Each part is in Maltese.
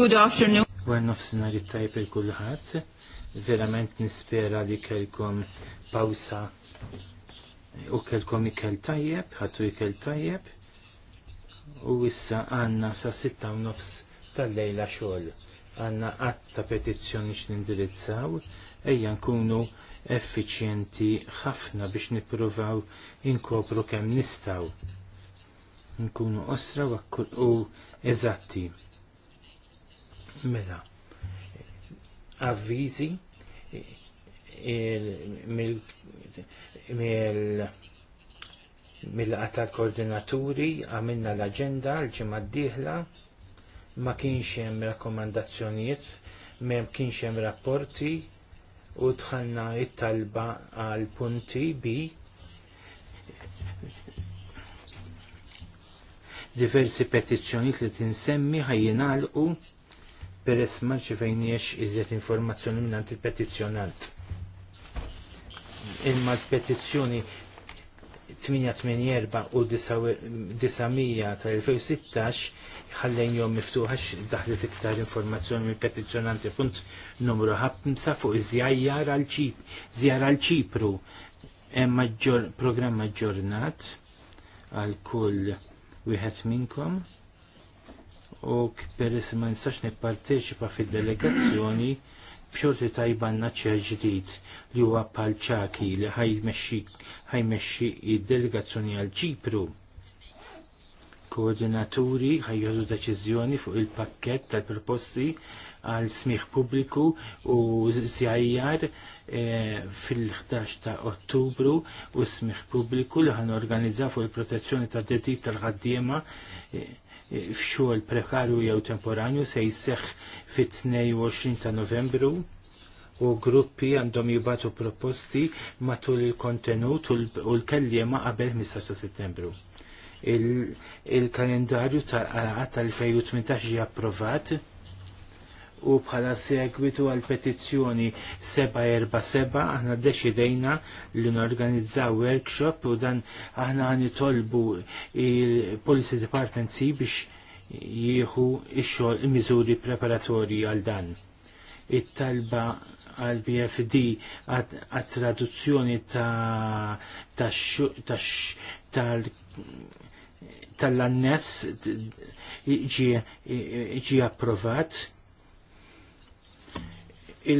Good afternoon. Għan nofsinari tajp il kullħat Verament nispera li kelkom pausa u kelkom ikel tajjeb, ħatu ikel tajjeb. U issa għanna sa sitta u nofs tal-lejla xol. Għanna għatta petizzjoni nindirizzaw ejja nkunu effiċjenti ħafna biex nipruvaw inkopru kemm nistaw nkunu osra u eżatti. Mela, avvizi mill-qata koordinaturi għamilna l-agenda l-ġimma d dieħla ma kienx hemm rakkomandazzjonijiet, ma kienx hemm rapporti u tħanna it-talba għal punti bi diversi petizzjoniet li tinsemmi ħajjinalqu peress ma jiex iżjed informazzjoni minnant il-petizzjonant. Imma l-petizzjoni 884 u 900 tal-2016 ħallin jom miftuħax daħlet iktar informazzjoni mill petizzjonanti punt numru ħabmsa fuq iżjajjar għal-ċipru. għal Hemm programm aġġornat għal kull wieħed minnkom u peress ma nistax nipparteċipa fid-delegazzjoni b'xorti tajbanna ċer ġdid li huwa palċaki li ħajmexxi id-delegazzjoni għal ċipru koordinaturi ħajjodu deċiżjoni fuq il-pakket tal-proposti għal smieħ pubbliku u zjajjar E, fil-11 ta' ottubru u smiħ pubbliku li ħan organizza fuq il-protezzjoni ta' dedit tal-ħaddiema e, e, f'xogħol prekarju jew temporanju se jseħħ fit-22 ta' Novembru u gruppi għandhom jibatu proposti matul il-kontenut u l kelliema qabel 15 ta' Settembru. Il-kalendarju tal-2018 ġi approvat u bħala segwitu għal petizzjoni 747 aħna deċidejna li norganizzaw workshop u dan aħna nitolbu il-Policy Department si biex jieħu ix-xogħol miżuri preparatorji għal dan. It-talba għal BFD għat traduzzjoni ta' ta' tal tal-annes ġi approvat il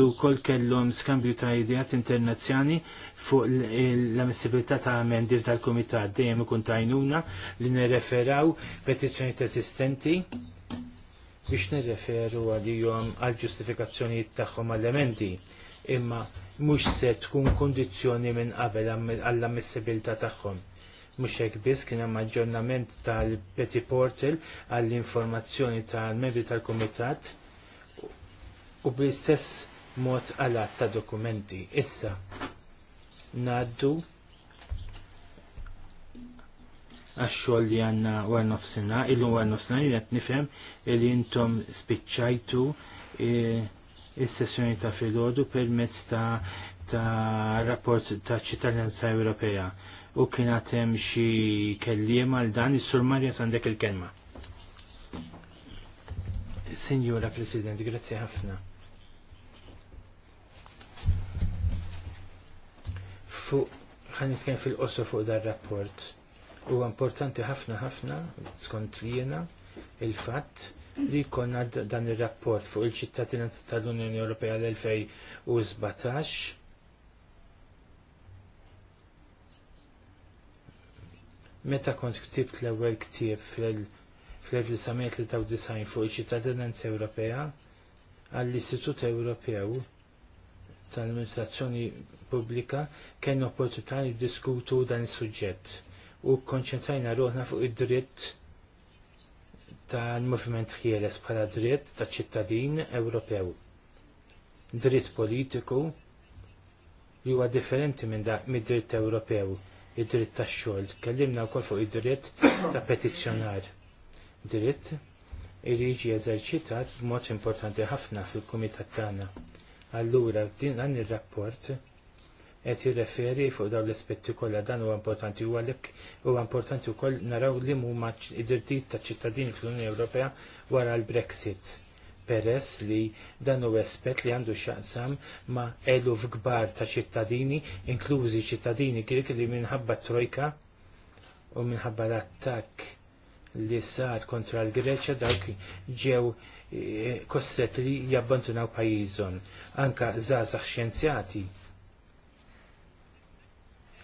u kol kellhom skambju ta' idejat internazzjani fuq l-ammissibilità ta' amendir tal-Kumitat dejjem ikun tajnuna li nirreferaw petizzjonijiet esistenti biex nirreferu għalihom għal ġustifikazzjonijiet tagħhom għall-emendi imma mhux se tkun kondizzjoni minn qabel għall-ammissibilità tagħhom. Mhux hekk biss kien hemm aġġornament tal-Peti Portal għall-informazzjoni tal-membri tal-Kumitat u bl-istess mod għalat ta' dokumenti. Issa, ngħaddu għax-xogħol li għandna war nofsina, illum war nofsina li qed nifhem li intom spiċċajtu e, is-sessjoni ta' filgħodu permezz ta' ta' rapport ta' ċittadinanza Ewropea u kien hemm xi kelliema għal dan is-Sur Marja għandek il-kelma. Sinjura President, grazzi ħafna. fuq ħan nitkellem fil-qosor fuq dar rapport. Huwa importanti ħafna ħafna skont jiena il-fatt li jkollna dan ir-rapport fuq il-ċittadinanza tal-Unjoni Ewropea l-2017 meta kont ktibt l-ewwel ktieb fl-1993 fuq il ċittadinanza Ewropea għall-Istitut Ewropew tal-amministrazzjoni pubblika kien opportunità li diskutu dan is-suġġett u kkonċentrajna ruħna fuq id-dritt tal-moviment ħieles bħala dritt taċ ċittadin Ewropew. Dritt politiku li huwa differenti minn dak mid-dritt Ewropew, id-dritt tax-xogħol. Tkellimna wkoll fuq id-dritt ta' petizzjonar. Dritt li jiġi eżerċitat b'mod importanti ħafna fil-kumitat tagħna Allura, din dan ir rapport qed jirreferi fuq dawn l-aspetti kollha dan huwa importanti u għalek huwa importanti wkoll naraw li huma id-dirtijiet ta' ċittadini fl-Unjoni Ewropea wara l-Brexit peress li dan u aspett li għandu x'jaqsam ma eluf kbar ta' ċittadini, inklużi ċittadini Grieg li minħabba trojka u minħabba l-attakk li sar kontra l-Greċja dawk ġew E, kosset li jabbantunaw pajizon anka zazax xjenzjati.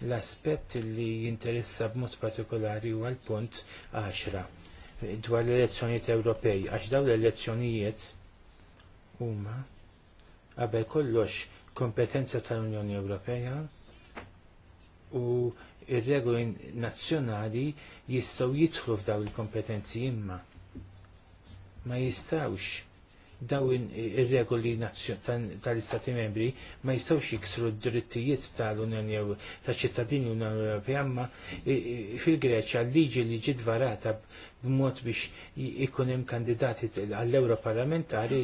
L-aspett li jinteressa b'mod partikolari huwa l-punt 10 dwar l-elezzjonijiet Ewropej, għax dawn l-elezzjonijiet huma qabel kollox kompetenza tal-Unjoni Ewropea u r regoli nazzjonali jistgħu jidħlu f'dawn il-kompetenzi imma ma jistawx dawn ir-regoli tal-Istati membri ma jistawx jiksru d-drittijiet tal-Unjoni ta' ċittadini Unjoni Ewropea, ma fil-Greċja l-liġi li ġiet varata b'mod biex ikun hemm kandidati għall-Euro parlamentari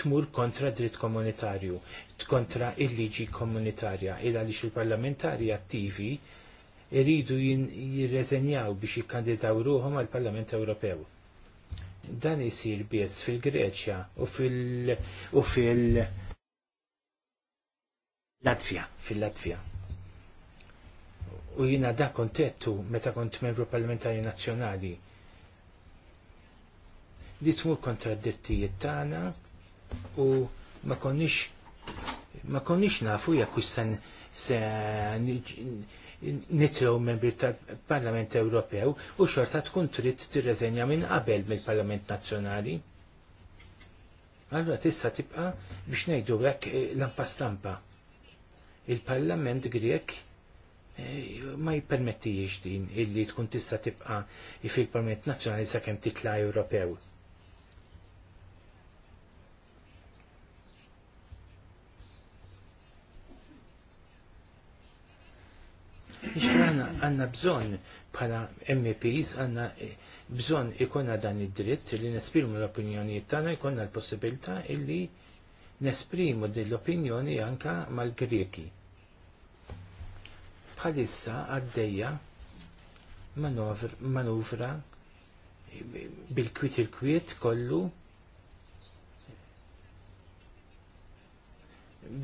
tmur kontra dritt komunitarju, kontra il-liġi komunitarja, il għaliex il-parlamentari attivi iridu jirreżenjaw biex jikkandidaw ruħom għal-Parlament Ewropew dan isir biss fil-Greċja u fil- u fil- Latvja, fil-Latvja. U jina da kontettu meta kont membru parlamentari nazzjonali. Di tmur kontraddirtijiet tagħna u ma konniex ma konniex nafu jekk se nitlu membri tal-Parlament Ewropew u xorta tkun trid tirreżenja minn qabel mill-Parlament Nazzjonali. Allura tista' tibqa' biex ngħidu hekk eh, lampa stampa. Il-Parlament Grek eh, ma jippermettijiex din illi tkun tista' tibqa' fil-Parlament Nazzjonali sakemm titla' Ewropew. Ixrana għanna bżon bħala MEPs għanna eh, bżon ikonna dan id-dritt li nesprimu l-opinjoni tagħna jkollna l-possibilità illi nesprimu din l-opinjoni anka mal-Greki. Bħalissa għaddejja manuvra bil-kwit il-kwiet kollu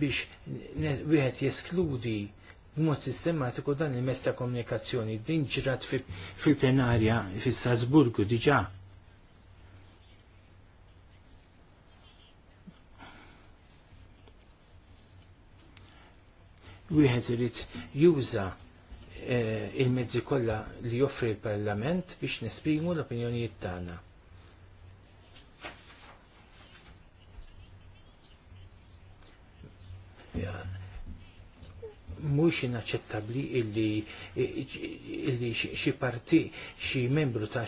biex wieħed jeskludi b'mod sistematiku dan il-mezz ta' komunikazzjoni. Din ġrat fil-plenarja fi Strasburgu diġà. Wieħed irid juża eh, il-mezzi kollha li joffri l-Parlament biex nesprimu l-opinjonijiet tagħna. Yeah mux inaċċettabbli illi xi parti xi membru ta'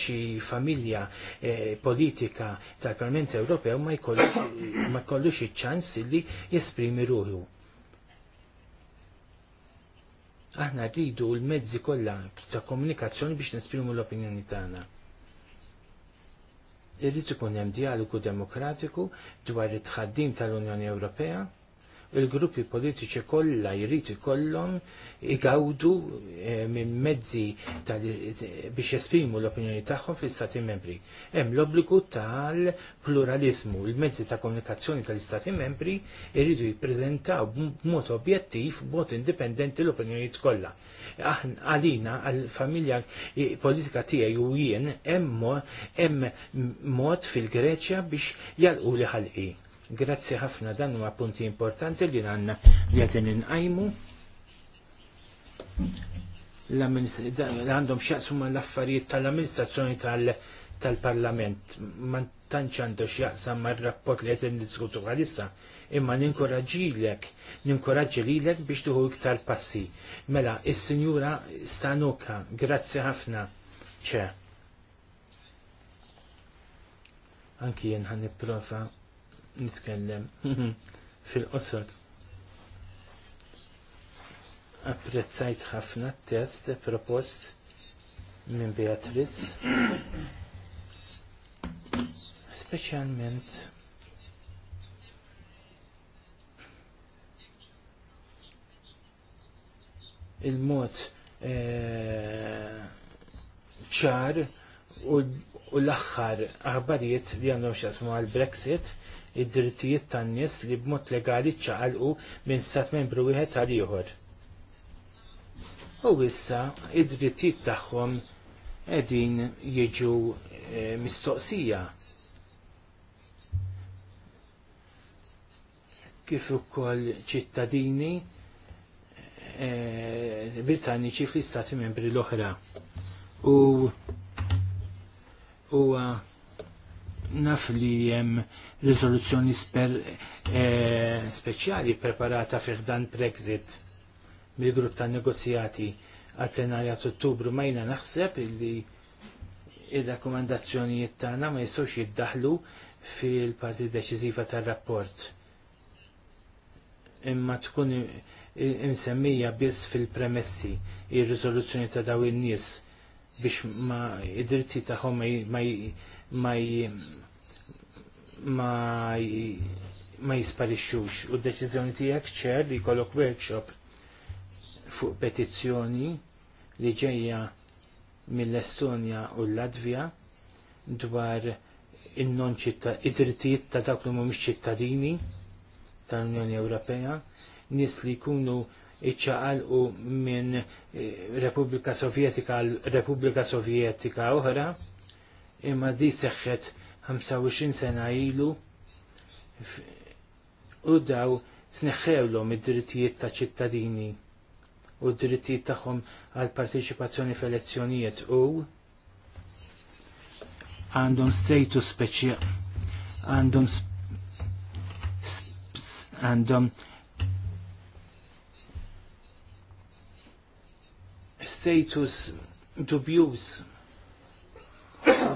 xi familja eh, politika tal-Parlament Ewropew ma jkollux iċ-ċans illi jesprimi ruħu. Aħna rridu l-mezzi kollha ta' komunikazzjoni biex nesprimu l-opinjoni tagħna irrid ikun hemm dialogu demokratiku dwar it-tħaddim tal-Unjoni Ewropea il-gruppi politiċi kollha jrid ikollhom igawdu eh, minn mezzi biex esprimu l-opinjoni tagħhom fl-Istati membri. Hemm l-obbligu tal-pluralizmu, il-mezzi ta' komunikazzjoni tal-Istati membri jridu jippreżentaw b'mod objettiv, b'mod indipendenti l-opinjonijiet kollha. Aħna Għalina, għall familja politika tiegħi u jien hemm mod fil-Greċja biex jalqu li ħalqi Grazzi ħafna dan huwa punti importanti li għandna li qed inqajmu. Għandhom x'jaqsmu mal-affarijiet tal-amministrazzjoni tal-Parlament. Ma tantx għandu x'jaqsam mar-rapport li qed niddiskutu bħalissa, imma ninkoraġġilek, ninkoraġġi biex tuħu iktar passi. Mela, is-Sinjura Stanuka, grazzi ħafna ċe. Anki jien ħan nipprova nitkellem fil-qosor. Apprezzajt ħafna test propost minn Beatriz, specialment il-mod eh, ċar u l-axħar aħbarijiet li għandhom xasmu għal-Brexit id-drittijiet tan-nies li b'mod legali ċaqalqu minn stat membru wieħed għal ieħor. U issa id-drittijiet tagħhom qegħdin jiġu eh, mistoqsija. Kif ukoll ċittadini eh, Britanniċi fl-istati membri l-oħra. U huwa naf li jem rizoluzzjoni eh, speċjali preparata dan Brexit mill-grupp ta' negozjati għal plenarja ottubru ma jina naħseb li il-rakkomandazzjonijiet tagħna ma jistgħux jiddaħlu fil-parti deċiżiva tar-rapport. Imma tkun imsemmija biss fil-premessi ir-riżoluzzjoni ta' daw in-nies biex ma id-dritti tagħhom ma ma ma ma jisparixxux u d-deċiżjoni tiegħek ċer li jkollok workshop fuq petizzjoni li ġejja mill-Estonja u l-Latvja dwar in-non id-drittijiet ta' dak li mhumiex ċittadini tal-Unjoni Ewropea, nies li jkunu iċċaqalqu minn eh, Repubblika Sovjetika għal Repubblika Sovjetika oħra imma di seħħet 25 sena ilu u daw sneħħewlhom id-drittijiet ta' ċittadini u d-drittijiet tagħhom għal partiċipazzjoni f'elezzjonijiet u għandhom status speċi għandhom għandhom status dubjus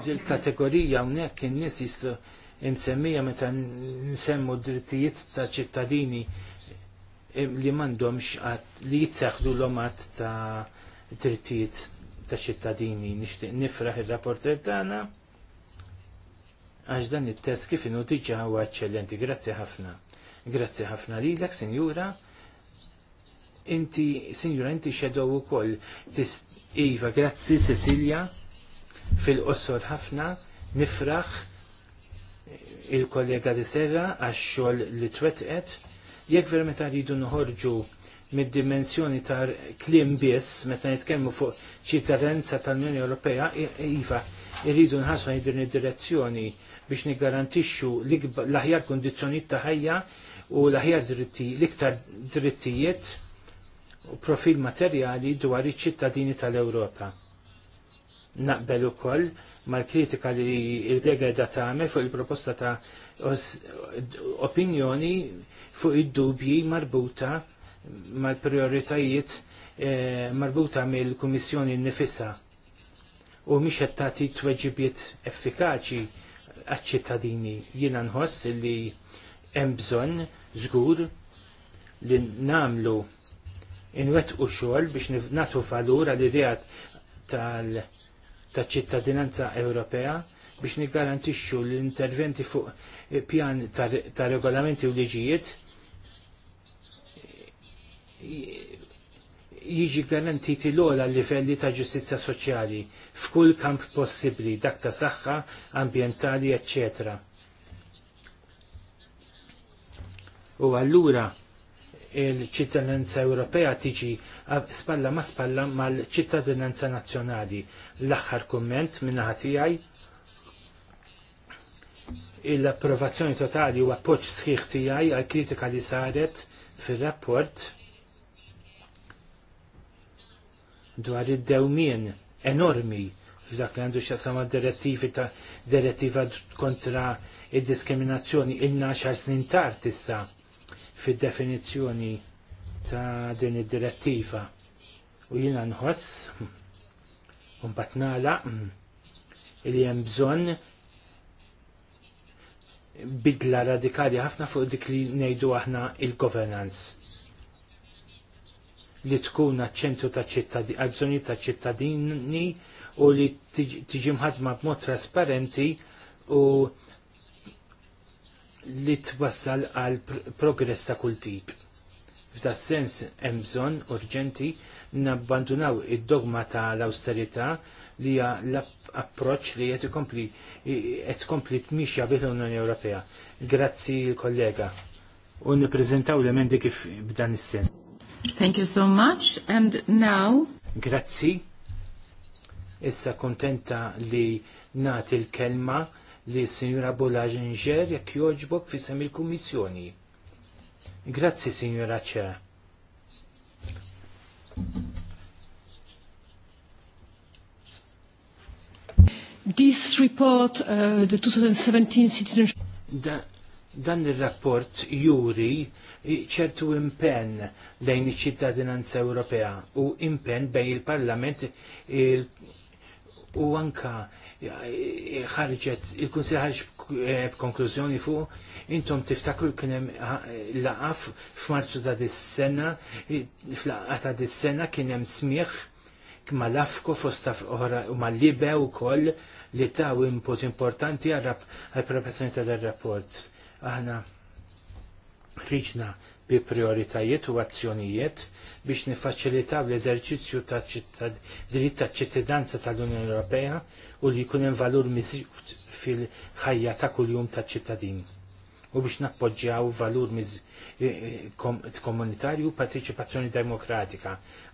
il kategorija hawnhekk in nis jistu imsemmija meta nsemmu drittijiet ta' ċittadini li m'għandhomx qatt li jitseħħdu l-omat ta' drittijiet ta' ċittadini. Nixtieq nifraħ ir-rapporter tagħna għax dan it-test kif inhu diġà huwa eċċellenti. Grazzi ħafna. Grazzi ħafna lilek, Sinjura inti, sinjura, inti xedow u koll. Iva, grazzi Cecilia, fil qossor ħafna nifraħ il-kollega li serra għax xogħol li twetqet jekk vera meta rridu nħorġu mid-dimensjoni tar kliem biss meta nitkellmu fuq ċittadinanza tal-Unjoni Ewropea iva irridu nħassu din id-direzzjoni biex niggarantixxu l-aħjar kundizzjonijiet ta' ħajja u l-aħjar dritti, l-iktar drittijiet u profil materjali dwar iċ-ċittadini tal-Ewropa naqbel ukoll mal-kritika li il-degreda tagħmel fuq il-proposta ta' opinjoni fuq id-dubji marbuta mal-prioritajiet eh, marbuta mill-Kummissjoni nifissa u mhix qed tagħti tweġibiet effikaċi għaċ-ċittadini. Jiena nħoss li hemm bżonn żgur li nagħmlu inwettqu xogħol biex nagħtu valur għall-idea tal- ta' ċittadinanza Ewropea biex niggarantixxu l-interventi fuq pjan ta' regolamenti u liġijiet jiġi garantiti l-ola livelli ta' ġustizja soċjali f'kull kamp possibbli, dak ta' saħħa, ambjentali, eccetera U allura il-ċittadinanza Ewropea tiġi spalla ma spalla mal-ċittadinanza nazzjonali. L-aħħar komment minnaħa tiegħi il-approvazzjoni totali u appoġġ sħiħ tiegħi għal kritika li saret fir-rapport dwar id-dewmien enormi f'dak li għandu xasama direttivi ta' direttiva kontra id-diskriminazzjoni il-naxar snin tard issa fid-definizzjoni ta' din id-direttiva u jiena nħoss un batnala li hemm bżonn bidla radikali ħafna fuq dik li ngħidu aħna il-governance li tkun ċentru ta' ċittadini, ta' ċittadini u li tiġi mħadma b'mod trasparenti u li twassal għal progress ta' kull tip. F'da sens hemm bżonn urġenti nabbandunaw id-dogma tal-awsterità li hija l-approċċ li qed ikompli qed tkompli tmixja bih l-Unjoni Ewropea. Grazzi kollega u nippreżentaw l-emendi kif b'dan is-sens. Thank you so much and now Grazzi. Issa kontenta li nagħti l-kelma li s-Sinjura Bola ġenġer jekk joġbok fissem il-Kummissjoni. Grazzi, Sinjura Ċe. This report, uh, the 2017 citizenship... Da, dan il-rapport juri ċertu impenn lejn iċ-ċittadinanza Ewropea u impenn bejn il-Parlament il u anka ħarġet, il-Kunsil ħarġ b'konklużjoni fuq, intom tiftakru kien hemm laqaf f'Marzu ta' dis-sena, f'laqqa ta' dis-sena kien hemm smieħ ma lafko fosta oħra u ma libe u koll li taw input importanti għal-preparazzjoni tal-rapport. Aħna Ħriġna bi prioritajiet u azzjonijiet biex nifaċilitaw l-eżerċizzju ta' dritt ta' ċittadinanza tal-Unjoni Ewropea u li jkun hemm valur miżjud fil-ħajja ta' kuljum ta' ċittadin u biex nappoġġjaw valur e, e, komunitarju u partiċipazzjoni demokratika.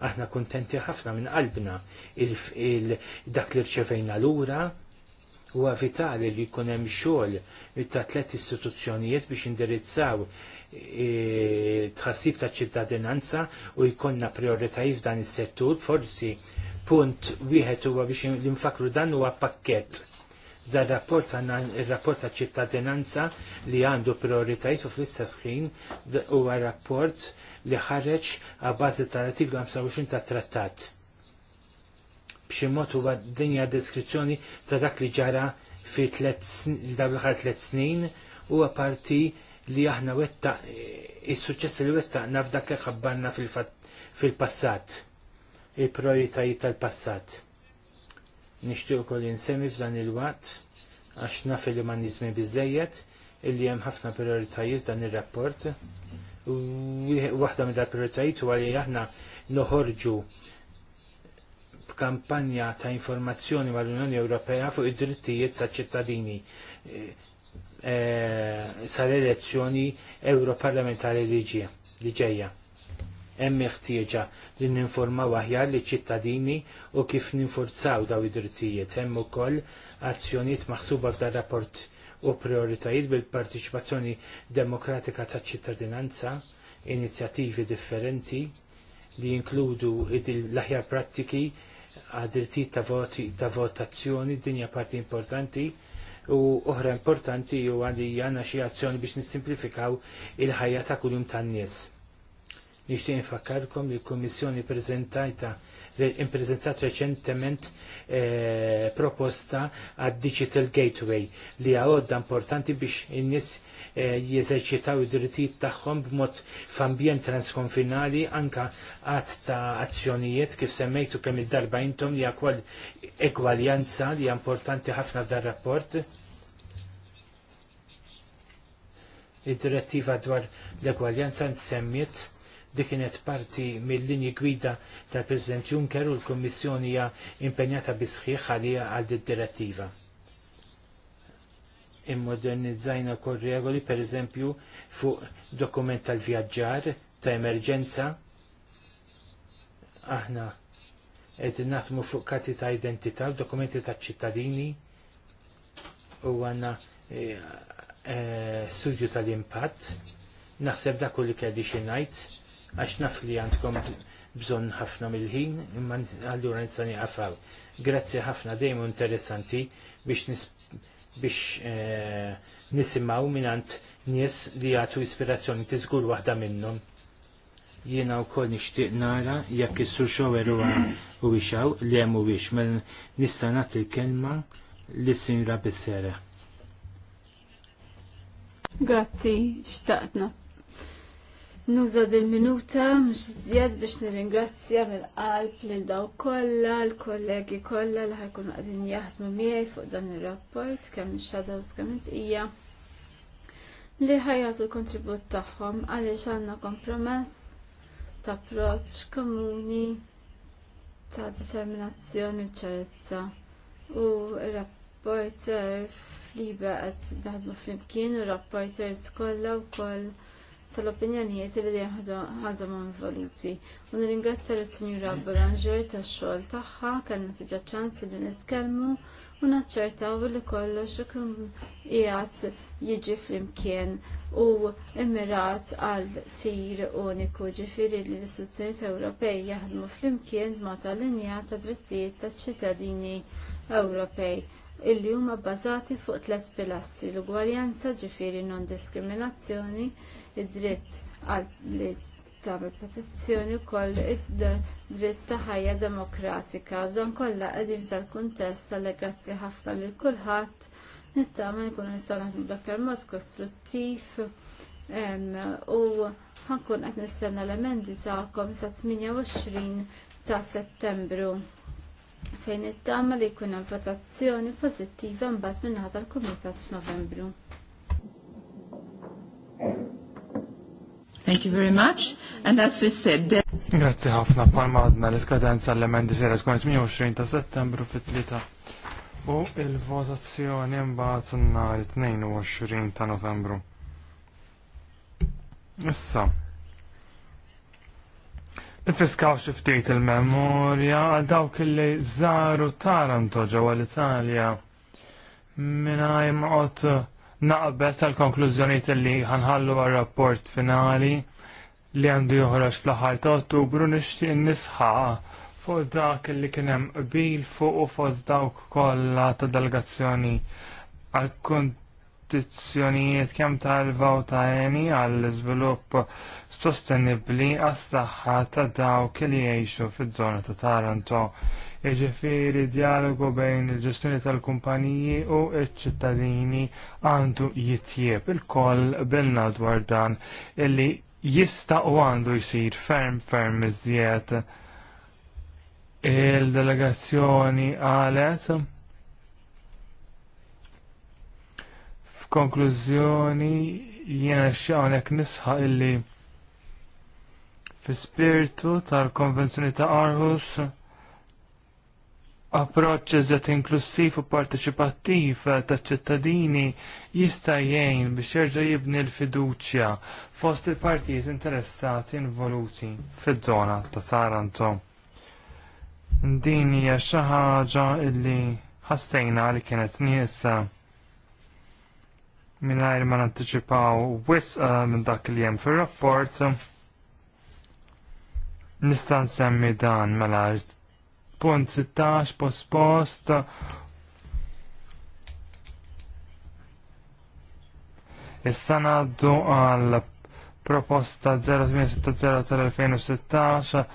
Aħna kuntenti ħafna minn qalbna dak li rċevejna lura u vitali li jkun hemm xogħol ta' tliet istituzzjonijiet biex indirizzaw tħassib ta' ċittadinanza u jkonna prioritajiet f'dan is-settur, forsi punt wieħed huwa biex l-infakru dan huwa pakkett dar rapport għanna il-rapport ta' ċittadinanza li għandu prioritajiet u fl-istess ħin huwa rapport li ħareġ għal bażi tal-artiklu 25 ta' trattat. B'xi mod huwa dinja deskrizzjoni ta' dak li ġara fi tlet snin, tlet snin u parti li aħna wetta eh, il-suċess li wetta nafdak li ħabbanna fil-passat, il-prioritajiet tal-passat. Nixtieq ukoll jinsemi f'dan il-waqt għax naf li ma nizmi biżejjed illi hemm ħafna prioritajiet dan ir-rapport. Waħda minn dal-prioritajiet u li aħna noħorġu b'kampanja ta' informazzjoni mal-Unjoni Ewropea fuq id-drittijiet ta' ċittadini eh, Eh, sal-elezzjoni Europarlamentari li ġejja. Hemm ħtieġa li ninformaw aħjar li ċittadini u kif ninforzaw daw id-drittijiet. Hemm ukoll azzjonijiet maħsuba f'dan rapport u prioritajiet bil-partiċipazzjoni demokratika taċ ċittadinanza, inizjattivi differenti li jinkludu l-aħjar prattiki għad-drittijiet ta' votazzjoni, dinja parti importanti u oħra importanti u għalija għanna xi azzjoni biex nissimplifikaw il-ħajja ta' kuljum tan-nies. Nixtieq infakkarkom li l-Kummissjoni prezentajta imprezentat reċentement eh, proposta għad Digital Gateway li għodda importanti biex in-nies eh, jeżerċitaw id-drittijiet tagħhom b'mod f'ambjent transkonfinali anka għad ta' azzjonijiet kif semmejtu kemm id-darba intom li għakwal egwaljanza li importanti ħafna f'dan rapport id-direttiva dwar l-egwaljanza nsemmiet Dik kienet parti mill-linji gwida tal-President Juncker u l-Kommissjoni hija impenjata bisħiħ għalija għal direttiva immodernizzajna kol regoli per eżempju fuq dokument tal-vjaġġar ta' emerġenza aħna qed naħdmu fuq kati ta' identità dokumenti ta' ċittadini u għanna e, e, studju tal-impatt naħseb dak li kelli xi ngħid għax naf li għandkom bżonn ħafna mill-ħin, imma allura nistani għafaw. Grazzi ħafna dejjem interessanti biex nis, biex eh, nisimaw nisimaw għant nies li għatu ispirazzjoni tiżgur waħda minnhom. Jiena wkoll nixtieq nara jekk is-sur huwa u wixaw li hemm u wix, mel nista' nagħti l-kelma lis-sinjura Bissera. Grazzi, xtaqtna Nuża dil-minuta mhux żjed biex nirringrazzja mill-qalb lil daw kollha, l-kollegi kollha li ħajkunu qegħdin jaħdmu miegħi fuq dan ir-rapport kemm il shadows kemm il-bqija li ħajjatu l-kontribut tagħhom għaliex għandna kompromess ta' approċċ komuni ta' determinazzjoni u ċerezza u r-rapporter fliba qed naħdmu flimkien u rapporters kollha wkoll tal-opinjonijiet li dejjem ħadhom involuti. U nirringrazzja lis sinjura Boulanger tax-xogħol tagħha, kellna tiġa ċans li nitkellmu u naċċertaw li kollox ikun qiegħed jiġi flimkien u immirat għal tir uniku ġifieri li l-istituzzjonijiet Ewropej jaħdmu flimkien ma tal-linja ta' drittijiet taċ-ċittadini Ewropej illi huma bbażati fuq tliet pilastri l-ugwaljanza ġifieri non-diskriminazzjoni, id-dritt għal li tagħmel petizzjoni wkoll id-dritt ta' ħajja demokratika. Dan kollha qegħdin tal-kuntest tal grazzi ħafna lil kulħadd nittama nkunu nistgħu naħdmu b'aktar mod kostruttiv u ħankun qed nistenna l-emendi sa'kom sa' 28 ta' Settembru fejn it-tama li jkun hemm votazzjoni pożittiva mbagħad min tal-Kumitat f'Novembru. Thank you very much. And as we said... Grazie ħafna palma għadna l-iskadenza l-emendi sera tkun 28 ta' settembru fit-tlita. U il-votazzjoni mbagħad nhar 22 ta' Novembru. Issa. Nifiskaw xi ftit il-memorja għal dawk li żaru Taranto ġewwa l-Italja mingħajr ma' naqbess tal konklużjonijiet li ħanħallu għal-rapport finali li għandu joħroġ fl-ħar ta' ottubru nixtieq nisħa fuq dak li kien hemm qbil fuq u fost dawk kollha ta' delegazzjoni għal kondizzjonijiet kemm talba u tajni għall iżvilupp sostenibbli għas-saħħa ta' dawk li jgħixu fiż-żona ta' Taranto. Jiġifieri dialogu bejn il-ġestjoni tal-kumpaniji u ċ-ċittadini għandu jitjieb il-koll bilna dwar dan illi jista' u għandu jsir ferm ferm iżjed. Il-delegazzjoni għalet Konklużjoni jiena nek nisħaq illi fi spiritu tal-Konvenzjoni ta' Arhus approċċ eżet inklusiv u partiċipattiv taċ ċittadini jista' jgħin biex jerġa' jibni l-fiduċja fost il-partijiet interessati involuti fiż-żona ta' Taranto. Din hija xi ħaġa illi ħassejna li kienet nisa' minnajr ma nanticipaw wis eh, minn dak li hemm fir-rapport nista' nsemmi dan mela punt 16 post post Issa naddu għal proposta 0860 tal-2016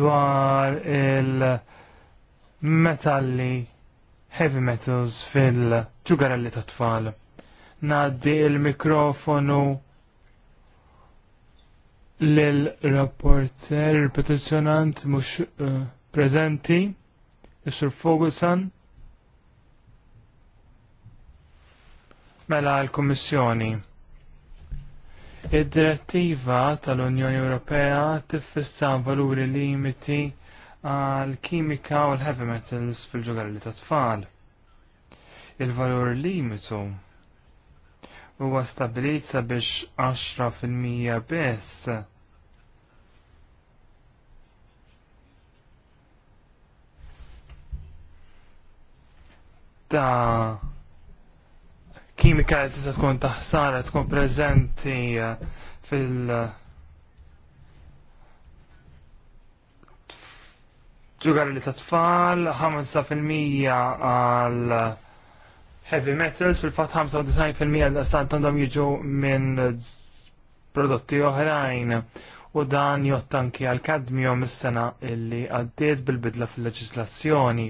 dwar il-metalli heavy metals fil-ġugarelli ta' tfal naddi il-mikrofonu l-rapporter, il-petizjonant mux uh, eh, prezenti, il-sur Fogusan, mela l-Kommissjoni. Id-direttiva tal-Unjoni Ewropea tiffissa valuri limiti għal kimika u l-heavy metals fil-ġugalli tat tfal. Il-valur limitu huwa stabilit sabiex 10% biss. Ta' kimika li tista' tkun taħsara tkun preżenti eh, fil- ġugar li tat-tfal, 5% għal heavy metals fil-fat 95% l-astant għandhom jiġu minn prodotti oħrajn u dan jottanki għal kadmio mis sena illi għaddiet bil-bidla fil-leġislazzjoni.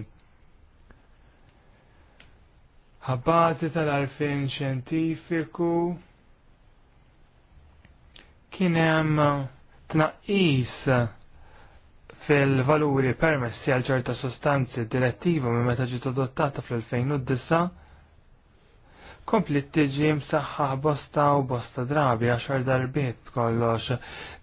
Għabbażi tal-arfin xjentifiku kien hemm tnaqqis fil-valuri permessi għal ċerta sostanzi direttiva minn meta ġiet adottata fl-2009 Kompli t tġi msaħħa bosta u bosta drabi għaxar darbiet kollox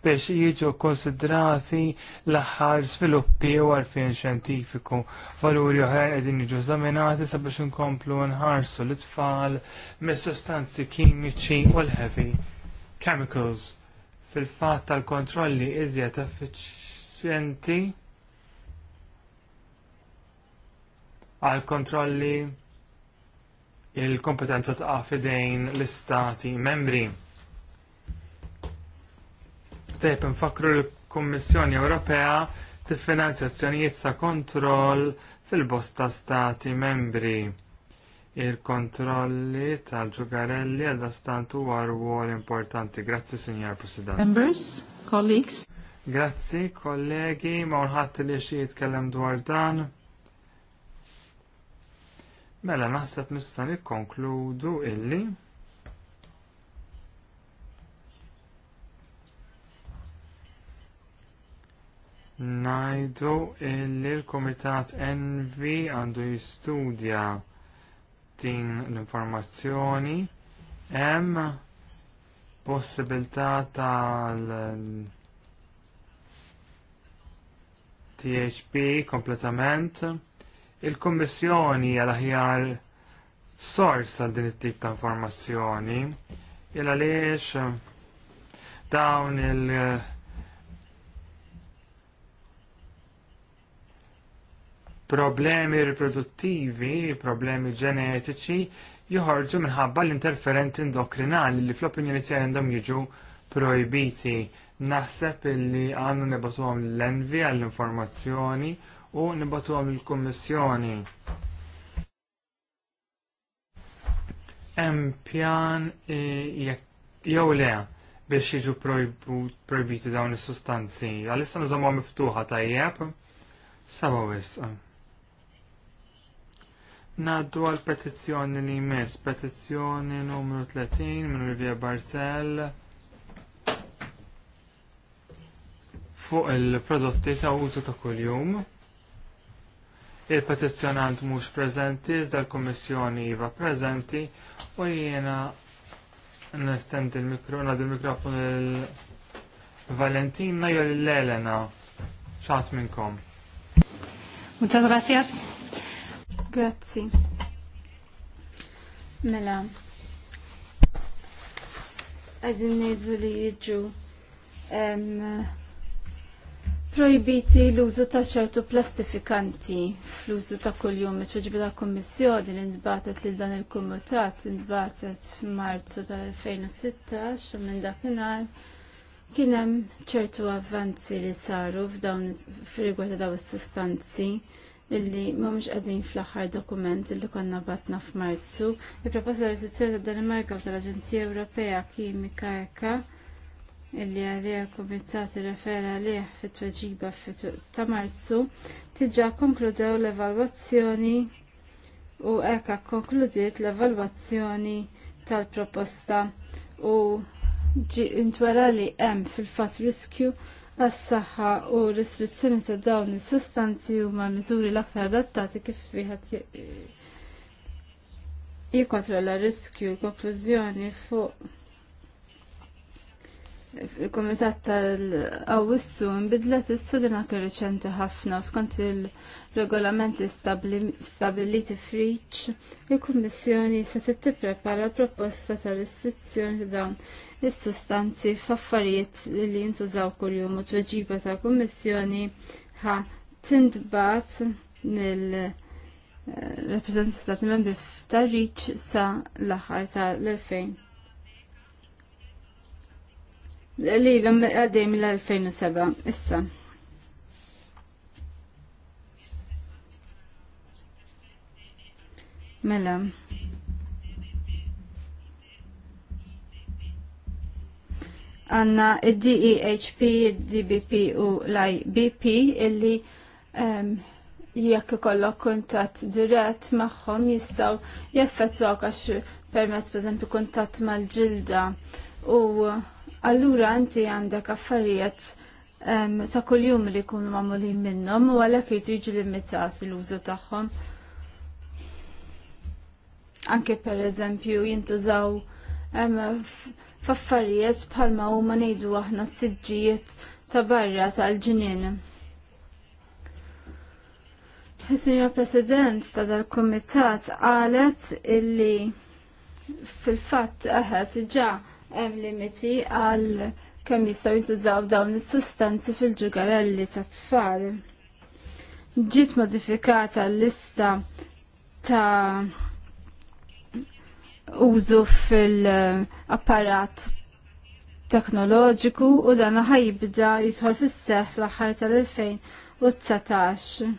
biex jiġu konsidrati l-aħħar sviluppi u għarfien xjentifiku. Valuri uħer qegħdin jiġu żaminati sabiex inkomplu nħarsu l tfal mis-sostanzi kimiċi u l-heavy chemicals fil-fatt tal-kontrolli iżjed effiċenti għal kontrolli il-kompetenza ta' fidejn l-istati membri. Tejb nfakru l-Kommissjoni Ewropea t azzjonijiet ta' kontroll fil-bosta stati membri. Il-kontrolli tal-ġugarelli għal-dastant huwa għor importanti. Grazzi, Signor President. Members, colleagues. Grazzi, kollegi, ma' unħatt li xie jitkellem dwar dan. Mela naħseb nista' nikkonkludu illi Najdu illi l-Komitat Envi għandu jistudja din l-informazzjoni hemm possibilità tal THP kompletament il-Kommissjoni għal aħjar sors għal din it-tip ta' informazzjoni il għaliex eh, dawn il- eh, problemi riproduttivi, problemi ġenetiċi, joħorġu minħabba l-interferenti endokrinali li fl-opinjoni tiegħi għandhom jiġu projbiti. Naħseb li għandu nebatuhom l-envi għall-informazzjoni u nibatu għam il-Kommissjoni. Hemm pjan e, jew le biex jiġu projbiti dawn is-sustanzi. Għalissa għam miftuħa tajjeb, Sabaw issa. Naddu għal petizzjoni li jmiss, petizzjoni numru 30 minn Rivija Barzel fuq il-prodotti ta' użu ta' kuljum il-petizzjonant mhux preżenti, iżda l-Kummissjoni iva preżenti u jiena nestendi il mikro nadi l-mikrofon il-Valentina jew l-Elena. Xat minnkom. Muchas gracias. Grazzi. Mela. Għadin nejdu li jidġu Projbiti l-użu ta' ċertu plastifikanti fl-użu ta' kuljum it-tweġbila kommissjoni li nbatet li dan il-komitat nbatet f'Marzu tal-2016 u minn dakinhar kien hemm ċertu avvanzi li saru f'dawn f'rigward daw is-sustanzi illi mhumiex qegħdin fl-aħħar dokument illi konna batna f'Marzu. Il-proposta tal-Istituzzjoni tad Danimarka u tal-Aġenzija Ewropea Kimika Eka illi għalija komitati refera liħ fit tweġiba fit ta' marzu tiġa konkludew l-evalwazzjoni u eka konkludiet l-evalwazzjoni tal-proposta u ġi li hemm fil-fat riskju għas-saħħa u restrizzjoni ta' dawn is-sustanzi huma miżuri l-aktar adattati kif wieħed jikkontrolla riskju konklużjoni fuq il-Komitat tal-Awissu nbidlet is-sidna reċenti ħafna skont il-regolamenti stabiliti friċ, il-Kummissjoni se tipprepara proposta ta' restrizzjoni ta' dawn is-sustanzi f'affarijiet li jintużaw kuljum u tweġiba ta' Kummissjoni ħa tintbat nil rappresentanti membri ta' riċ sa l-aħħar tal 2020 li l-om għaddej mill-2007. Issa. Mela. Għanna id-DEHP, id-DBP u l-IBP illi ehm, jekk ikollok kuntatt dirett magħhom jistgħu jaffettwak għax permezz pereżempju kuntatt mal-ġilda u allura anti għandek affarijiet ta' kuljum li jkunu magħmulin minnhom u għalhekk jiġu limitat l-użu tagħhom. Anke pereżempju jintużaw f'affarijiet bħalma huma ngħidu għahna s-siġġijiet ta' barra tal-ġinien. Signor President ta' dal-Komitat qalet illi fil-fatt għahet ġa hemm limiti għal kemm jistgħu jintużaw dawn is-sustanzi fil-ġugarelli tat-tfal. Ġiet modifikata l-lista ta' użu fil-apparat teknoloġiku u dan ħajbda jidħol fis-seħħ fl-aħħar tal-2019.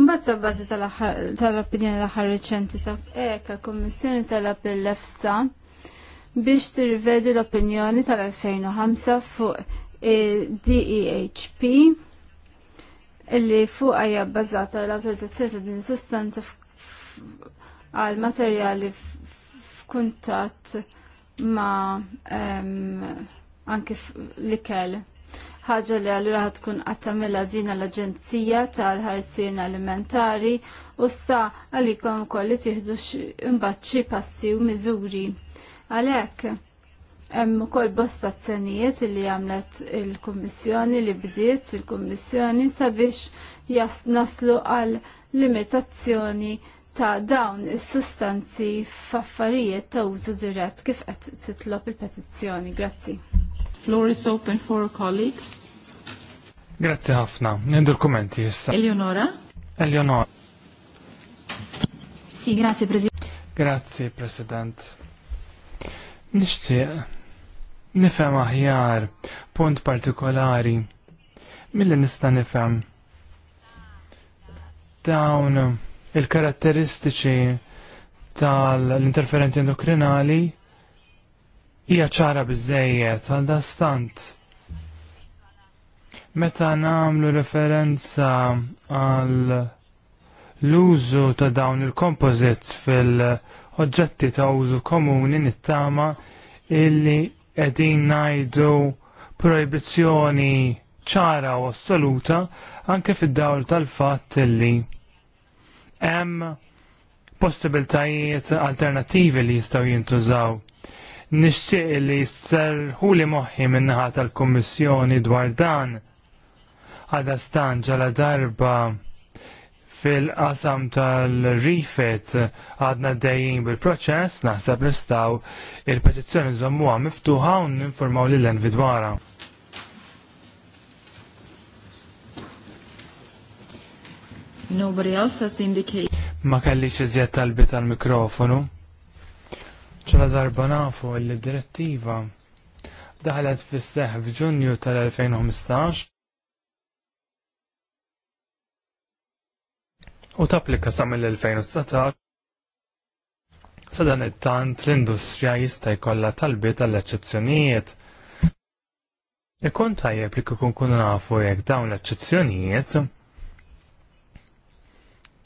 Mbagħad bażi tal-opinjoni l-aħħar riċenti ta' eka kummissjoni talab l-EFSA biex tirvedi l-opinjoni tal-2005 fuq il-DEHP illi fuq għajja bbażata l-autorizzazzjoni ta' din sustanza għal materjali f'kuntatt ma' anke l-ikel. ħaġa li għallura tkun għattamilla dina l-Aġenzija tal-ħarsien alimentari u sta għalikom kolli tiħdu imbaċċi passi u miżuri. Għalhekk hemm ukoll bosta azzjonijiet li għamlet il-Kummissjoni li bdiet il-Kummissjoni sabiex naslu għal limitazzjoni ta' dawn is-sustanzi f'affarijiet ta' użu dirett kif qed titlob il-petizzjoni. Grazzi. Floor is open for colleagues. Grazzi ħafna. Nindu l-kommenti jissa. Eleonora? Eleonora. Si, grazie Presidente. Grazie President. Nixtieq nifhem aħjar punt partikolari milli nista' nifhem dawn il-karatteristiċi tal-interferenti endokrinali hija ċara biżejjed għal dastant. Meta nagħmlu referenza għal l-użu ta' dawn il-composites fil- oġġetti ta' użu komuni nittama illi qegħdin ngħidu proibizzjoni ċara u assoluta anke fid-dawl tal-fatt illi hemm possibiltajiet alternativi li jistaw jintużaw. Nixtieq li jisserħu li moħħi minnaħa tal-Kommissjoni dwar dan. Għada stan ġala darba fil-qasam tal-rifet għadna dejjin bil-proċess naħseb l l-istaw, il-petizzjoni żommuha miftuħa u ninformaw lil envi Nobody else has indicated. Ma kellix iżjed talbi tal-mikrofonu. ċala darba nafu il-direttiva daħlet fis seħħ f'Ġunju tal-2015 u tapplika sa mill-2019 sa dan it-tant l-industrija jista' jkollha talbiet għall eċezzjonijiet Ikun tajjeb li kikun kunu nafu jekk dawn l-eċċezzjonijiet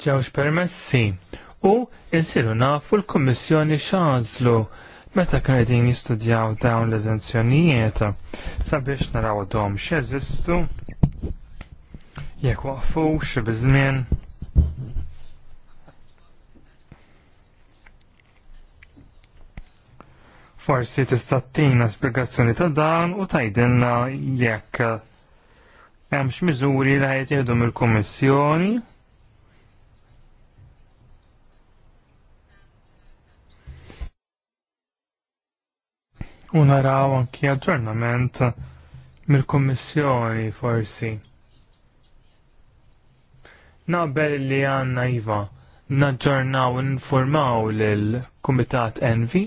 ġewx permessi u jsiru nafu l-Kummissjoni xażlu meta kienu qegħdin jistudjaw dawn l-eżenzjonijiet sabiex naraw dom x'eżistu jekk waqfux biżmien Forsi tista' tina spiegazzjoni ta' dan u tajdilna jekk hemm x'miżuri li ħajt jieħdu mill-Kummissjoni. U naraw anki aġġornament mill-Kummissjoni forsi. Naqbel li għanna Iva naġġornaw informaw lill-Kumitat Envi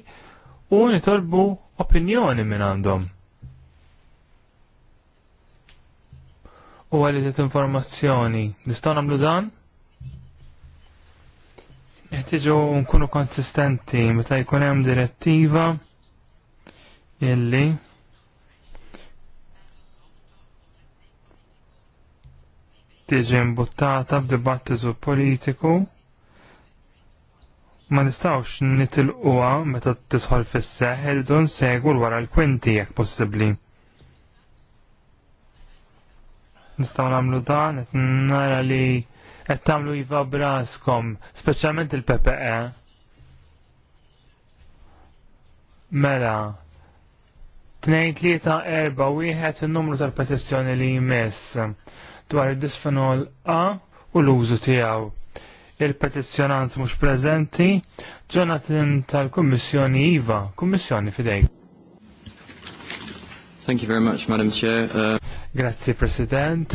u nitolbu opinjoni minn għandhom. U t informazzjoni, nistaw namlu dan? Nħetiġu nkunu konsistenti meta jkun hemm direttiva illi tiġi imbuttata b'dibattitu politiku ma nistawx nitilquha meta tisħol fis-seħ irridu nsegwu wara l-kwinti jekk possibbli. Nistgħu nagħmlu dan qed nara li qed tagħmlu iva braskom, speċjalment il-PPE. Mela, tnejn tlieta erba wieħed in-numru tal-petizzjoni li jmiss dwar id-disfenol A u l-użu tiegħu il-petizzjonant mhux prezenti. Jonathan tal-Kummissjoni Iva, Kummissjoni fidejk. Thank you very much, Madam Chair. Uh... Grazzi, President.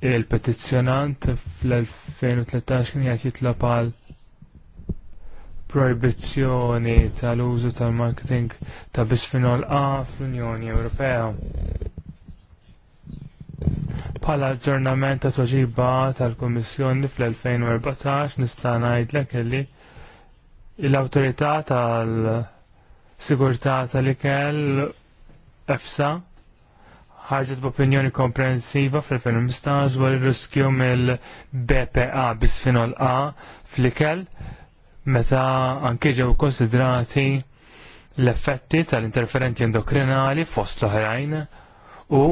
Il-petizzjonant fl-2013 kien jgħat jitlab għal proibizzjoni tal-użu tal-marketing ta' bisfinol A fl-Unjoni Ewropea Pala ġornament ta' toġiba tal-Komissjoni fl-2014 nista' ngħidlek illi l-awtorità tal-sigurtà tal-ikel EFSA ħarġet b'opinjoni komprensiva fl-2015 dwar ir-riskju mill-BPA bisfenol A fl-ikel meta anke ġew konsidrati l-effetti tal-interferenti endokrinali fost l-oħrajn u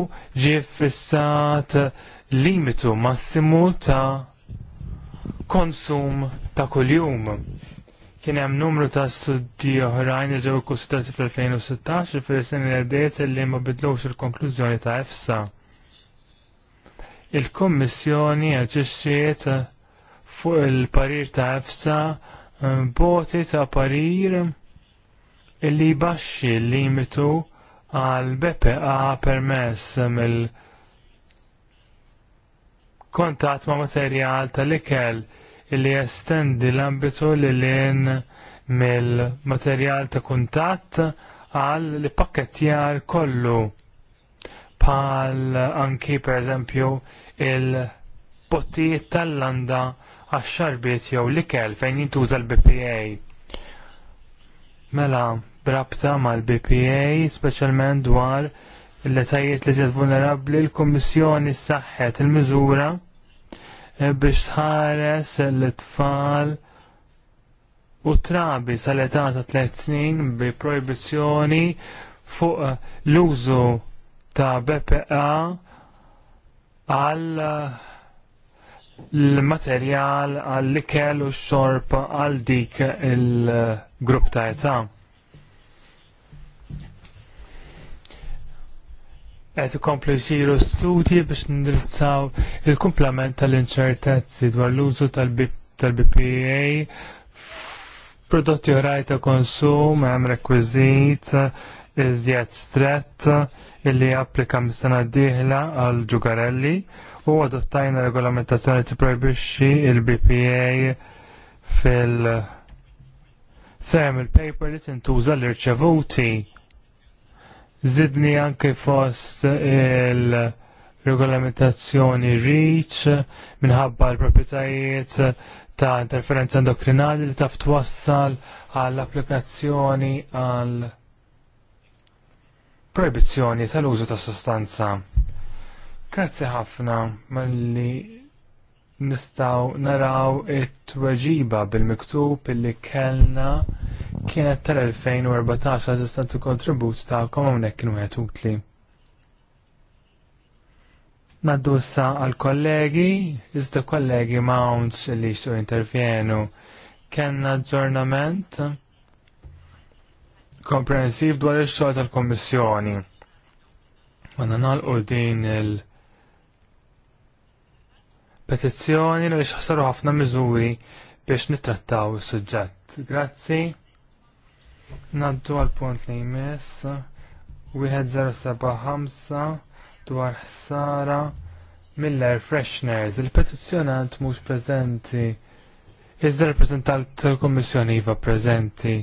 ġie fissat limitu massimu ta' konsum ta' kuljum. Kien hemm numru ta' studji oħrajn li ġew kustati fl-2016 fil-sen li għaddiet li ma bidlux il-konklużjoni ta' EFSA. Il-Kommissjoni aġixxiet fuq il-parir ta' EFSA eh, boti ta' parir illi baxxi l-limitu għal BPA permess mill kontat ma' materjal tal-ikel illi jestendi l-ambitu li l-in mill-materjal ta' kontat għal li pakketjar kollu pal anki per eżempju il-bottijiet tal-landa għax-xarbiet jew l-ikel fejn jintuża l-BPA. Mela, brabta mal-BPA, speċjalment dwar l letajiet li ġed vulnerabli l-Kommissjoni saħħet il-miżura eh, biex tħares l-tfal u trabi sal-età ta' tliet snin bi proibizzjoni fuq l-użu ta' BPA għal eh, l-materjal għall-ikel u x-xorb għal dik il-grupp ta' età. qed ikomplu jsiru studji biex nindirizzaw il-kumplament tal-inċertezzi dwar l-użu tal-BPA prodotti oraj ta' konsum hemm rekwiżit iżjed strett illi applika mis-sena d-dieħla għal ġugarelli u adottajna regolamentazzjoni tipprojbixxi il-BPA fil- il paper li tintuża l-irċevuti Zidni anke fost il-regolamentazzjoni REACH minħabba l propietajiet ta' interferenza endokrinali li taf twassal għall-applikazzjoni għal proibizzjoni tal-użu ta' sostanza. Grazzi ħafna malli nistaw naraw it-tweġiba bil-miktub illi kellna kienet tal-2014 għal kontribut ta' hawnhekk kienu għet utli. Naddu issa għal-kollegi, iżda kollegi mawnx li xtu intervjenu. Kenna ġornament komprensiv dwar il-xogħol tal-Kommissjoni. Għanna nagħlqu din il- petizzjoni li xħasaru ħafna miżuri biex nittrattaw is-suġġett. Grazzi. Naddu għal punt li jmiss. 1075 dwar ħsara mill-air fresheners. Il-petizzjonant mhux prezenti Iżda tal kommissjoni iva prezenti.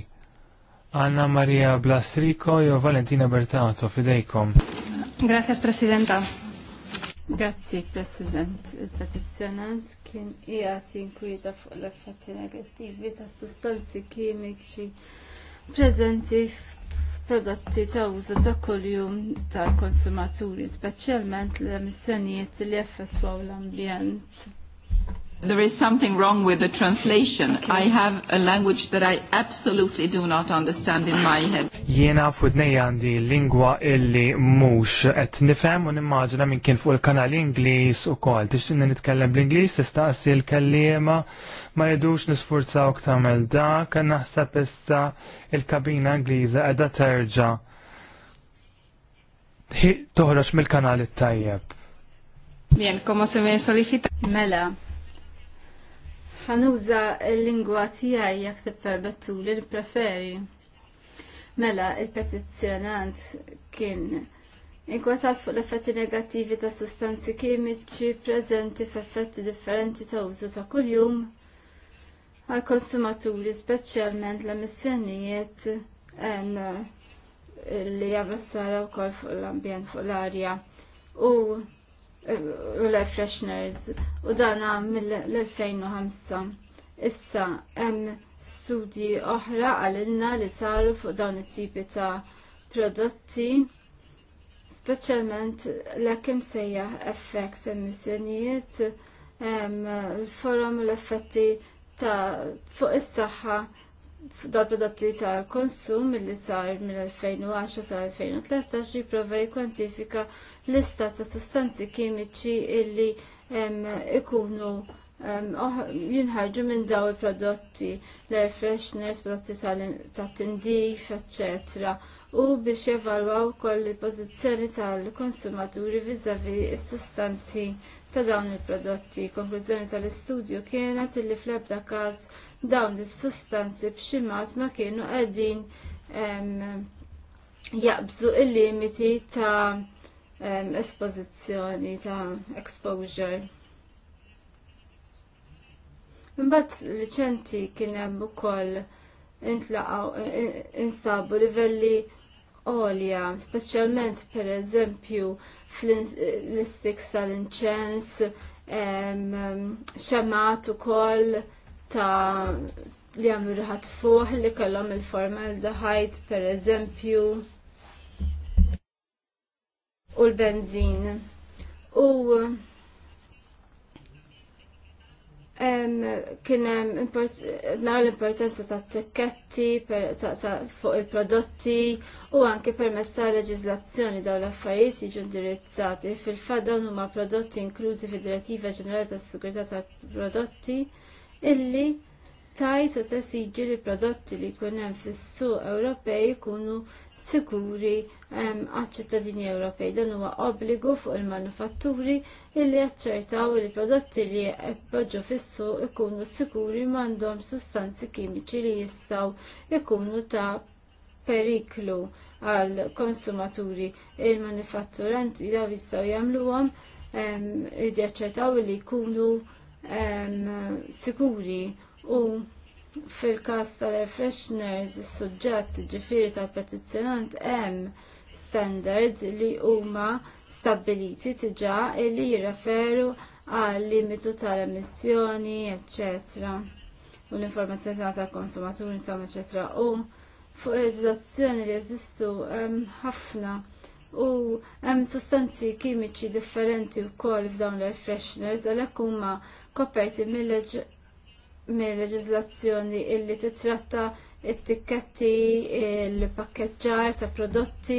Anna Maria Blasrico jew Valentina Bertato fidejkom. Grazie Presidenta. Grazzi, President. il petizzjonant kien ijat jinkwita fuq l-effetti negattivi ta' sustanzi kimiċi prezenti prodotti ta' użu ta' kuljum tal-konsumaturi, speċjalment l-emissjonijiet li effettwaw l-ambjent There is something wrong with the translation. Okay. I have a language that I absolutely do not understand in my head. Jiena f'udnej għandi lingwa illi mhux qed nifhem u nimmaġina minn kien fuq il-kanal Ingliż ukoll. Tixtinni nitkellem bl-Ingliż tistaqsi l-kelliema ma jidux nisfurzaw tagħmel dak, naħseb issa il-kabina Ingliża qiegħda terġa' toħroġ mill-kanal it-tajjeb. Bien, komo se me solicita? Mela, ħanuża l-lingwa tiegħi jekk tippermettu li nippreferi. Mela, il-petizzjonant kien inkwetat fuq l-effetti negattivi ta' sostanzi kimiċi preżenti f'effetti differenti ta' użu ta' kuljum għal konsumaturi speċjalment l-emissjonijiet li jamassara wkoll fuq l-ambjent fuq l-arja. U l-air fresheners u dana mill-2005. Issa hemm studji oħra għalilna li saru fuq dawn it-tipi ta' prodotti speċjalment l-ekim sejja effekt emissjonijiet, l-forum l-effetti ta' fuq is-saħħa dal prodotti ta' konsum li sar mill-2010 sa' 2013 jipprova jikwantifika lista ta' sostanzi kimiċi illi ikunu jinħarġu minn daw il-prodotti l-air freshness, prodotti ta' tindif, eccetera. U biex jevalwaw koll il-pozizjoni tal-konsumaturi vizavi s-sustanzi ta' dawn il-prodotti. Konklużjoni tal-istudju kienet illi fl-ebda każ dawn is-sustanzi b'xi ma kienu qegħdin jaqbżu il-limiti ta' espożizzjoni ta' exposure. Imbagħad riċenti kien hemm ukoll intlaqgħu instabu livelli għolja, speċjalment pereżempju fl-istiks tal-inċens, xamat ukoll ta' li għamlu riħat fuq li kellhom il-formal daħajt per eżempju u l-benzin. U kienem naraw l-importanza ta' t-tekketti fuq il-prodotti u anke permezz ta' leġizlazzjoni daw l-affarijiet jiġu indirizzati. Fil-fat dawn huma prodotti inklużi fid-Direttiva Ġenerali tas-Sigurità tal-Prodotti. Ta illi tajt u tesiġi li prodotti li kunem fis Ewropej kunu sikuri għal-ċittadini Ewropej. Dan huwa obbligu fuq il-manufatturi illi jaċċertaw li prodotti li jpoġġu fissu ikunu sikuri m'għandhom sustanzi kimiċi li jistgħu ikunu ta' periklu għal konsumaturi il manufatturanti daw jistgħu jagħmluhom jaċċertaw li jkunu sikuri u fil-kas tal-refreshners is-suġġett ġifiri tal-petizzjonant hemm standards li huma stabiliti diġà li jirreferu għal limitu tal-emissjoni, eccetera. U l-informazzjoni tagħna tal-konsumaturi insomma, etc. U fuq il-leġizzazzjoni li jeżistu ħafna u hemm sostanzi kimiċi differenti wkoll f'dawn l-refreshners għalhekk huma koperti mill-leġizlazzjoni illi titratta it-tikketti il-pakkeġġar ta' prodotti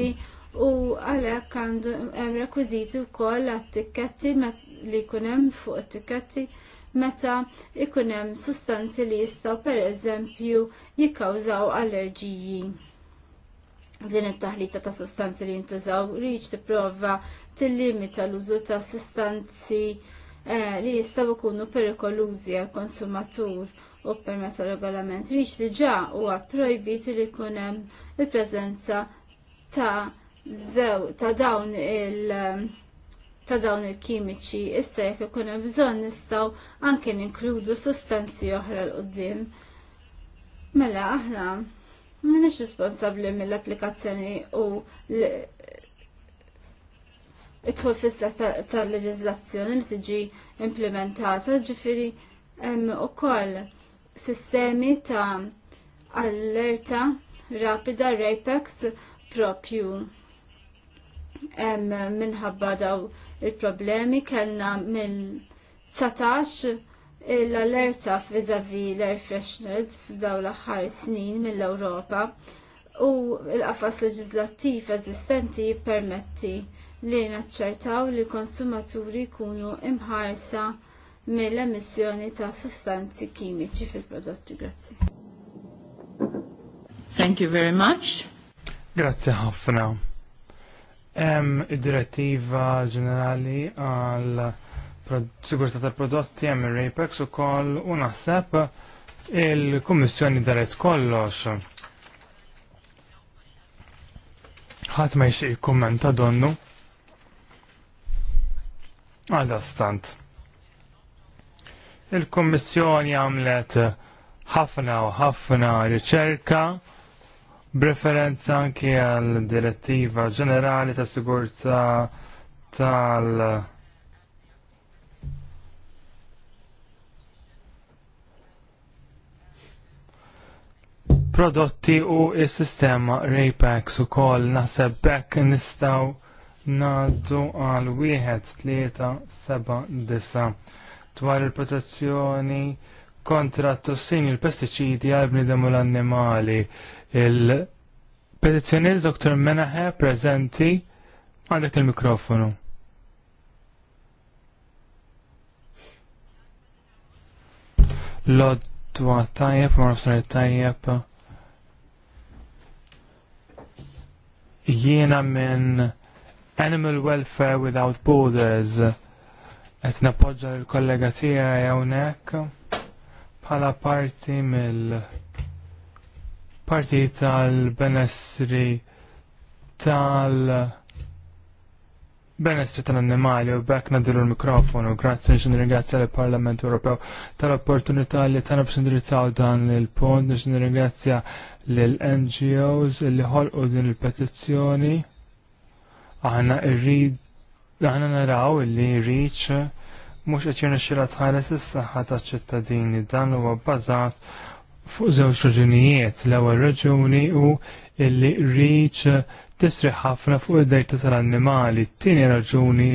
u għalhekk għandu hemm rekwiżiti wkoll għat-tikketti li jkun hemm fuq it-tikketti meta ikun hemm sustanzi li jistgħu pereżempju jikkawżaw allerġiji. Din it-taħlita ta' sustanzi li jintużaw rid tipprova tillimita l-użu ta' sustanzi Eh, li jistaw ikunu perikolużi għal konsumatur u permessa regolament rix ġa huwa għaprojbit li jkun hemm il prezenza ta' zew ta' dawn il- ta' dawn il-kimiċi issa jekk ikun bżon bżonn nistgħu anke ninkludu sustanzi oħra l qudiem Mela aħna m'iniex responsabbli mill-applikazzjoni u it-tħol fissa tal-leġizlazzjoni li tiġi implementata, ġifiri u koll sistemi ta' allerta rapida rapex propju minħabba daw il-problemi kellna mill-19 l-allerta vizavi l-air fresheners f'daw l-aħħar snin mill-Ewropa u l-qafas leġislattiv eżistenti jippermetti li naċċertaw li konsumaturi jkunu imħarsa mill-emissjoni ta' sustanzi kimiċi fil-prodotti. Grazzi. Thank you very much. Grazzi ħafna. Hemm id-direttiva ġenerali għal sigurtà tal-prodotti hemm il rapex ukoll u naħseb il-Kummissjoni daret kollox. ħadd ma jixtieq jikkummenta donnu. Għada stant. Il-Kommissjoni għamlet ħafna u ħafna riċerka b'referenza anki għal direttiva ġenerali ta' sigurza tal prodotti u s sistema Rapex u kol naħseb bekk nistaw Ngħaddu għal wieħed tlieta seba' disa dwar il-protezzjoni kontra t tossin il pestiċidi għal bnidem u l-annimali. Il-petizzjonist Dr. Menahe prezenti għandek il-mikrofonu. Lodwa tajjeb, marfsar tajjeb. Jiena minn Animal Welfare Without Borders. Qed nappoġġa l-kollega tiegħi hawnhekk bħala parti mill parti tal-benessri tal- Benestri tal-annimali u bekk nadilu l-mikrofonu, grazzi nix nirringrazzja l-Parlament Ewropew tal-opportunità li tana biex indirizzaw dan il-punt, nix nirringrazzja l-NGOs li ħolqu din il-petizzjoni. Aħna rrid aħna naraw li rriċ mhux qed jirnexxila tħares is-saħħa taċ-ċittadini dan huwa bbażat fuq żewġ raġunijiet l-ewwel raġuni u li rriċ tisri ħafna fuq id-dejta tal-annimali, t tini raġuni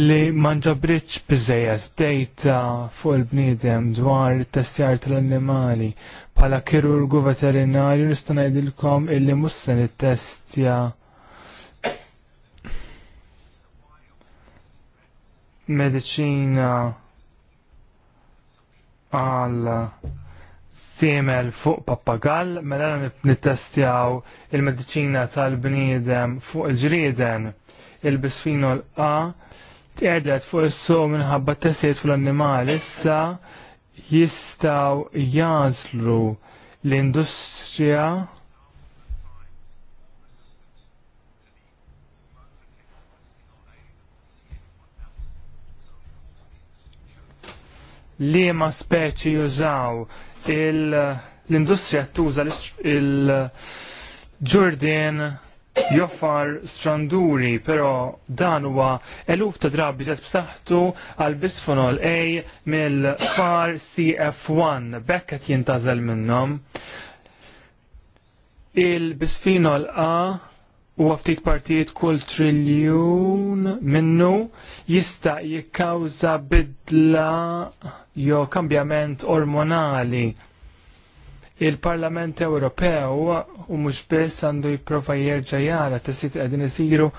illi manġabriċ bizzejas dejta fuq il-bniedem dwar it-testjar tal-annimali. Bħala kirurgu veterinarju nistanajdilkom ngħidilkom illi mhux se testja medicina għal siemel fuq pappagall, mela nittestjaw il-medicina tal-bniedem fuq il-ġrieden il-bisfinol A t-għedet fuq is-su minħabba tessiet fl-annimali issa jistaw jazlu l-industrija li ma speċi jużaw l-industrija tuża il-ġurdin joffar stranduri, pero dan huwa eluf ta' drabi ġet b'saħħtu għal bisfonol A mill-far CF1 bekket jintażel minnhom. il bisfinol A u ftit partijiet kull triljun minnu jista' jikkawża bidla jew kambjament ormonali il-Parlament Ewropew u mhux biss għandu jiprofa jerġa' jara sit qegħdin isiru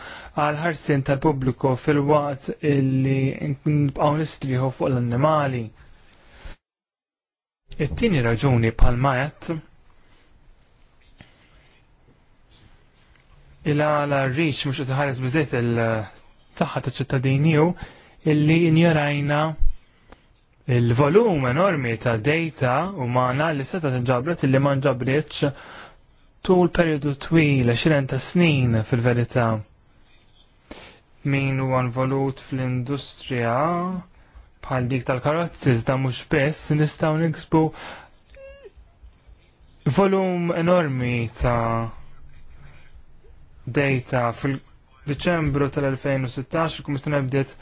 għal ħarsien tal-pubbliku fil-waqt illi nbqgħu nistriħu fuq l-annimali. It-tieni raġuni bħal qed il-għala rriċ mux tħares bizzet il-saxħa ta' ċittadini u illi injorajna il-volum enormi ta' data maħna li seta' ġabret illi ma nġabrietx tul periodu twil 20 ta' snin fil-verità. Min huwa involut fl-industrija bħal dik tal-karozzi iżda mhux biss nistgħu niksbu volum enormi ta' data fil-Deċembru tal-2016 il-Kummissjoni bdiet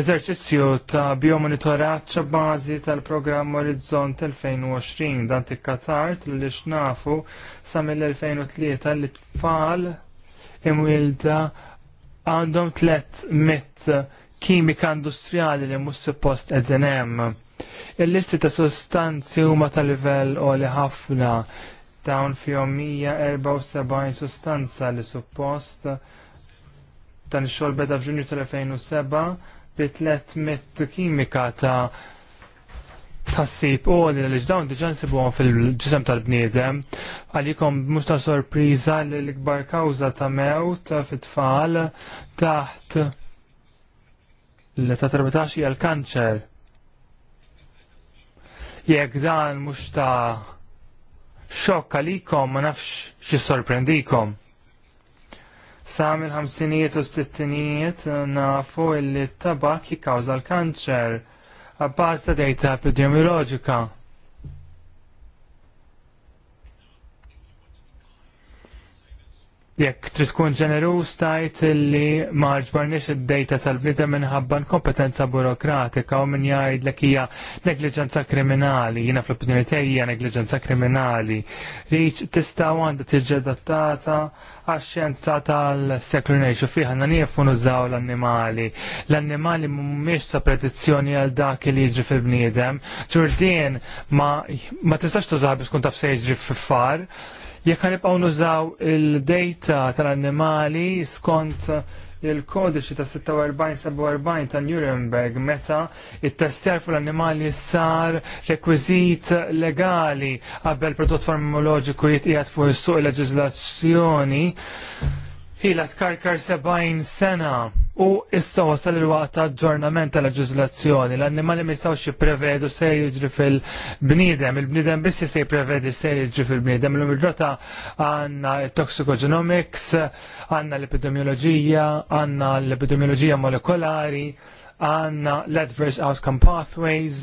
eżerċizzju ta' biomonitoraċ bażi tal-programm Orizzont 2020 dan tikkatar li xnafu sa mill-2003 li tfal imwilda għandhom 300 kimika industrijali li mhux suppost qegħdin hemm. Il-listi ta' sostanzi huma ta' livell oli ħafna dawn fihom 174 sustanza li suppost dan ix-xogħol beda f'Ġunju tal-2007 bi 300 kimika ta' tassib u li dawn diġa nsibuhom fil-ġisem tal-bniedem għalikom mhux ta' sorpriża li l-ikbar kawża ta' mewt fit-tfal taħt li ta' 14 jgħal l-kanċer. Jekk dan mhux ta' xokk għalikom ma nafx xi sorprendikom. Sam il ħamsinijiet u s-sittinijiet nafu illi t-tabak jikkawża l-kanċer għabbaż ta' dejta epidemioloġika. jekk trid tkun ġenerus tajt li ma ġbarniex id-dejta tal bnida minħabba kompetenza burokratika u min jgħidlek hija negliġenza kriminali, jiena fl-opinjoni tiegħi hija negliġenza kriminali. Riċ tista' għandha tiġi adattata għax-xjenza tal-seklu ngħixu fiha għandna niefu nużaw l-annimali. L-annimali mhumiex sa predizzjoni għal dak li jiġri fil-bniedem. Ġurdien ma tistax tużaw biex tkun taf se jiġri fil-far Jekk nibqgħu nużaw il-data tal-annimali skont il-kodiċi ta' 46-47 ta' Nuremberg meta it-testjar fuq l-annimali sar rekwizit legali qabel prodott farmoloġiku jitqiegħed fuq is-suq il leġiżlazzjoni ħila tkarkar 70 sena u issa wasal il-waqt ta' aġġornament ta' leġislazzjoni l-annimali ma jistgħux jipprevedu se jiġri fil-bniedem, il-bniedem biss se jipprevedi se jiġri fil-bniedem. L ġrata għandna toxicogenomics, għandna l-epidemioloġija, għandna l epidemiologija molekolari, għandna l-adverse outcome pathways.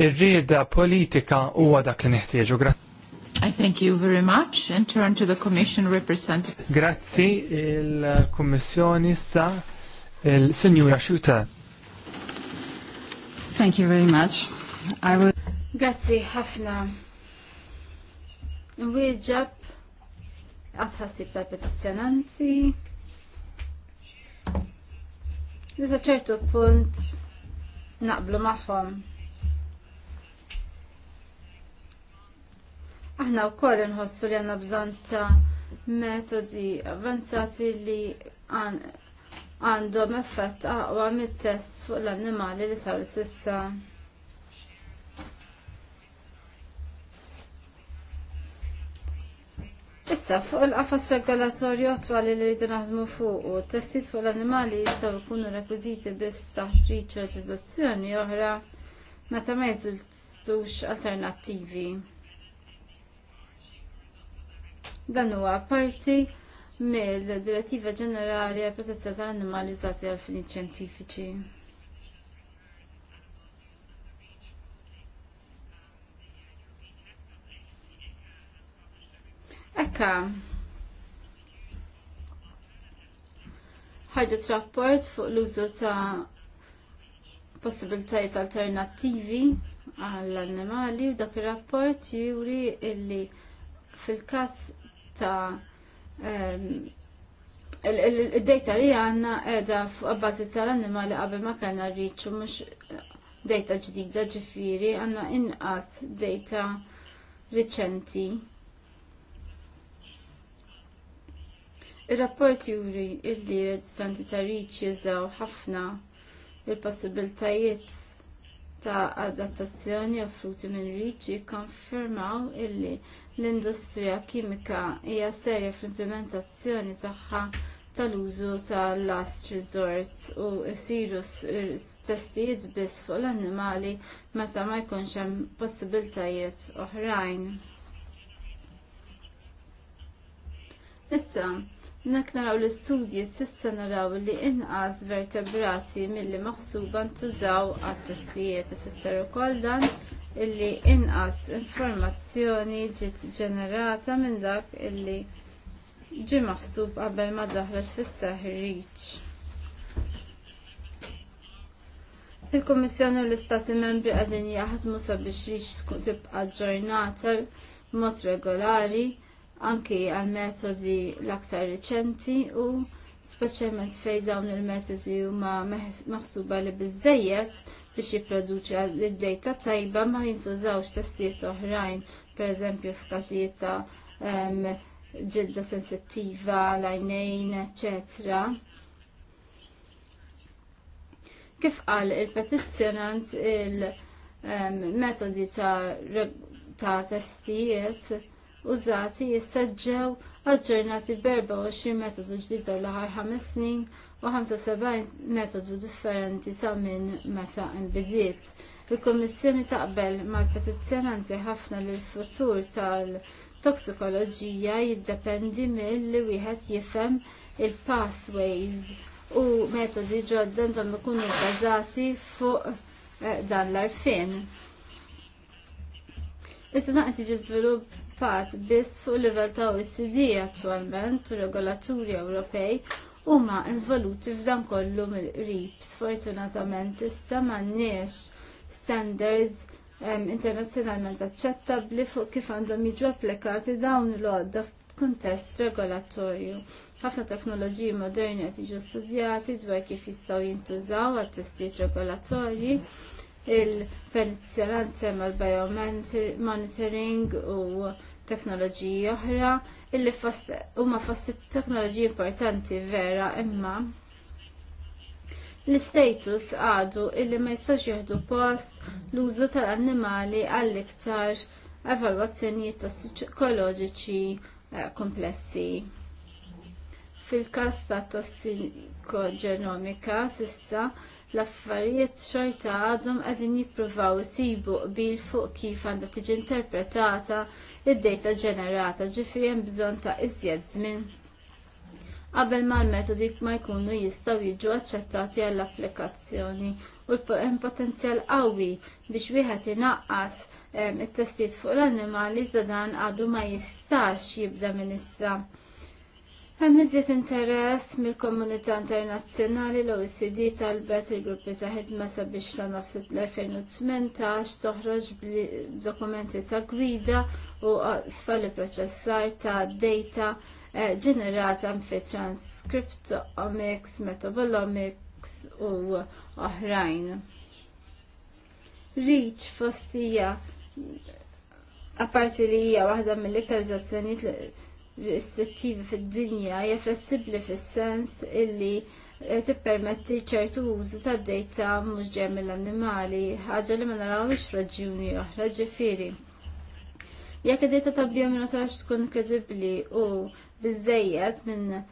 Ir-rieda politika huwa dak li neħtieġu. I thank you very much and turn to the Commission representative. Grazzi il commissionista il signora Xuta. Thank you very much. I will... Grazzi ħafna. Nwieġab għatħassib tal petizzjonanti. Nisa ċertu punt naqblu maħħom. Aħna wkoll inħossu li għandna bżonn ta' metodi avanzati li għandhom effett aqwa mit-test fuq l-annimali li saru sissa. Issa, fuq il-qafas regolatorju attwali li rridu naħdmu fuq u testis fuq l-annimali jistgħu jkunu rekwiżiti biss taħt riċ leġiżlazzjoni oħra meta ma jeżistux alternattivi. Dan huwa parti mill-Direttiva Ġenerali għal Protezzja tal-Annimali żati għal fini ċjentifiċi. Ekka, ħarġet rapport fuq l-użu ta' possibilitajiet alternattivi għall-annimali u dak ir rapport juri illi fil każ ta' il-data li għanna edha f'qabbati tal-annimali qabel ma kellna rriċu mhux data ġdida ġifiri għanna inqas data riċenti. Ir-rapport juri illi reġistranti ta' rriċi jużaw ħafna il-possibiltajiet ta' adattazzjoni fruti minn riċ jikkonfermaw illi l-industrija kimika hija serja fl-implementazzjoni tagħha tal-użu tal-last resort u jsiru testijiet biss fuq l-annimali meta ma jkunx hemm possibiltajiet oħrajn. Issa, Nek naraw l-istudji sissa naraw li inqas vertebrati milli maħsuba ntużaw għat-testijiet ifisser ukoll dan illi inqas informazzjoni ġiet ġenerata minn dak illi ġi maħsub qabel ma daħlet fis-seħ Il-Kommissjoni u l-Istati Membri għadin jaħdmu sabiex tkun tibqa' ġġornata mod regolari anki għal metodi l-aktar riċenti u speċjalment fejn dawn il-metodi huma maħsuba li biżejjed biex jipproduċi l dejta tajba ma jintużawx testijiet oħrajn, per eżempju f'każijiet ta' ġilda sensittiva, lajnejn, eccetera. Kif qal il-petizzjonant il-metodi ta', ta testijiet użati jisseġġew aġġornati b-24 metodu ġdida l-aħħar 5 snin u 75 metodu differenti sa' minn meta nbidiet. Il-Kommissjoni taqbel mal-petizzjonanti ħafna li l-futur tal-toksikoloġija jiddependi mill-li wieħed jifhem il-pathways u metodi ġodda dom ikunu bbażati fuq eh, dan l-arfin. Issa naqti ġi żvilupp żviluppat biss fuq livell ta' OECD attwalment u regolaturi Ewropej huma involuti f'dan kollu mill-qrib. Sfortunatament issa m'għandniex standards internazzjonalment aċċettabbli fuq kif għandhom jiġu applikati dawn l-għodda f'kuntest regolatorju. Ħafna teknoloġiji moderni qed jiġu studjati dwar kif jistgħu jintużaw għat-testijiet regolatorji il penizzjonanza ma' l-biomonitoring u teknoloġiji oħra illi huma fost teknoloġiji importanti vera imma l-status għadu illi ma jistax jieħdu post l-użu tal-annimali għall-iktar evalwazzjonijiet tossikoloġiċi eh, komplessi. Fil-kas ta' tossikogenomika sissa l-affarijiet xorta għadhom qegħdin jippruvaw isibu qbil fuq kif għandha tiġi interpretata id-dejta ġenerata ġifri hemm bżonn ta' iżjed żmien qabel ma l-metodi ma jkunu jistgħu jiġu aċċettati għall-applikazzjoni u hemm potenzjal qawwi biex wieħed inaqqas ehm, it-testijiet fuq l-annimali iżda dan għadu ma jistax jibda minn issa. Hemm iżjed interess mill-komunità internazzjonali l-OECD talbet il-gruppi ta' ħidma sabiex ta' nofs l-2018 toħroġ b'dokumenti ta' gwida u sfa li proċessar ta' data eh, ġenerata fi transcriptomics, metabolomics u oħrajn. Reach fostija apparti li hija waħda mill-iktar restrittivi fid-dinja hija flessibbli fis-sens illi eh, tippermetti ċertu użu ta' dejta mhux ġej mill-annimali, ħaġa li ma narawx raġuni oħra ġifiri. Jekk id-dejta ta' bjom notax tkun kredibbli u biżejjed minn eh,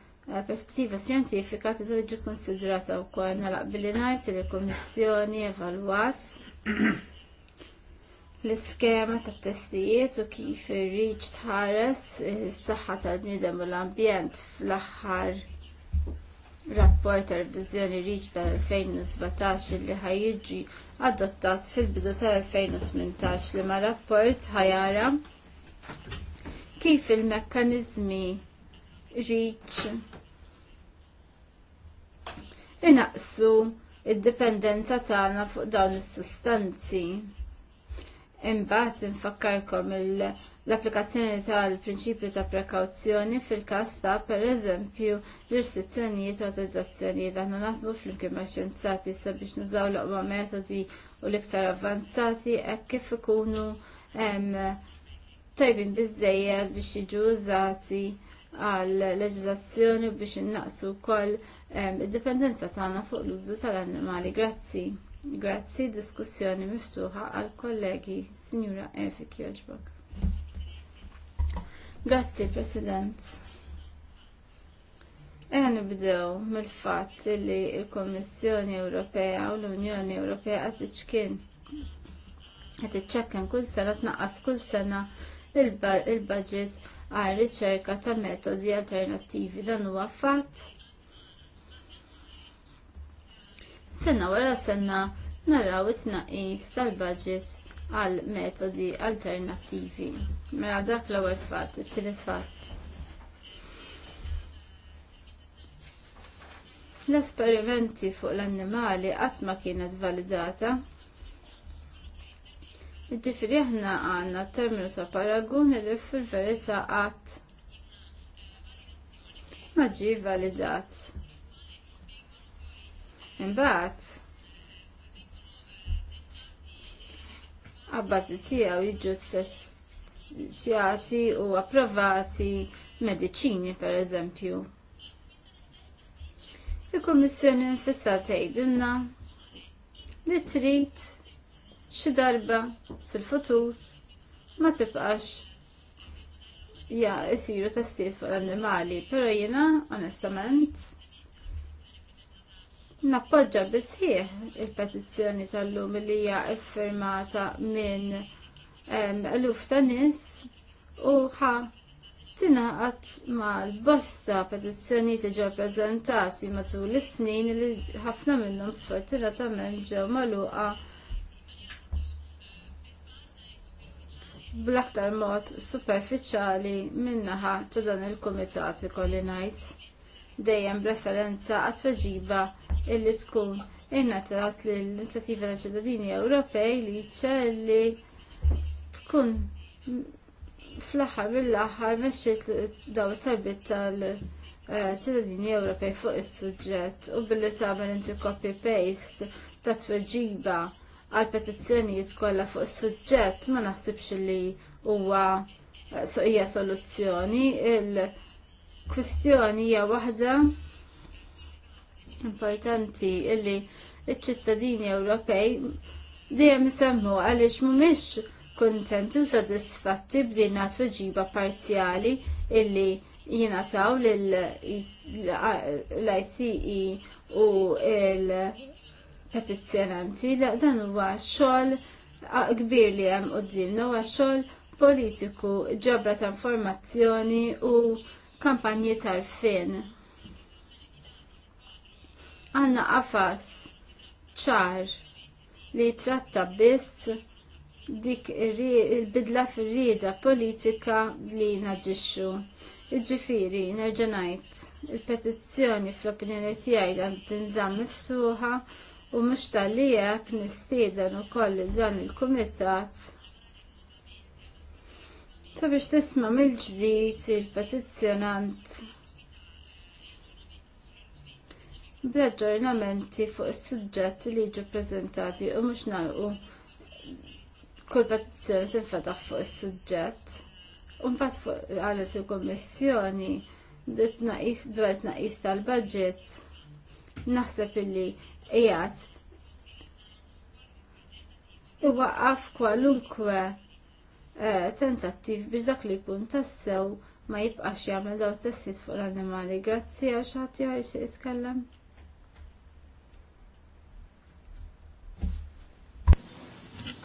perspettiva sjentifika tista' tiġi konsidrata wkoll nalaq billi ngħid il-komissjoni evalwat l-iskema ta' testijiet u kif ir-riċ tħares is-saħħa tal bnidem u l-ambjent fl-aħħar rapport ta' revizjoni riċ tal-2017 li ħajjiġi adottat fil-bidu tal-2018 li ma' rapport ħajara kif il-mekkanizmi riċ inaqsu id-dipendenza tagħna fuq dawn is-sustanzi. Imbagħad infakkarkom l-applikazzjoni tal-prinċipju ta' prekawzjoni fil-każ ta' pereżempju l-irsizzjonijiet u autorizzazzjonijiet aħna naħdmu flimkien ma' xjenzati sabiex nużaw l-oqma metodi u l-iktar avvanzati hekk kif ikunu tajbin biżejjed biex jiġu użati għal leġizazzjoni biex innaqsu wkoll id-dipendenza tagħna fuq l-użu tal-annimali. Grazzi. Grazzi, diskussjoni miftuħa għal kollegi Signora Efi Kjoġbok. Grazzi, President. Eħ nibdew mill-fatt li il-Kommissjoni Ewropea u l-Unjoni Ewropea għat iċkien għat iċċekken kull sena tnaqqas kull sena il-budget għal riċerka ta' metodi alternattivi dan huwa fatt Senna wara senna naraw it-tnaqqis tal-budgets għal metodi alternattivi. Mela dak l-ewwel fatt, it-tielet fatt. L-esperimenti fuq l-annimali qatt ma kienet validata. Ġifieri aħna għandna terminu ta' paragun li fil-verità qatt ma ġie validat. Imbagħad għabbażi tiegħu jiġu testjati u approvati mediċini per eżempju. Il-Kommissjoni nfissa tgħidilna li trid xi darba fil-futur ma tibqax ja isiru testijiet fuq l-annimali, però jiena onestament nappoġġa bisħieħ il-petizzjoni tal-lum li hija iffirmata minn eluf ta' nies u ħa ma mal-bosta petizzjonijiet li ġew preżentati matul is-snin li ħafna minnhom sfortunatament ġew magħluqa bl-aktar mod superfiċjali min-naħa ta' dan il-kumitat ikolli ngħid dejjem referenza għat-tweġiba illi tkun li l-inizjattiva ta' ċittadini Ewropej li ċelli tkun fl-aħħar mill-aħħar mexxi daw it-talbiet tal-ċittadini Ewropej fuq is-suġġett u billi tagħmel inti copy paste ta' tweġiba għal petizzjonijiet kollha fuq is-suġġett ma naħsibx li huwa eh, hija soluzzjoni il-kwistjoni hija waħda importanti illi iċ-ċittadini Ewropej dejjem isemmu għaliex mhumiex kuntenti u sodisfatti b'din tweġiba parzjali illi jingħataw lill-ICE u l-petizzjonanti dan huwa xogħol kbir li hemm qudiemna huwa xogħol politiku ġabra ta' informazzjoni u kampanji tarfin għanna qafas ċar li tratta biss dik il-bidla fil-rida politika li naġixxu. Iġifiri, nerġanajt, il-petizzjoni fl-opinjoni tiegħi għand tinżamm miftuħa u mhux tal-lijak nistieden ukoll dan il-kumitat sabiex tisma' mill-ġdid il-petizzjonant bl-aġġornamenti fuq is-suġġetti li jiġu ppreżentati u mhux nagħlqu kull petizzjoni tinfetaħ fuq is-suġġett. U mbagħad fuq qalet il-Kummissjoni dwar tnaqis tal-budget naħseb illi qiegħed iwaqqaf kwalunkwe eh, tentattiv biex dak li jkun tassew ma jibqax jagħmel daw testijiet fuq l-annimali. Grazzi għax ħadd jgħid jitkellem.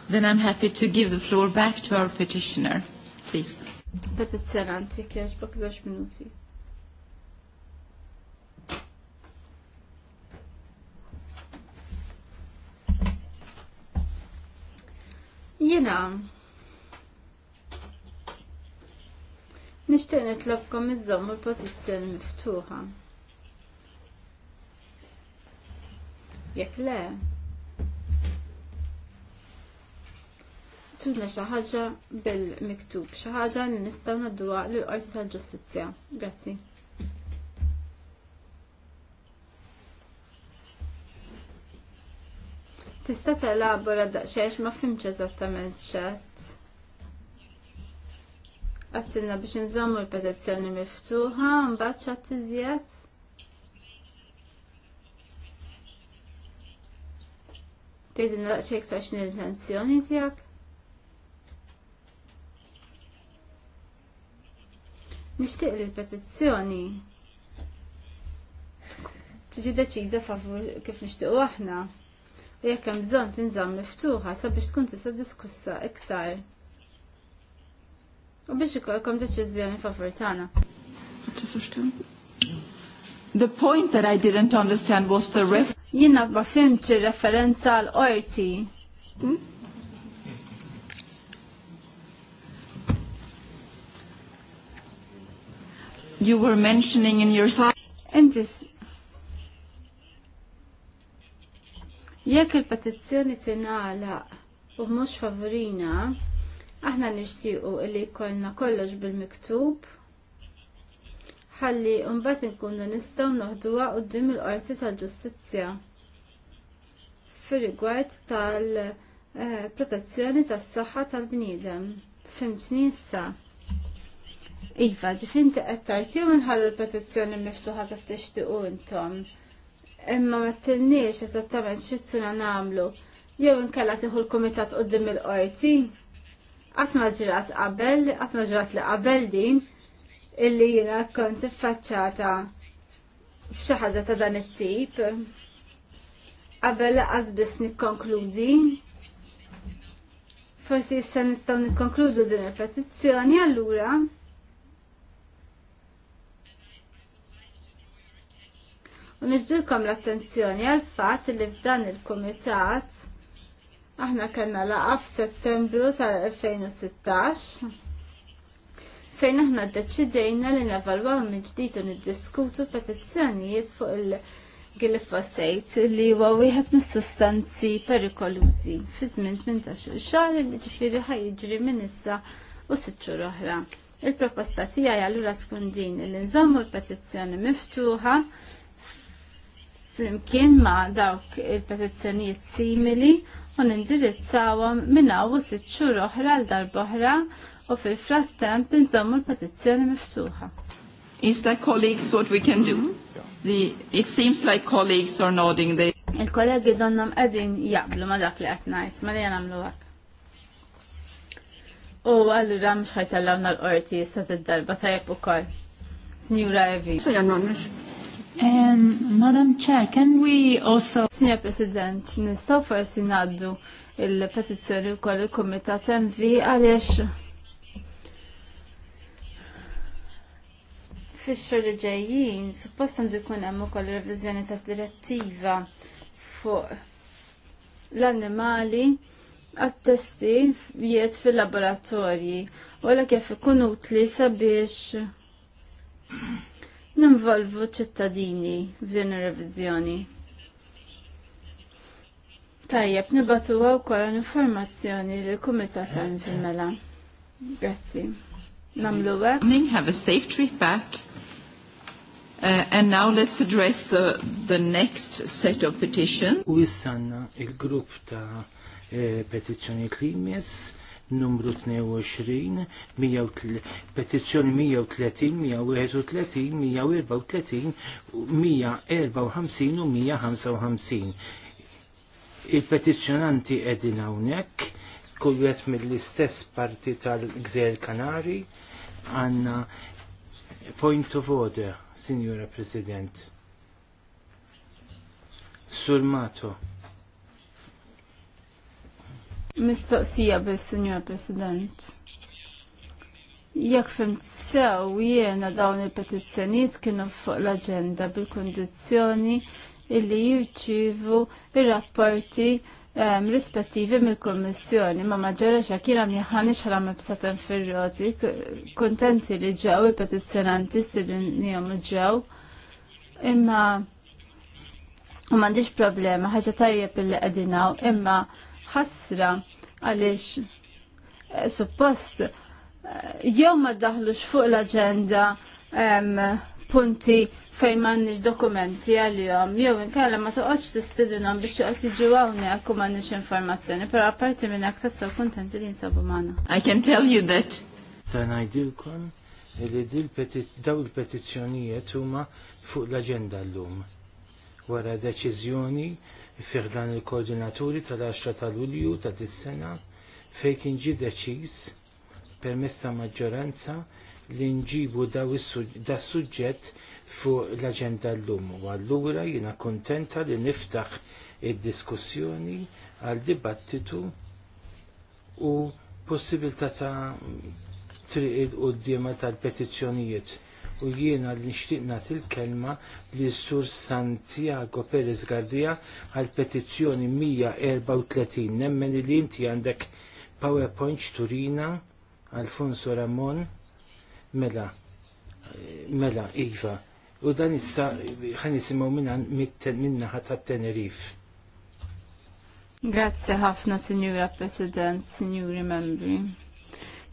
Then I'm happy to give the floor back to our petitioner, please. Petizzjonanti, kiex bok zoċ minuti. Jena, nishtiq nitlobkom iżommu l-pozizjoni miftuħa. Jekk le, tuna xi ħaġa bil-miktub, xi ħaġa li nistgħu nadduha lill qorti tal-Ġustizzja. Grazzi. Tista' telabora daqsxejn ma fimx eżattament x'għedt. Għattinna biex nżommu l-petizzjoni miftuħa, mbagħad x'għadd iżjed. Tejzin daqsxejn iktar l-intenzjoni tiegħek. Nixtieq li l-petizzjoni tiġi deċiża favur kif nixtiequ aħna u jekk hemm bżonn tinżamm miftuħa sabiex tkun tista' diskussa iktar. U biex ikolkom deċiżjoni favur tagħna. The point that I didn't understand was the ref. Jina ma fimċi referenza l-orti. you were mentioning in your And this. jekk il-petizzjoni tinala u mhux favorina, aħna nixtiequ li jkollna kollox bil-miktub, ħalli mbagħad inkunu nistgħu noħduha quddiem il-qorti tal-ġustizzja fir-rigward tal-protezzjoni eh, tas-saħħa tal-bniedem. Fimtni issa. Iva, ġifinti għattajt, jew nħallu l-petizzjoni miftuħa kif tixtiqu intom. Imma ma t-tilniex eżattament xittuna namlu, jew nkella t-iħu l-komitat d-dim il-qorti. Għatma ġrat qabel, għatma ġrat li qabel din, illi jina kont faċċata f'xi ħaġa ta' dan it-tip. Qabel għazbis nikkonkludi. Forsi issa nistgħu nikkonkludu din il-petizzjoni allura. U nġbilkom l-attenzjoni għal fatt li f'dan il-komitat aħna kellna laqa f'Settembru tal-2016 fejn aħna ddeċidejna li nevalwaw minn ġdid u niddiskutu petizzjonijiet fuq il-glifosat li huwa wieħed mis-sustanzi perikolużi fi żmien 18 xahar li ġifieri ħajġri minn issa u sitt xhur oħra. Il-proposta tiegħi allura tkun din li nżommu l-petizzjoni miftuħa flimkien ma' dawk il-petizzjonijiet simili u nindirizzawhom minnaw u sitt xhur oħra għal darb'oħra u fil-frattemp inżommu l-petizzjoni miftuħa. Is that colleagues what we can do? The, it seems like colleagues are nodding. They... Il-kollegi donnam qegħdin jaqblu ma' dak li qed ngħid, ma li nagħmlu hekk. U għallu ramx ħajtallawna l-qorti jista' id-darba u ukoll. Signora Evi. So Um, Madam Chair, can we also... Signor President, nistaw forsi naddu il-petizzjoni u koll il-Komitat MV għaliex fix-xhur li ġejjin, suppost għandu jkun hemm ukoll revizjoni tad direttiva fuq l-annimali għattesti testi jiet fil-laboratorji, u l kif ikun utli sabiex ninvolvu ċittadini f'din ir-reviżjoni. Tajjeb, nibatu għaw kol informazzjoni li kumitat għan fil-mela. Grazzi. Namlu għek. Have a safe trip back. Uh, and now let's address the, the next set of petitions. U jissanna il-grupp ta' eh, petizzjoni klimis numru 22, petizzjoni 130, 131, 134, 154 u 155. Il-petizzjonanti edin hawnhekk, kull mill-istess parti tal-Gżejjer Kanari, għandna point of order, Signora President. Sul Mato Mistoqsija biss, Signor President. Jekk fim sew jiena dawn il-petizzjonijiet kienu fuq l agenda bil-kondizzjoni illi jirċivu il rapporti um, ehm, rispettivi mill-Kommissjoni ma maġġora xakina mjaħani xalam mibsatem fil-roti, kontenti li ġew il-petizjonanti stidinjom ġew, imma u mandiġ problema, ħagġa tajjeb li għedinaw, imma ħasra għalix eh, suppost eh, jew ma daħlux fuq l-agenda punti fejn m'għandniex dokumenti għal-jom, jew inkella ma toqgħodx tistidunhom biex joqgħod jiġu hawnhekk u m'għandniex informazzjoni, però apparti minn hekk tassew kuntenti li jinsabu magħna. I can tell you that. Se ngħidilkom li daw il-petizzjonijiet huma fuq l-aġenda llum wara deċiżjoni fiħdan il-koordinaturi tal-10 ta' Lulju ta' dis-sena fejn kien ġie deċiż permezz ta' maġġoranza li nġibu da' suġġett fuq l-aġenda llum. U allura jiena kuntenta li niftaħ id-diskussjoni għal dibattitu u possibilta ta' triq il-qoddima tal-petizzjonijiet u jiena li nixtieq nagħti l-kelma li sur Santiago Perez Gardia għal petizzjoni 134 nemmen li inti għandek PowerPoint Turina Alfonso Ramon mela mela Iva u dan issa ħan nisimgħu minna ħadd Tenerif. Grazzi ħafna, Signora President, Sinjuri Membri.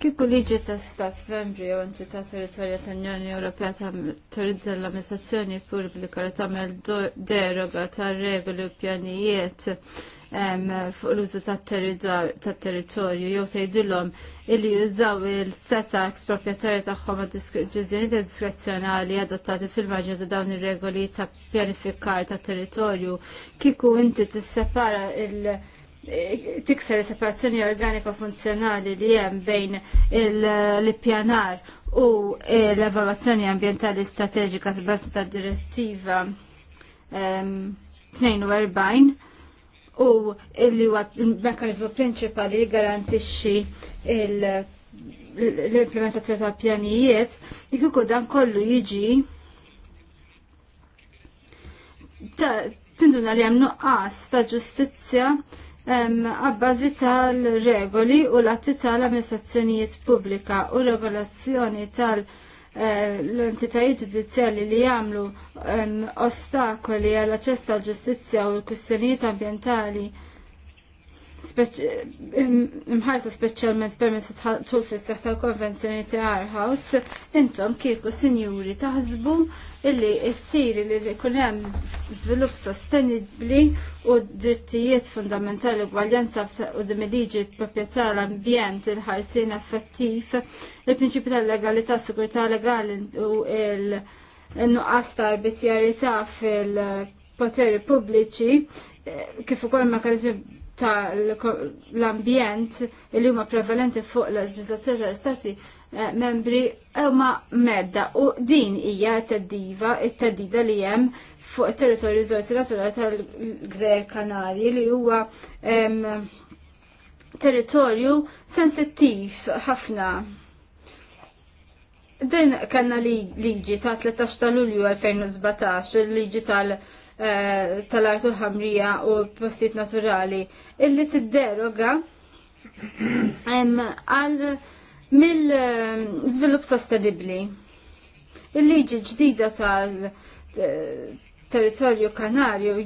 Kieku liġi ta' stat membri u entità territorja tan unjoni Ewropea ta' turizza l-amministrazzjoni pubblika li tagħmel deroga ta' regoli u pjanijiet fuq l-użu tat-territorju jew tgħidilhom illi jużaw il setax eksproprjetarja tagħhom għad deċiżjonijiet diskrezzjonali adottati fil-maġġor ta' dawn ir-regoli ta' pjanifikar tat-territorju kieku inti tissepara il- tikser separazzjoni organika funzjonali li hemm bejn l-ippjanar u l-evalwazzjoni ambientali strateġika tibata ta' direttiva 42 ehm, u li huwa l-mekkaniżmu prinċipali li garantixxi l-implementazzjoni tal-pjanijiet, jkun dan kollu jiġi tinduna li hemm nuqqas ta' ġustizzja għabbażi tal-regoli u l-atti tal-amministrazzjonijiet pubblika u regolazzjoni tal- eh, l-entitajiet ġudizzjali li jagħmlu ostakoli għall aċċess tal-ġustizzja u l-kwistjonijiet ambjentali imħarsa speċjalment permess tul fis tal-konvenzjoni ta' House, intom kieku sinjuri taħzbu illi t-tiri li kun hemm żvilupp sostenibbli u drittijiet fundamentali u għaljanza u dimiliġi proprjetà l-ambjent il-ħarsien effettiv, il-prinċipju tal-legalità, sigurtà legali u il-nuqqas tal-arbitjarità fil-poteri pubbliċi eh, kif ukoll mekanizmi tal-ambjent li huma prevalenti fuq l-leġislazzjoni tal-istati eh, membri eh, huma medda u din hija t-teddiva, it-teddida li hemm fuq territorju żorsi naturali tal-Gżejjer Kanarji li huwa territorju sensittiv ħafna. Din kanna liġi ta' 13 ta' Lulju 2017, il-liġi tal- -liġi tal Eh, tal-artu ħamrija u postijiet naturali illi tidderoga għal mill-żvilupp eh, sostenibbli. Il-liġi ġdida tal- eh, territorju kanarju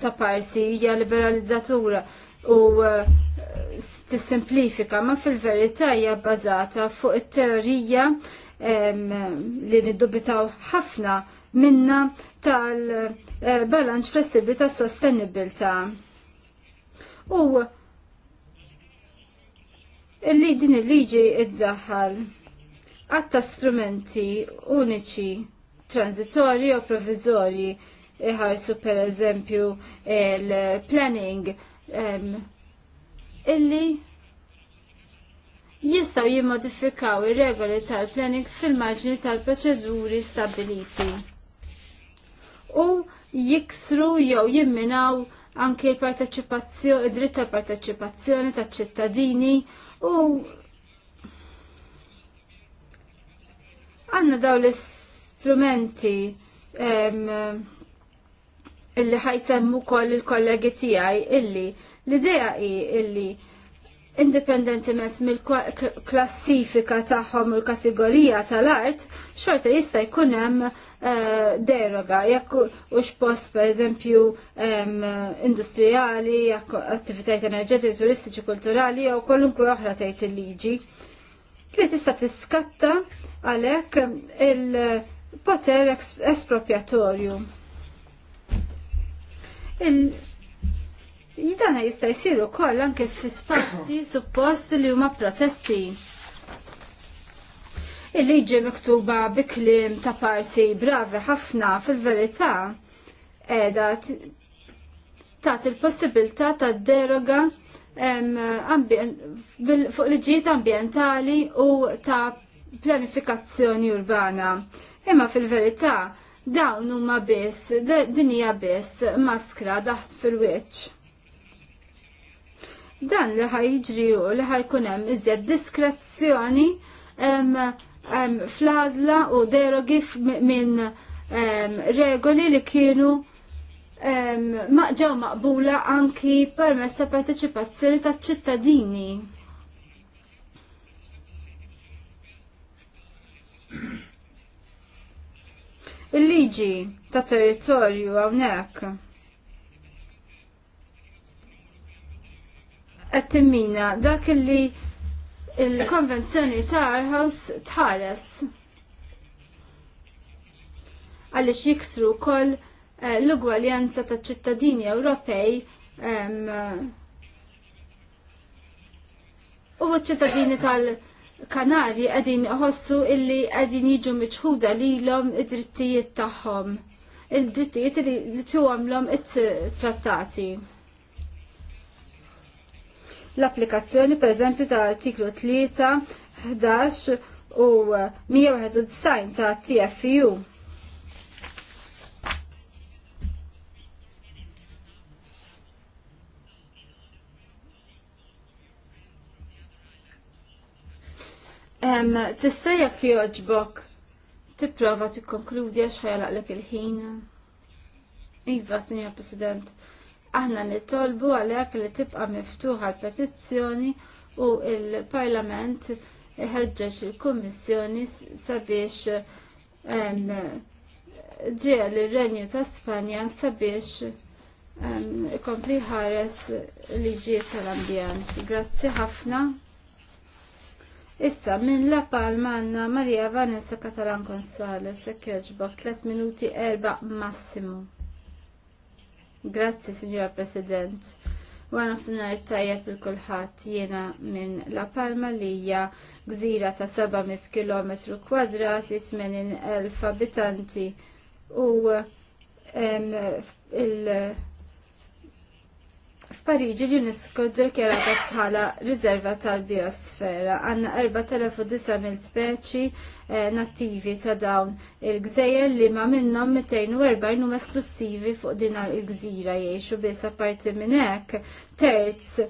ta' parsi hija liberalizzatura u tissimplifika ma fil-verità hija bbażata fuq it-teorija li niddubitaw ħafna minna tal-balanċ flessibli tas sostenibilità. U li din il-liġi id-daħal għatta strumenti uniċi transitorji u provizori iħarsu per eżempju il-planning illi jistaw jimmodifikaw ir-regoli tal-planning fil-marġni tal-proċeduri stabiliti u jiksru jew jimminaw anke l-parteċipazzjoni, id-dritt tal-parteċipazzjoni taċ-ċittadini u għanna daw l-istrumenti illi ħajsemmu koll il-kollegi tijaj illi l ideja illi indipendentiment mill-klassifika tagħhom u l-kategorija tal-art, xorta jista' jkun hemm uh, deroga jekk u x'post pereżempju um, industrijali, jekk attivitajiet enerġetiċi, turistiċi, kulturali jew kwalunkwe oħra tgħid il-liġi. Li tista' tiskatta għalhekk il-poter espropjatorju. Il Jidana jista jisiru koll anke fi spazi suppost li huma protetti. Il-liġi miktuba biklim ta' parsi bravi ħafna fil-verità edha ta' il-possibilità ta' deroga fuq liġijiet ambientali u ta' planifikazzjoni urbana. Imma fil-verità dawn huma biss, dinija biss maskra daħt fil-wiċċ dan li ħajġri u li ħajkun hemm iżjed diskrezzjoni fl-għażla u derogi minn regoli li kienu maqġaw maqbula anki permessa ta' parteċipazzjoni ta' ċittadini. Il-liġi ta' territorju għawnek qed timmina dak li il-konvenzjoni ta' Arhouse tħares. Għaliex jiksru wkoll eh, l-ugwaljanza ta' ċittadini Ewropej u ċ-ċittadini tal-Kanari qegħdin uħossu illi qegħdin jiġu miċħuda lilhom id-drittijiet tagħhom. Il-drittijiet li tuhom l-om it-trattati. it trattati l-applikazzjoni per eżempju tal-artiklu 3, 11 u 191 ta' TFU. Um, tista' jekk joġbok tipprova tikkonkludi għax ħajlaqlek il-ħin. Iva, Sinjor President. Aħna nitolbu għalhekk li tibqa' miftuħa l-petizzjoni u l parlament ħeġġeġ il-Kummissjoni sabiex ġiel il-Renju ta' Spanja sabiex ikompli ħares liġi tal-ambjent. Grazzi ħafna. Issa, minn La Palma għanna Maria Vanessa Catalan Gonzalez, sekk joġbok 3 minuti erba' massimo. Grazzi, Signora President. Għana s-sinar tajjeb il-kulħat jena minn La Palma li hija gżira ta' 700 km kwadrati, 80.000 abitanti u il- F'Pariġi l-UNESCO ddikjarata bħala riserva tal-biosfera Għanna 4900 speċi eh, nattivi ta' dawn il-gżejjer li ma' minnhom 240 huma esklusivi fuq din il-gżira jgħixu biss apparti minn hekk terz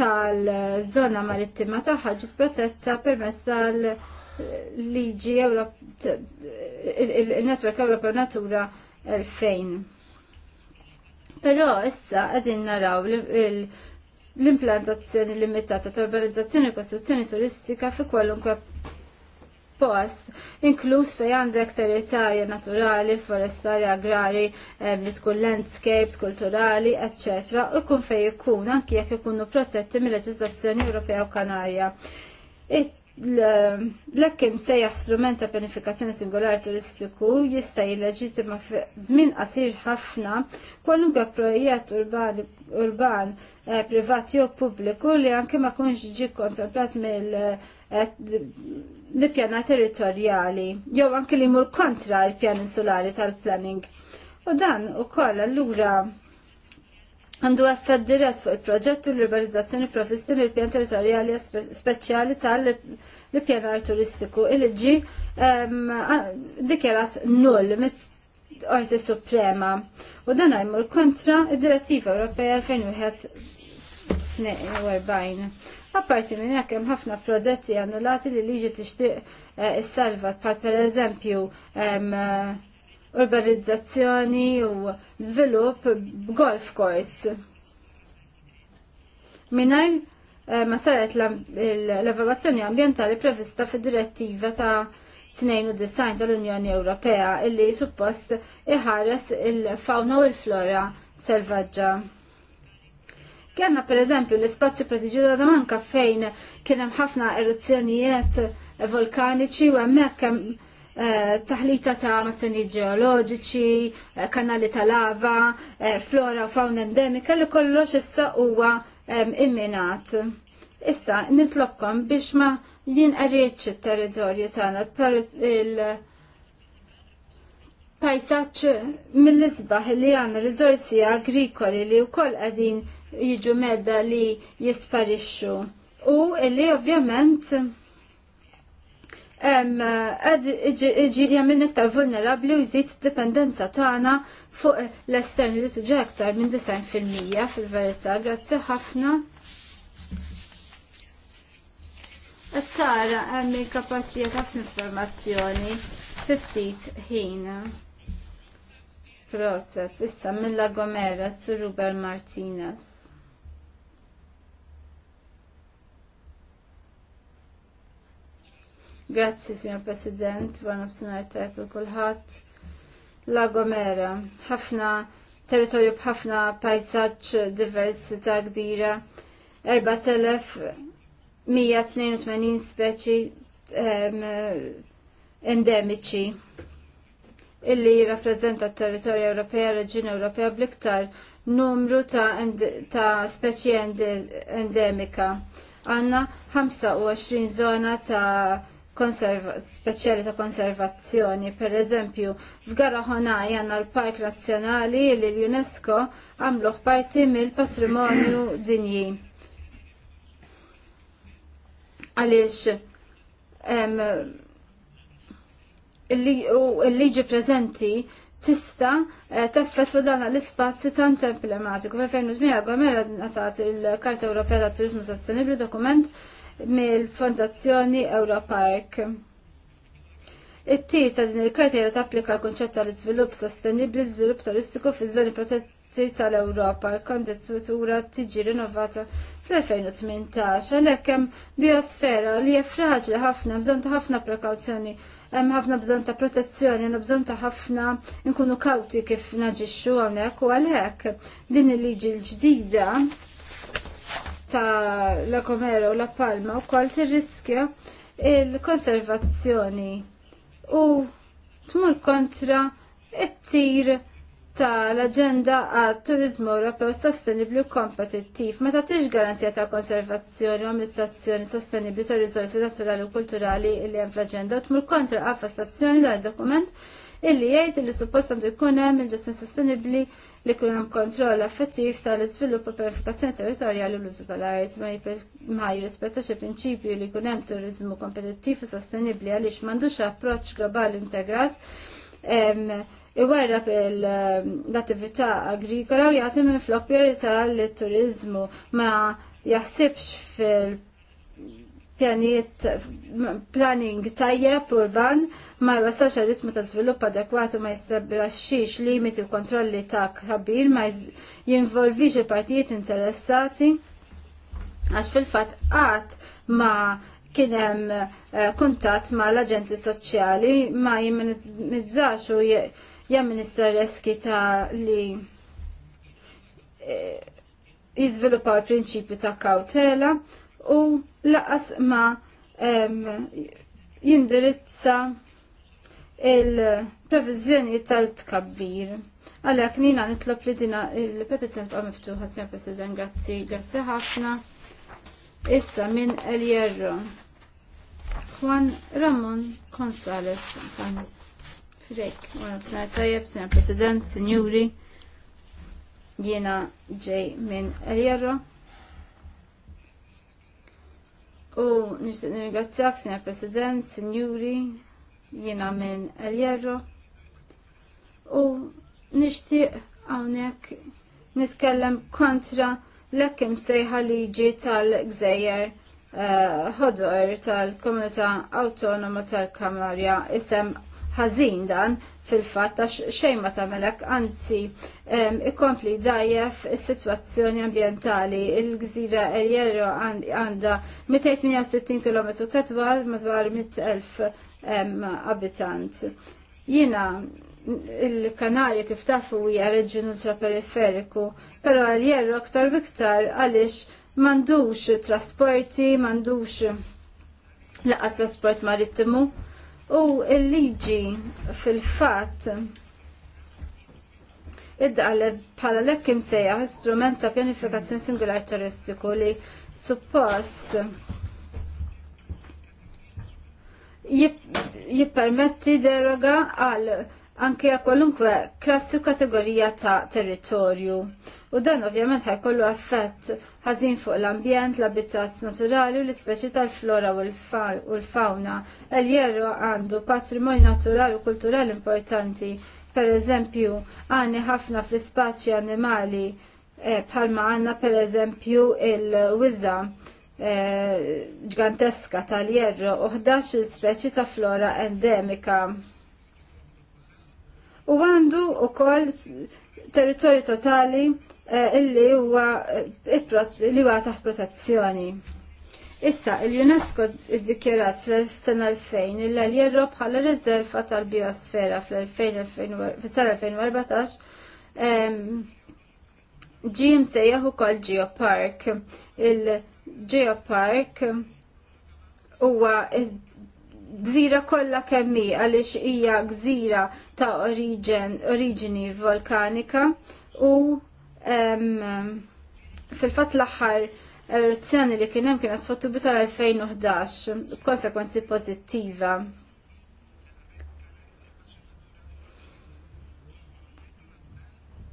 tal-żona marittima tagħha ġiet protetta permezz tal- liġi il-Network Ewropa Natura 2000. Però issa qegħdin naraw l-implantazzjoni limitata ta' urbanizzazzjoni u kostruzzjoni turistika fi kwalunkwe post, inkluż fej għandek territorja naturali, forestali, agrari, li eh, tkun landscapes, kulturali, u kun fej ikun, anki jekk ikunu protetti mill leġislazzjoni Ewropea u Kanarja l-ekkim sejjaħ strument ta' pianifikazzjoni singolari turistiku jista' jilleġitima fi żmien qasir ħafna kwalunkwe projett urban, urban eh, privat jew pubbliku li anke ma kunx ġi kontemplat mill eh, l-pjana territorjali jew anke li mur kontra l-pjan insulari tal-planning. U dan ukoll allura għandu effett dirett fuq il-proġett u l-urbanizzazzjoni provvisti mill-pjan territorjali speċjali tal-pjanar turistiku il-ġi dikjerat null mit-Orti Suprema u dan għajmur kontra id-Direttiva Ewropea 2041. Apparti minn hekk hemm ħafna proġetti annullati li liġi tixtieq eh, is-salvat bħal pereżempju urbanizzazzjoni u żvilupp b'golf course. Minaj eh, ma saret l-evaluazzjoni ambientali prevista fid-direttiva ta' 92 tal-Unjoni Ewropea illi suppost iħares il-fauna u l-flora selvaġġa. Kenna per eżempju l-spazju prestiġjuż ta' manka fejn kien hemm ħafna eruzzjonijiet vulkaniċi u hemmhekk hemm Eh, taħlita ta' mazzjoni ġeoloġiċi, eh, kanali ta' lava, eh, flora u fauna endemika li kollox issa huwa imminat. Issa nitlobkom biex ma jinqarriċ it-territorju tagħna il pajsaċ mill-isbaħ li għanna rizorsi agrikoli li u koll għadin jiġu medda li jisparixxu. U li ovvjament għad iġiri minn iktar vulnerabli u jżid dipendenza tagħna fuq l-esterni li tuġa aktar minn 90% fil-verità. Grazzi ħafna. Tara hemm il-kapaċija ta' informazzjoni ftit ħin. Process issa mill-Gomera Suruber Martinez. Grazzi, Signor President, għan nofsinar tajb kulħadd. La Gomera, ħafna territorju bħafna diversi ta' kbira, 4182 speċi endemiċi illi jirrappreżenta t-territorju Ewropea, reġjun Ewropea bliktar numru ta', ta speċi endemika. Għanna 25 zona ta' speċjali ta' konservazzjoni. Per eżempju, Honaj għanna l-Park Nazzjonali li l-UNESCO għamluħ parti mill-patrimonju dinji. Għaliex il-liġi prezenti tista eh, teffet u dan l-ispazju tant emblematiku. Fil-2008 għomera natat il-Karta Ewropea ta' Turizmu Sostenibli dokument mill-Fondazzjoni Europark. It-tir ta' din il-kriterja tapplika l-konċett tal-iżvilupp sostenibbli l-iżvilupp turistiku fiż-żoni protetti tal-Ewropa. l-kondizzutura tiġi rinnovata fl-2018 għalhekk hemm biosfera li hija fraġli ħafna bżonn ta' ħafna prekawzjoni hemm ħafna bżonn ta' protezzjoni, hemm bżonn ta' ħafna nkunu kawti kif naġixxu hawnhekk u għalhekk din il-liġi l-ġdida ta' La Gomera u La Palma u kol tirriskja il-konservazzjoni u tmur kontra it-tir ta' l-agenda għal turizmu Ewropew sostenibli u kompetittiv. Meta tix garantija ta' konservazzjoni u amministrazzjoni sostenibli ta' risorsi naturali u kulturali li hemm fl-agenda tmur kontra għaffa stazzjoni dan dokument illi jgħid li suppost għandu jkun hemm il-ġestjoni sostenibbli li kun hemm kontroll effettiv tal-iżvilupp u pjanifikazzjoni territorjali l-użu tal-art ma jirrispettax il-prinċipju li kun hemm turizmu kompetittiv u sostenibbli għaliex m'għandux approċċ globali integrat iwerra l-attività agrikola u jagħti minflok flok priorità l-turizmu ma jaħsibx fil- pjaniet planning tajjeb urban ma jwassax ritmu ta' svilupp adekwatu ma jistabilaxxix limiti u kontrolli ta' kabir ma jinvolvix il-partijiet interessati għax fil-fat qatt ma kienem eh, kuntat ma l-agenti soċjali ma jimminizzax u jamministra reski ta' li eh, jizviluppaw il-prinċipju ta' kautela u laqas ma jindirizza il-previżjoni tal-tkabbir. Għalek nina nitlop li dina il-petizjoni ta' miftuħa, Sr. President, grazzi, grazzi ħafna. Issa minn Eljerro. Juan Ramon Gonzalez. Fidejk, għana tajab, s Sr. President, Signuri, jiena ġej minn El U nixtieq nirringrazzjak, Sinja President, Sinjuri, jiena minn Eljero. U nixtieq hawnhekk nitkellem kontra l-ekkim sejħa liġi tal-gżejjer eh, ħodur tal-Komunità Awtonoma tal-Kamarja isem ħażin dan fil-fatt ta' xejn ma tagħmelek anzi ikompli dajjef is-sitwazzjoni ambjentali. Il-gżira El Hierro għandha 268 km katwal madwar 100,000 abitant. Jiena il-Kanarja kif tafu hija reġjun ultraperiferiku, però El Hierro aktar biktar għaliex m'għandux trasporti, m'għandux laqas trasport marittimu U l-liġi fil-fat id-għallet bħala lekk imsejja strument ta' pjanifikazzjoni singular terroristiku li suppost jippermetti deroga għal anke kwalunkwe klassu kategorija ta' territorju. U dan ovvjament ħajkollu effett ħażin fuq l-ambjent, l-abitat naturali u l-ispeċi tal-flora u l-fauna. El għandu patrimonju naturali u kulturali importanti, per eżempju, għani ħafna fl-ispaċi animali eh, bħalma għanna per eżempju il-wizza eh, ġganteska tal-jerro u 11 speċi ta' flora endemika u għandu u koll territorju totali eh, illi huwa eh, li huwa taħt protezzjoni. Issa, il-UNESCO iddikjerat fl-sena 2000 il li jirrob bħala rezerva tal-biosfera fl-2014 ehm, ġi msejjaħ ukoll Geopark. Il-Geopark huwa gżira kollha kemm hi għaliex hija gżira ta' origin, oriġini volkanika u fil-fatt l-aħħar eruzzjoni li kien hemm kienet f'Ottubru bitar 2011 konsekwenzi pożittiva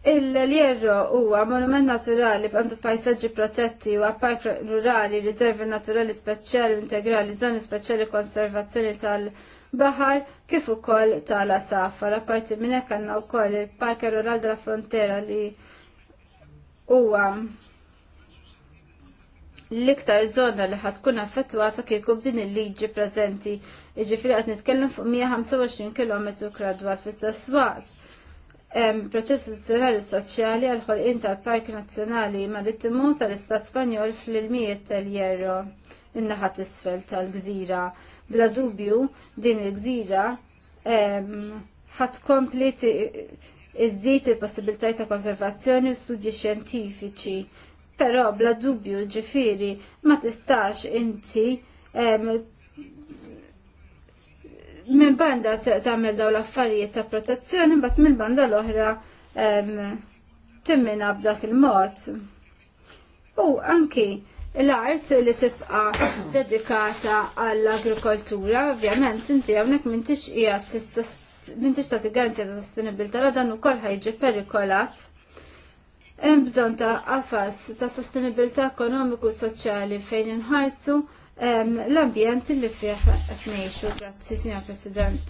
Il-Lierro huwa monument naturali b'għandu pajsaġġi protetti u park rurali, riservi naturali speċjali integrali, żoni speċjali konservazzjoni tal-baħar kif ukoll tal-asafar. Apparti minn hekk għandna wkoll il-Park Rural della Frontera li huwa l-iktar zona li ħatkun affettwata kieku b'din il-liġi preżenti. Iġifieri qed nitkellem fuq 125 km kradwat fl-istess waqt proċess istituzzjonali soċjali għal ħolqien tal-Park Nazzjonali Marittimu tal-Istat Spanjol fl-ilmijiet tal jero in isfel tal-gżira. Bla dubju din il-gżira ħat kompli iżżid il-possibilitajiet ta' konservazzjoni u studji xjentifiċi. Però bla dubju ġifiri ma tistax inti minn banda se tagħmel daw l-affarijiet ta' protezzjoni, mbagħad minn banda l-oħra timmina b'dak il-mod. U anki l-art li tibqa dedikata għall-agrikoltura, ovvjament inti hawnhekk m'intix qiegħed m'intix ta' tigarantija ta' sostenibilità la dan ukoll ħajġi perikolat. Hemm bżonn ta' qafas ta' sostenibilità ekonomiku soċjali fejn inħarsu l-ambjent li fih ngħixu. Grazzi, Signor President.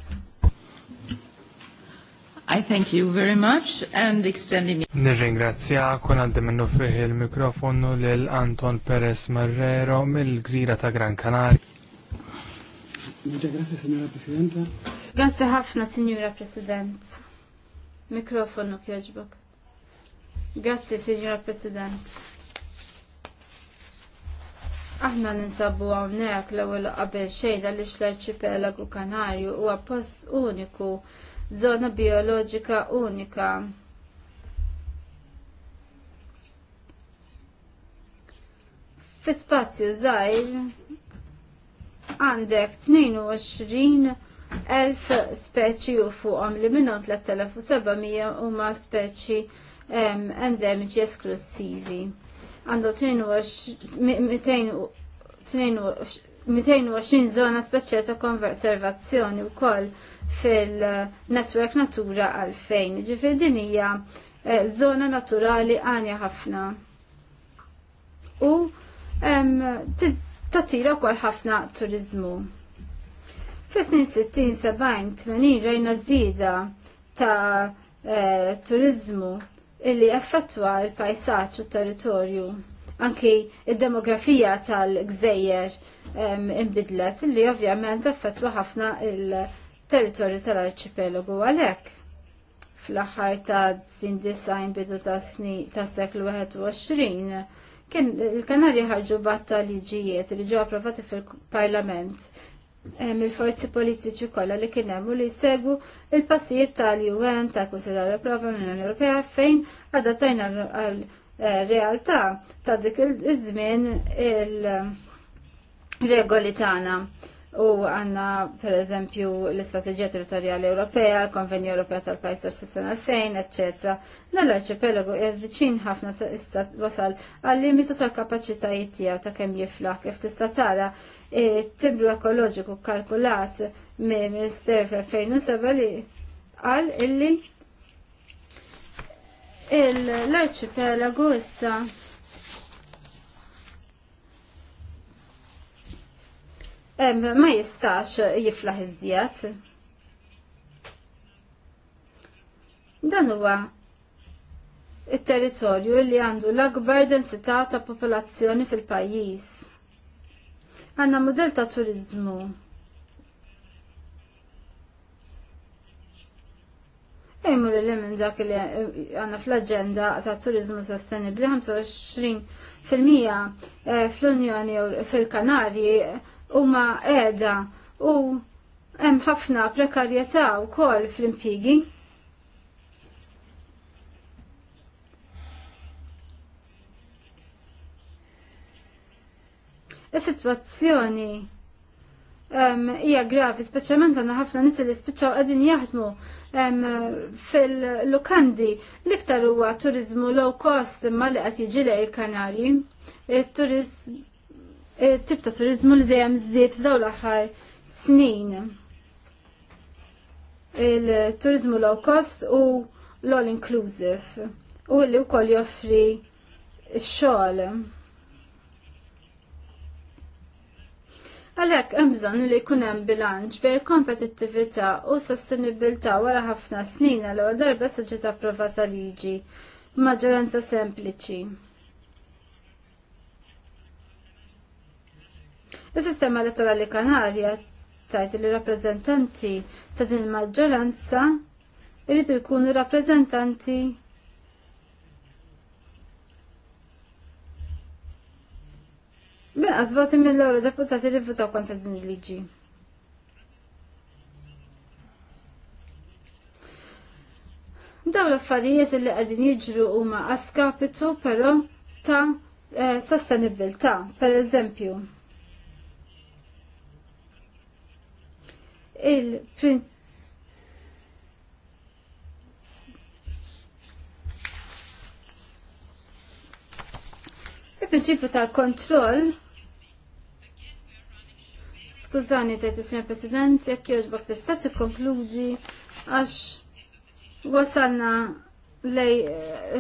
I thank you very much and extending Nirringrazzja kun għaddi minnu fih il-mikrofonu lil Anton Perez Marrero mill-Gżira ta' Gran Canaria. Muchas gracias, signora Presidenta. Grazie ħafna, signora President. Mikrofonu kjoġbok. Grazie, signora President. Aħna ninsabu hawnhekk l-ewwel qabel xejn għaliex l-arċipelagu Kanarju huwa post uniku, żona bioloġika unika. Fi spazju żgħir għandek 22.000 elf speċi u fuqhom li minnhom 3700 huma speċi endemiċi esklusivi għandu 220 zona speċjal ta' konservazzjoni wkoll fil-netwerk Natura għalfejn. Ġifier din hija eh, zona naturali għanja ħafna. U tatira wkoll ħafna turizmu. Fis-snin 60-70 rejna zida ta' eh, turizmu illi affettwa il-pajsaċ u territorju. Anki il demografija tal-gżejjer imbidlet illi ovvjament affettwa ħafna il-territorju tal-arċipelagu għalek. Fl-axħar ta' sin design bidu ta' seklu 21 kien il kanarja ħarġu batta liġijiet li ġew approvati fil-Parlament Eh, mill-forzi politiċi kollha li kien hemm li jsegwu il-passijiet tal-UN ta' Kunsidar prova l-Unjoni Ewropea fejn adattajna għal eh, realtà ta' dik iż-żmien il-regoli tagħna. U għanna, per eżempju, l-Istrateġija Territoriali Ewropea, l-Konvenju Ewropea tal-Pajis tax sena 2000, etc. Nell-arċipelagu er viċin ħafna wasal għal-limitu tal-kapacitajiet tiegħu ta' kemm jiflak. kif tista' tara e, tibru ekoloġiku kalkulat minn Minister 2007 li qal illi l-arċipelagu issa ma jistax jiflaħ iżjed. Dan huwa il-territorju li għandu l-akbar densità ta' popolazzjoni fil-pajjiż. Għandna modell ta' turizmu. Ejmu li li minn dak li għanna fl-agenda ta' turizmu sostenibli 25% fil-mija eh, fl-Unjoni fil-Kanarji huma qiegħda u hemm ħafna prekarjetà wkoll fl-impjigi. Is-sitwazzjoni ehm, hija gravi, speċjalment għandna ħafna nies li spiċċaw qegħdin jaħdmu ehm, fil-lukandi l-iktar huwa turiżmu low cost imma li qed jiġi lejn kanari Il-turizmu Eh, tip ta' turizmu li dejjem żdied f'daw l-aħħar snin. Il-turizmu low cost u l-all inclusive u li wkoll joffri x-xogħol. Għalhekk hemm bżonn li jkun hemm bilanċ bejn kompetittività u sostenibilità wara ħafna snin għal darba saġġet approvata liġi maġġoranza sempliċi. Is-sistema elettorali Kanarja tajt li rappreżentanti ta' din il-maġġoranza irridu jkunu rappreżentanti Bil voti mill-ewwel deputati li votaw kontra din il-liġi. Daw l-affarijiet li qegħdin jiġru huma għaskapitu però ta' eh, sostenibilità, per eżempju. il-prin Il-prinċipju tal-kontroll Skużani tajt il-Sinjor President, jekk joġbok tista' konkludi, għax wasalna lej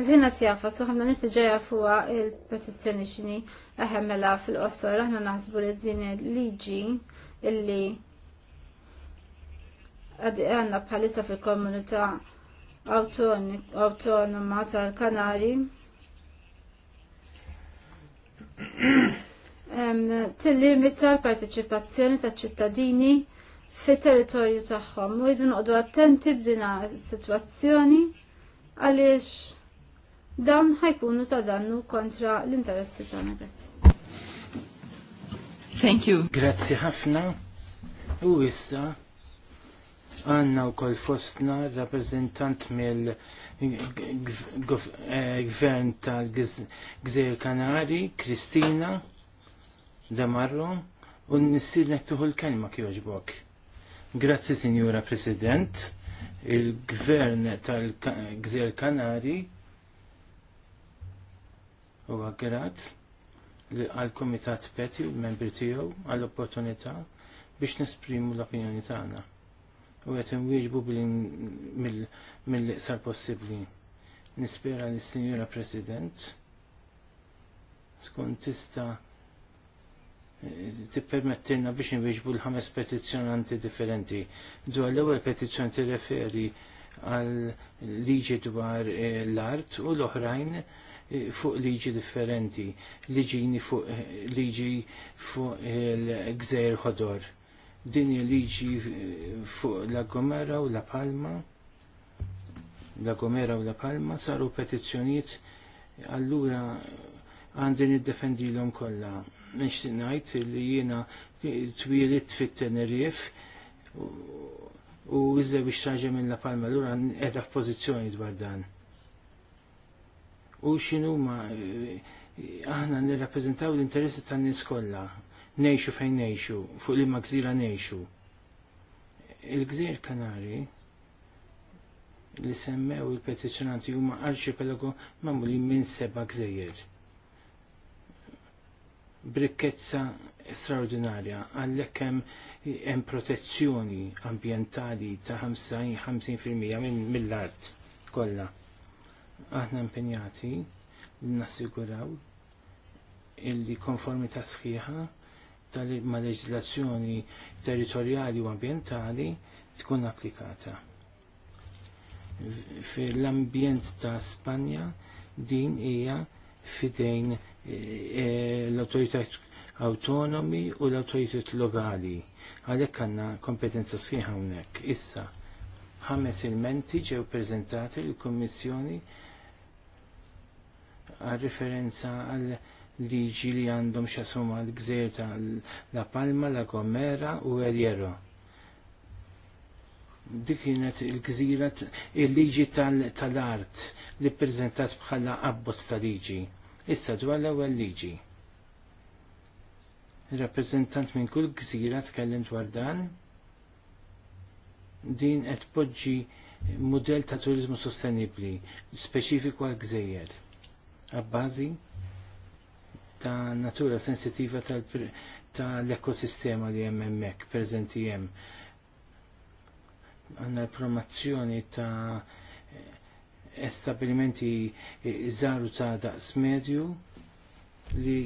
ħina tjafa, so ħamna nisi ġeja fuwa il petizjoni xini eħemmela fil-qosor, aħna naħsbu li d-dini liġi illi għanna bħalissa fil-komunità autonoma tal-Kanari. Tillimita l-partiċipazzjoni ta' ċittadini fit territorju tagħhom u jdu noqdu attenti b'dina situazzjoni għaliex dawn ħajkunu ta' dannu kontra l-interessi tagħna. Grazzi. Thank you. Grazzi ħafna. U issa Għanna u kol fostna rappresentant mill-gvern eh, tal-Gżir Kanari, Kristina Damarro, u nistilnek tuħu l-kelma kjoġbok. Grazzi, Signora President, il-gvern tal-Gżir Kanari, u għagrat għal-Komitat Peti, membri tiegħu, għall-opportunità biex nesprimu l-opinjoni tagħna u għet nwieġbu mill-iqsar possibli. Nispera li s-Sinjura President Skont tista eh, tippermettilna biex nwieġbu l-ħames petizzjonanti differenti. Dwar l-ewwel petizzjoni tirreferi għal liġi dwar eh, l-art u l-oħrajn eh, fuq liġi differenti, liġini fuq liġi fuq il-gżejr ħodor din il-liġi eh, fuq la Gomera u la Palma la Gomera u la Palma saru petizzjoniet allura għandin id l-om kolla nix najt li jiena eh, twilit fit tenerif u izze biex traġa minn la Palma allura edha f'pożizzjoni dwar dan u xinu ma eh, aħna nirrappreżentaw l-interessi tan nies kollha nejxu fejn nejxu, fuq li gżira nejxu. Il-gżir Kanari li semmew il-petizjonanti huma arċipelago li minn seba gżejjer. Brikkezza straordinarja għallek hemm protezzjoni ambjentali ta' 50-50% mill-art kollha. Aħna impenjati li nassiguraw illi konformità sħiħa ma' leġislazzjoni territorjali u ambjentali tkun applikata. Fil-ambjent ta' Spanja din hija fidejn eh, eh, l-autoritajt autonomi u l-autoritajt lokali. Għalhekk għandna kompetenza sħiħa hawnhekk. Issa ħames ilmenti ġew preżentati l-Kummissjoni għal referenza għal liġi li għandhom xasuma l-gżir ta' La Palma, La Gomera u Eliero. Dik kienet il-gżira il-liġi tal-art li prezentat bħala abbozz ta' liġi. Issa dwar l-ewwel liġi. Rappreżentant minn kull gżira tkellem dwar dan. Din qed poġġi mudell ta' turizmu sostenibbli speċifiku għal gżejjer. Abbażi ta' natura sensitiva tal-ekosistema li hemm hemmhekk preżenti hemm. Għandna l-promozzjoni ta' estabilimenti żaru ta' daqs medju li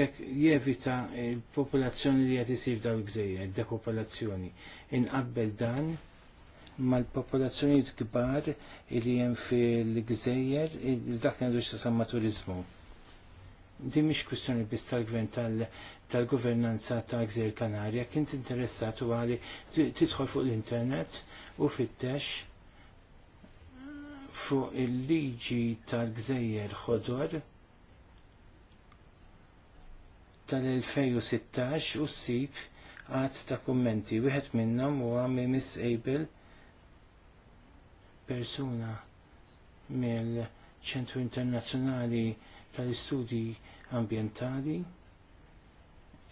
bek jevita il-popolazzjoni li qed isir daw il depopolazzjoni. Inqabbel dan mal-popolazzjonijiet kbar li hemm fil-gżejjer dak għandu x'tasamma turiżmu di mish kwistjoni biss tal-gvern tal-governanza tal-Gżir Kanarja, kint interessat u għali tidħol fuq l-internet u fit-tex fuq il-liġi tal-Gżejjer ħodor tal-2016 u ssib għad ta' kummenti. Wieħed minnhom u għami Miss Abel persuna mill-ċentru internazzjonali tal-istudji ambjentali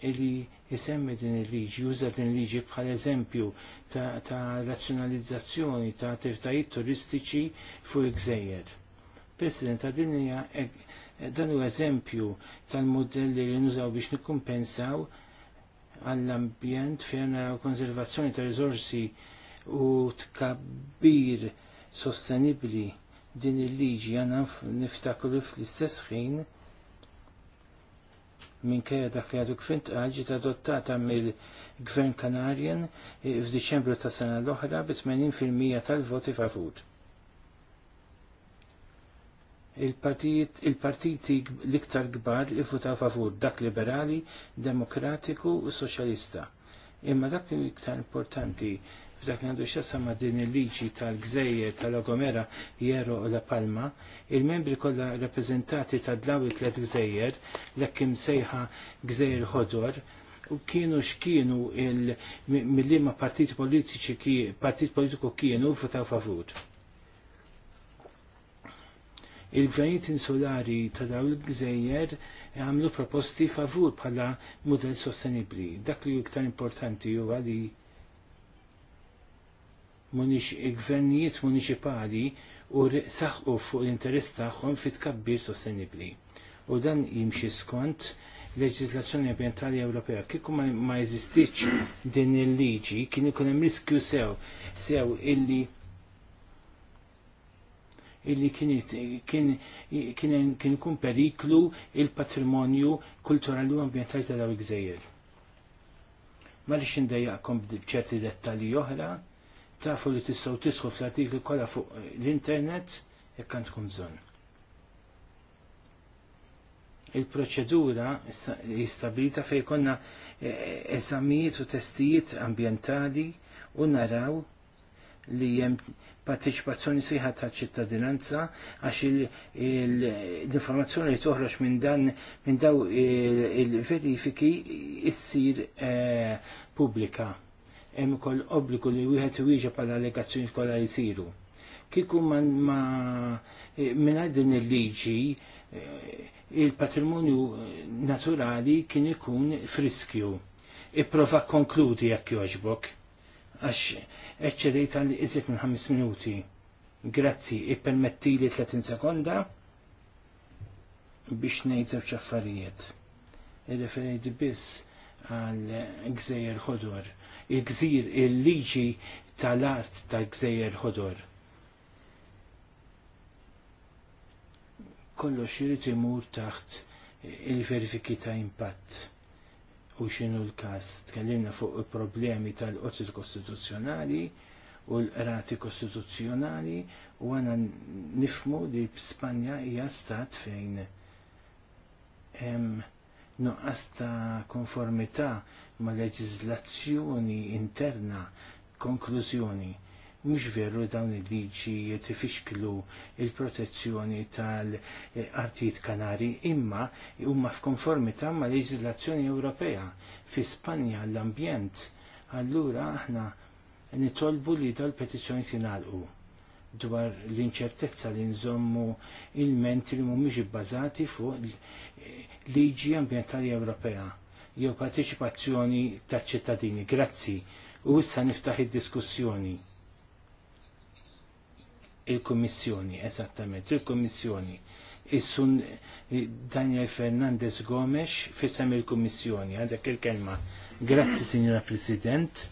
illi jisemmi din il-liġi, juża din il-liġi bħal eżempju ta', ta razzjonalizzazzjoni ta' attivitajiet turistiċi fuq il-gżejjer. President, ta' din hija e, e, dan u eżempju tal-modelli li nużaw biex nikkumpensaw għall-ambjent fejn konservazzjoni ta' riżorsi u tkabbir sostenibli din il-liġi għana niftakru fl-istess ħin kera dak li għadu kfint ġiet adottata mill-Gvern Kanarjan f'Diċembru ta' sena l-oħra bi 80% tal-voti favur. Il-partiti l-iktar kbar futa favur dak liberali, demokratiku u soċjalista. Imma dak li iktar importanti Dak għandu ma din il-liġi tal-gżejjer tal-Ogomera Jero u La Palma, il-membri kollha rappreżentati ta' dlawi tlet gżejjer, l-ekkim sejħa gżejjer ħodor, u kienu xkienu il-millima partit politiċi partit politiku kienu votaw favur. Il-gvernijiet insulari ta' dawn il-gżejjer għamlu proposti favur bħala mudell sostenibli. Dak li iktar importanti huwa li gvernijiet municipali u saħqu fuq l-interess tagħhom fit tkabbir sostenibbli. U dan jimxi skont leġislazzjoni ambientali Ewropea. Kieku ma jeżistix din il-liġi, kien ikun hemm riskju sew sew illi illi kien ikun periklu il-patrimonju kulturali u ambientali tal-għaw gżejjer. Ma rridx xindajaqkom bċerti dettalji oħra, tafu li tistgħu tidħu fl-artikli kollha fuq l-internet jekk tkun bżonn. Il-proċedura jistabilita fejn konna eh, eżamijiet u testijiet ambjentali u naraw li jem partiċipazzjoni siħa ta' ċittadinanza għax l-informazzjoni li toħroġ minn dan minn daw il-verifiki issir eh, pubblika hemm ukoll obbligu li wieħed iwieġeb bħala allegazzjoni kollha jsiru. Kieku man ma e, mingħajr din il-liġi e, il-patrimonju naturali kien ikun friskju. Ipprova konkludi jekk jogħġbok, għax eċċedejt għal iżiet minn 5 minuti. Grazzi, ippermetti li 30 sekonda biex ngħid żewġ affarijiet. Irreferejt biss għal gżejjer ħodor il-gżir il-liġi tal-art tal-gżejjer ħodor. Kollox irid imur taħt il-verifiki ta' impatt u xinu l-kas. Tkellimna fuq il-problemi tal-qorti kostituzzjonali u l-rati kostituzzjonali u għana nifmu li Spanja hija stat fejn hemm nuqqas ta' konformità ma' leġizlazzjoni interna konklużjoni mhux veru dawn il liġi ifixklu il-protezzjoni tal-artijiet kanari imma huma f'konformità ma' leġiżlazzjoni Ewropea. Fi Spanja l-ambjent allura aħna nitolbu li dal-petizzjoni tingħalqu dwar l-inċertezza li nżommu il-menti li mhumiex bbażati fuq liġi ambjentali Ewropea jew parteċipazzjoni taċ ċittadini. Grazzi. U issa niftaħ id-diskussjoni. Il-Kummissjoni, eżattament, il-Kummissjoni. Issun Daniel Fernandez Gomes fissam il-Kummissjoni, għandek il-kelma. Grazzi, Signora President.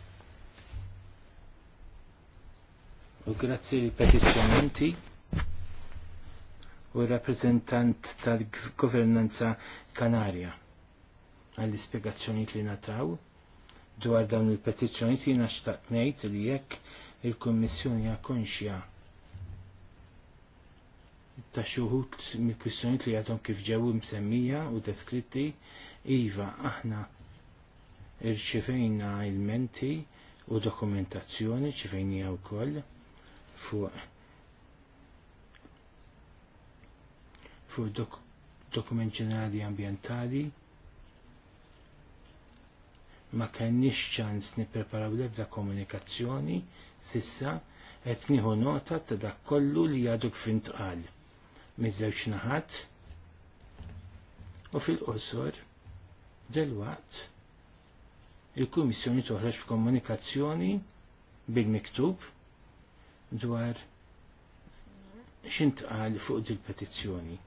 U grazzi l-petizjonanti u r-rappresentant tal-Governanza Kanarja għall ispiegazzjoni li nataw dwar dawn il petizzjoni jiena xtaqt ngħid li jekk il-Kummissjoni għakonxja ta' xuħut mill kwissjoni li għadhom kif ġew msemmija u deskritti iva aħna irċivejna il-menti u dokumentazzjoni ċivejnija għaw koll fuq fuq dok dokument ġenerali ambientali ma kenniex ċans nippreparaw l-ebda komunikazzjoni sissa qed nieħu nota ta' dak kollu li għadu kfin tqal Miż-żewġ naħat u fil-qosor delwaqt il-Kummissjoni toħroġ b'komunikazzjoni bil-miktub dwar x'intqal fuq dil-petizzjoni.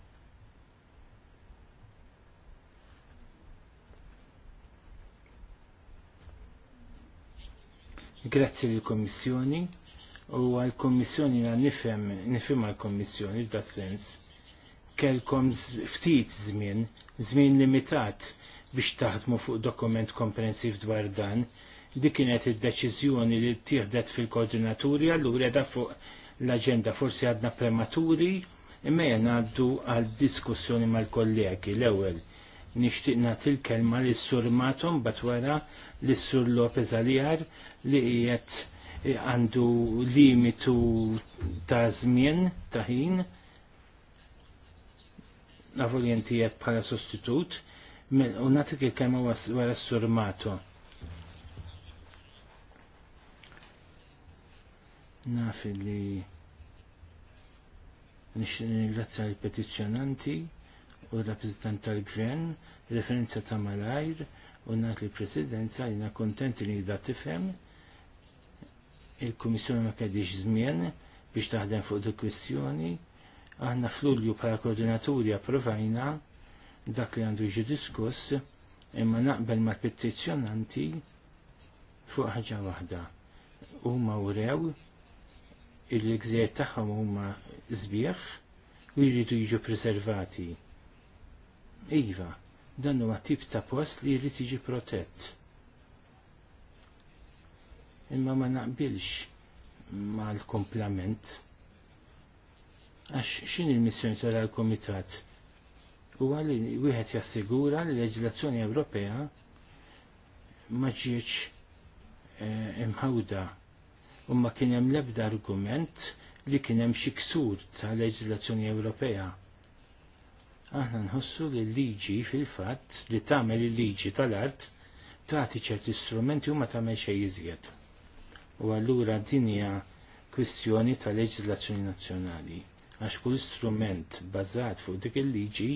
Grazzi lill-Kummissjoni u għall-Kummissjoni na nifhem nifem għall-Kummissjoni f'da sens kelkom ftit żmien, żmien limitat biex taħdmu fuq dokument komprensiv dwar dan. Di kienet id-deċiżjoni li tieħdet fil-koordinaturi allura da fuq l-aġenda forsi għadna prematuri imma jena għaddu għal diskussjoni mal-kollegi l-ewwel nixtieq nagħti l-kelma lis sur Matom batwara lis sur Lopez Aliar li qiegħed eh, għandu limitu ta' żmien ta' ħin avoljanti qed bħala sostitut u nagħtik il-kelma wara s-sur Mato. Naf li nixtieq ringrazzja l-petizzjonanti u l-rappresentant tal-gvern, referenza ta' malajr, u nat li presidenza jina kontent li da tifhem il-Komissjoni ma kellix żmien biex taħdem fuq dik kwestjoni Aħna f'Lulju bħala koordinaturi approvajna dak li għandu jiġi diskuss imma naqbel mal petizzjonanti fuq ħaġa waħda. Huma wrew il-gżejjer tagħhom huma żbieħ u jridu jiġu preservati. Iva, dan huwa tip ta' post li jrid jiġi protett. Imma ma naqbilx mal-komplament. Għax xin il-missjoni tal-Komitat? Huwa li wieħed jassigura li l-leġislazzjoni Ewropea ma ġietx eh, imħawda u ma kien hemm l-ebda argument li kien hemm xi ksur tal-leġislazzjoni Ewropea aħna nħossu li l-liġi fil-fatt li tagħmel il-liġi tal-art tagħti ċerti strumenti u ma tagħmel xejn iżjed. U allura din hija kwistjoni tal-leġislazzjoni nazzjonali għax kull strument bażat fuq dik il-liġi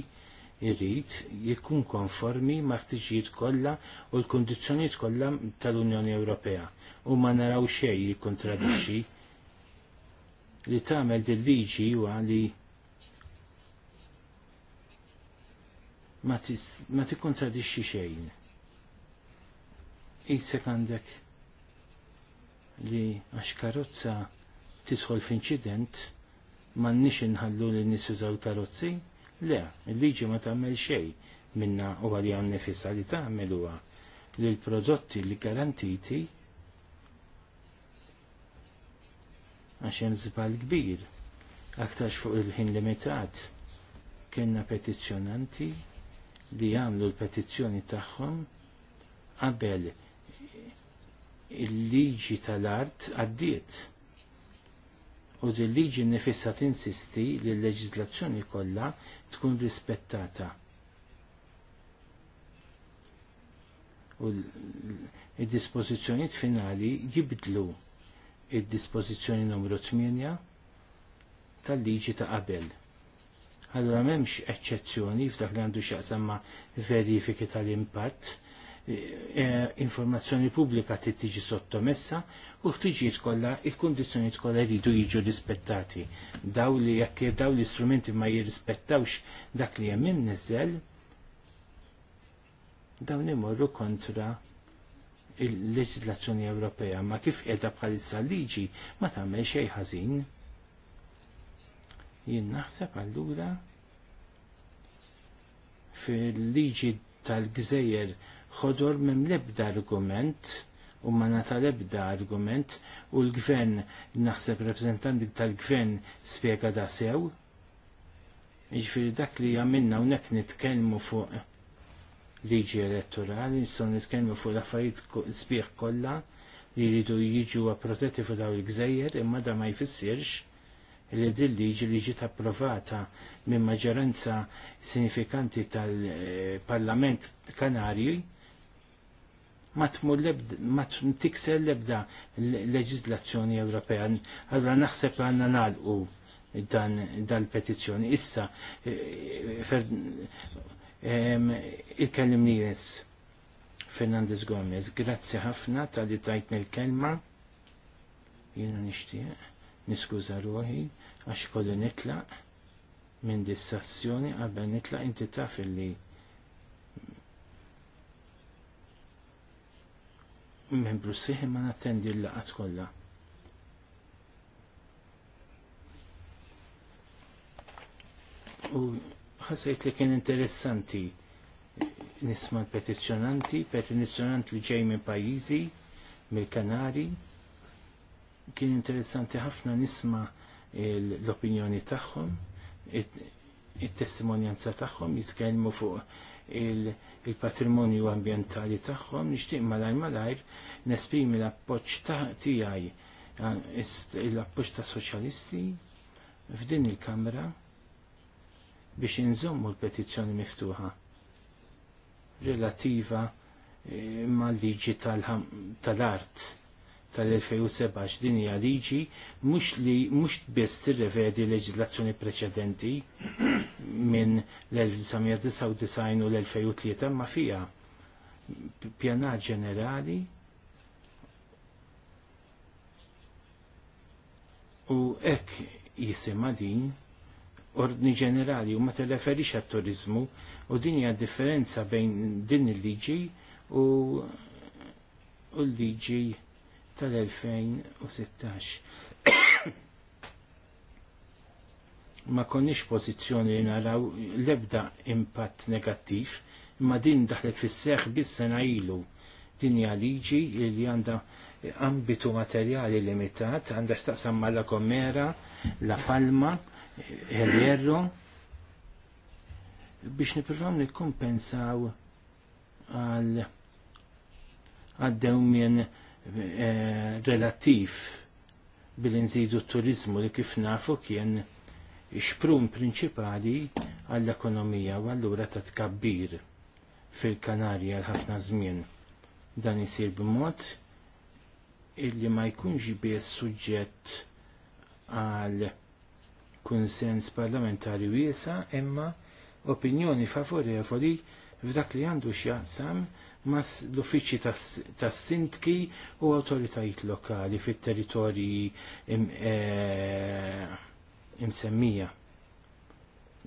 irrid jkun konformi ma' ħtiġijiet kollha u l-kundizzjonijiet kollha tal-Unjoni Ewropea u ma naraw xejn jikkontradixxi li tagħmel din liġi huwa li ma tikkontradixxi xejn. Isek għandek li għax karozza tidħol f'inċident m'għandniex inħallu li nies jużaw karozzi le, il-liġi ma tagħmel xejn minna u għalli għan li tagħmel huwa li l-prodotti li garantiti għax hemm żball kbir aktarx fuq il-ħin limitat kienna petizzjonanti li għamlu l-petizzjoni tagħhom qabel il-liġi tal-art għaddiet. U din liġi nifissa tinsisti li l-leġizlazzjoni kollha tkun rispettata. U l dispożizzjonijiet finali jibdlu id-dispożizzjoni numru 8 tal-liġi ta' qabel Allura m'hemmx eċċezzjoni f'dak li għandu x'jaqsam ma' verifiki tal-impatt. E, e, informazzjoni pubblika t tiġi sottomessa u ħtiġijiet kollha il-kundizzjonijiet kollha jridu jiġu rispettati. Daw li jekk daw l-istrumenti ma jirrispettawx dak li hemm imniżel, dawn imorru kontra il-leġislazzjoni Ewropea ma kif qiegħda bħalissa liġi ma tagħmel xejn ħażin jien naħseb allura fil-liġi tal-gżejjer ħodor minn lebda argument u ma nata lebda argument u l-gvern naħseb reprezentanti tal-gvern spiega da sew. Iġfiri dak li għamilna unek nitkelmu fuq liġi elettorali, nisson nitkelmu fuq l-affarijiet sbieħ kollha li jridu jiġu għaprotetti fuq daw il-gżejjer imma da ma jfissirx li dilli liġi li ġiet approvata minn maġġoranza sinifikanti tal-Parlament Kanarji ma tiksel ma tikser lebda leġizlazzjoni Ewropea. Allura naħseb għandna nalqu dan dal-petizzjoni. Issa eh, eh, il-kellimni jess Fernandez Gomez. Grazzi ħafna tal-li tajtni l-kelma. Jiena nixtieq niskuża ruħi għax kolli nitlaq minn distrazzjoni qabel nitlaq inti taf illi minn Brussiħi ma nattendi l-laqat kollha. U ħassejt li kien interessanti nisma l-petizzjonanti, li ġej minn pajjiżi, mill-Kanari. Kien interessanti ħafna nisma' l-opinjoni tagħhom, it-testimonjanza tagħhom, jitkellmu fuq il-patrimonju ambjentali tagħhom, nixtieq malajr malajr nesprimi l-appoġġ tiegħi eh, l-appoġġ ta' soċjalisti f'din il-Kamra biex inżommu l-petizzjoni miftuħa relativa eh, mal-liġi tal-art. tal art tal-2007 din hija liġi mhux li mhux biss tirrevedi l-leġislazzjoni preċedenti minn l-1999 u l-2003 ma fija pjanar ġenerali u hekk jisima din ordni ġenerali u ma tirreferix għat-turizmu u din hija differenza bejn din il-liġi u l-liġi tal-2016. ma konniex pozizjoni li naraw l-ebda impatt negattiv, imma din daħlet fis seħħ bis-sena ilu. Din hija liġi li għandha ambitu materjali limitat, għandha x'taqsam ma la Komera, la Palma, El biex nipprovaw nikkumpensaw għal minn. Eh, relattiv bil-inżidu t-turizmu li kif nafu kien xprum prinċipali għall-ekonomija u allura ta' tkabbir fil-Kanarja l-ħafna żmien. Dan isir b'mod illi ma jkunx bies suġġett għal kunsens parlamentari wiesa imma opinjoni favorevoli f'dak li għandu x'jaqsam mas l-uffiċi tas-sintki u autoritajiet lokali fit-territorji e, imsemmija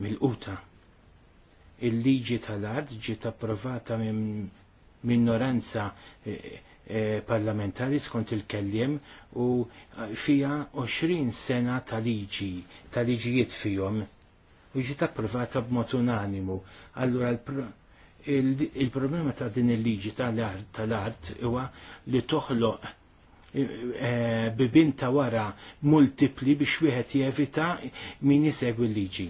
mill-quta. Il-liġi tal-art ġiet approvata minn minoranza e, e, parlamentari skont il-kelliem u fija 20 sena tal-liġi, tal-liġijiet fijom. U ġiet approvata b'mod unanimu. Allura il-problema ta' din il-liġi tal-art huwa li toħloq eh, bibin ta' wara multipli biex wieħed jevita min jisegwi l-liġi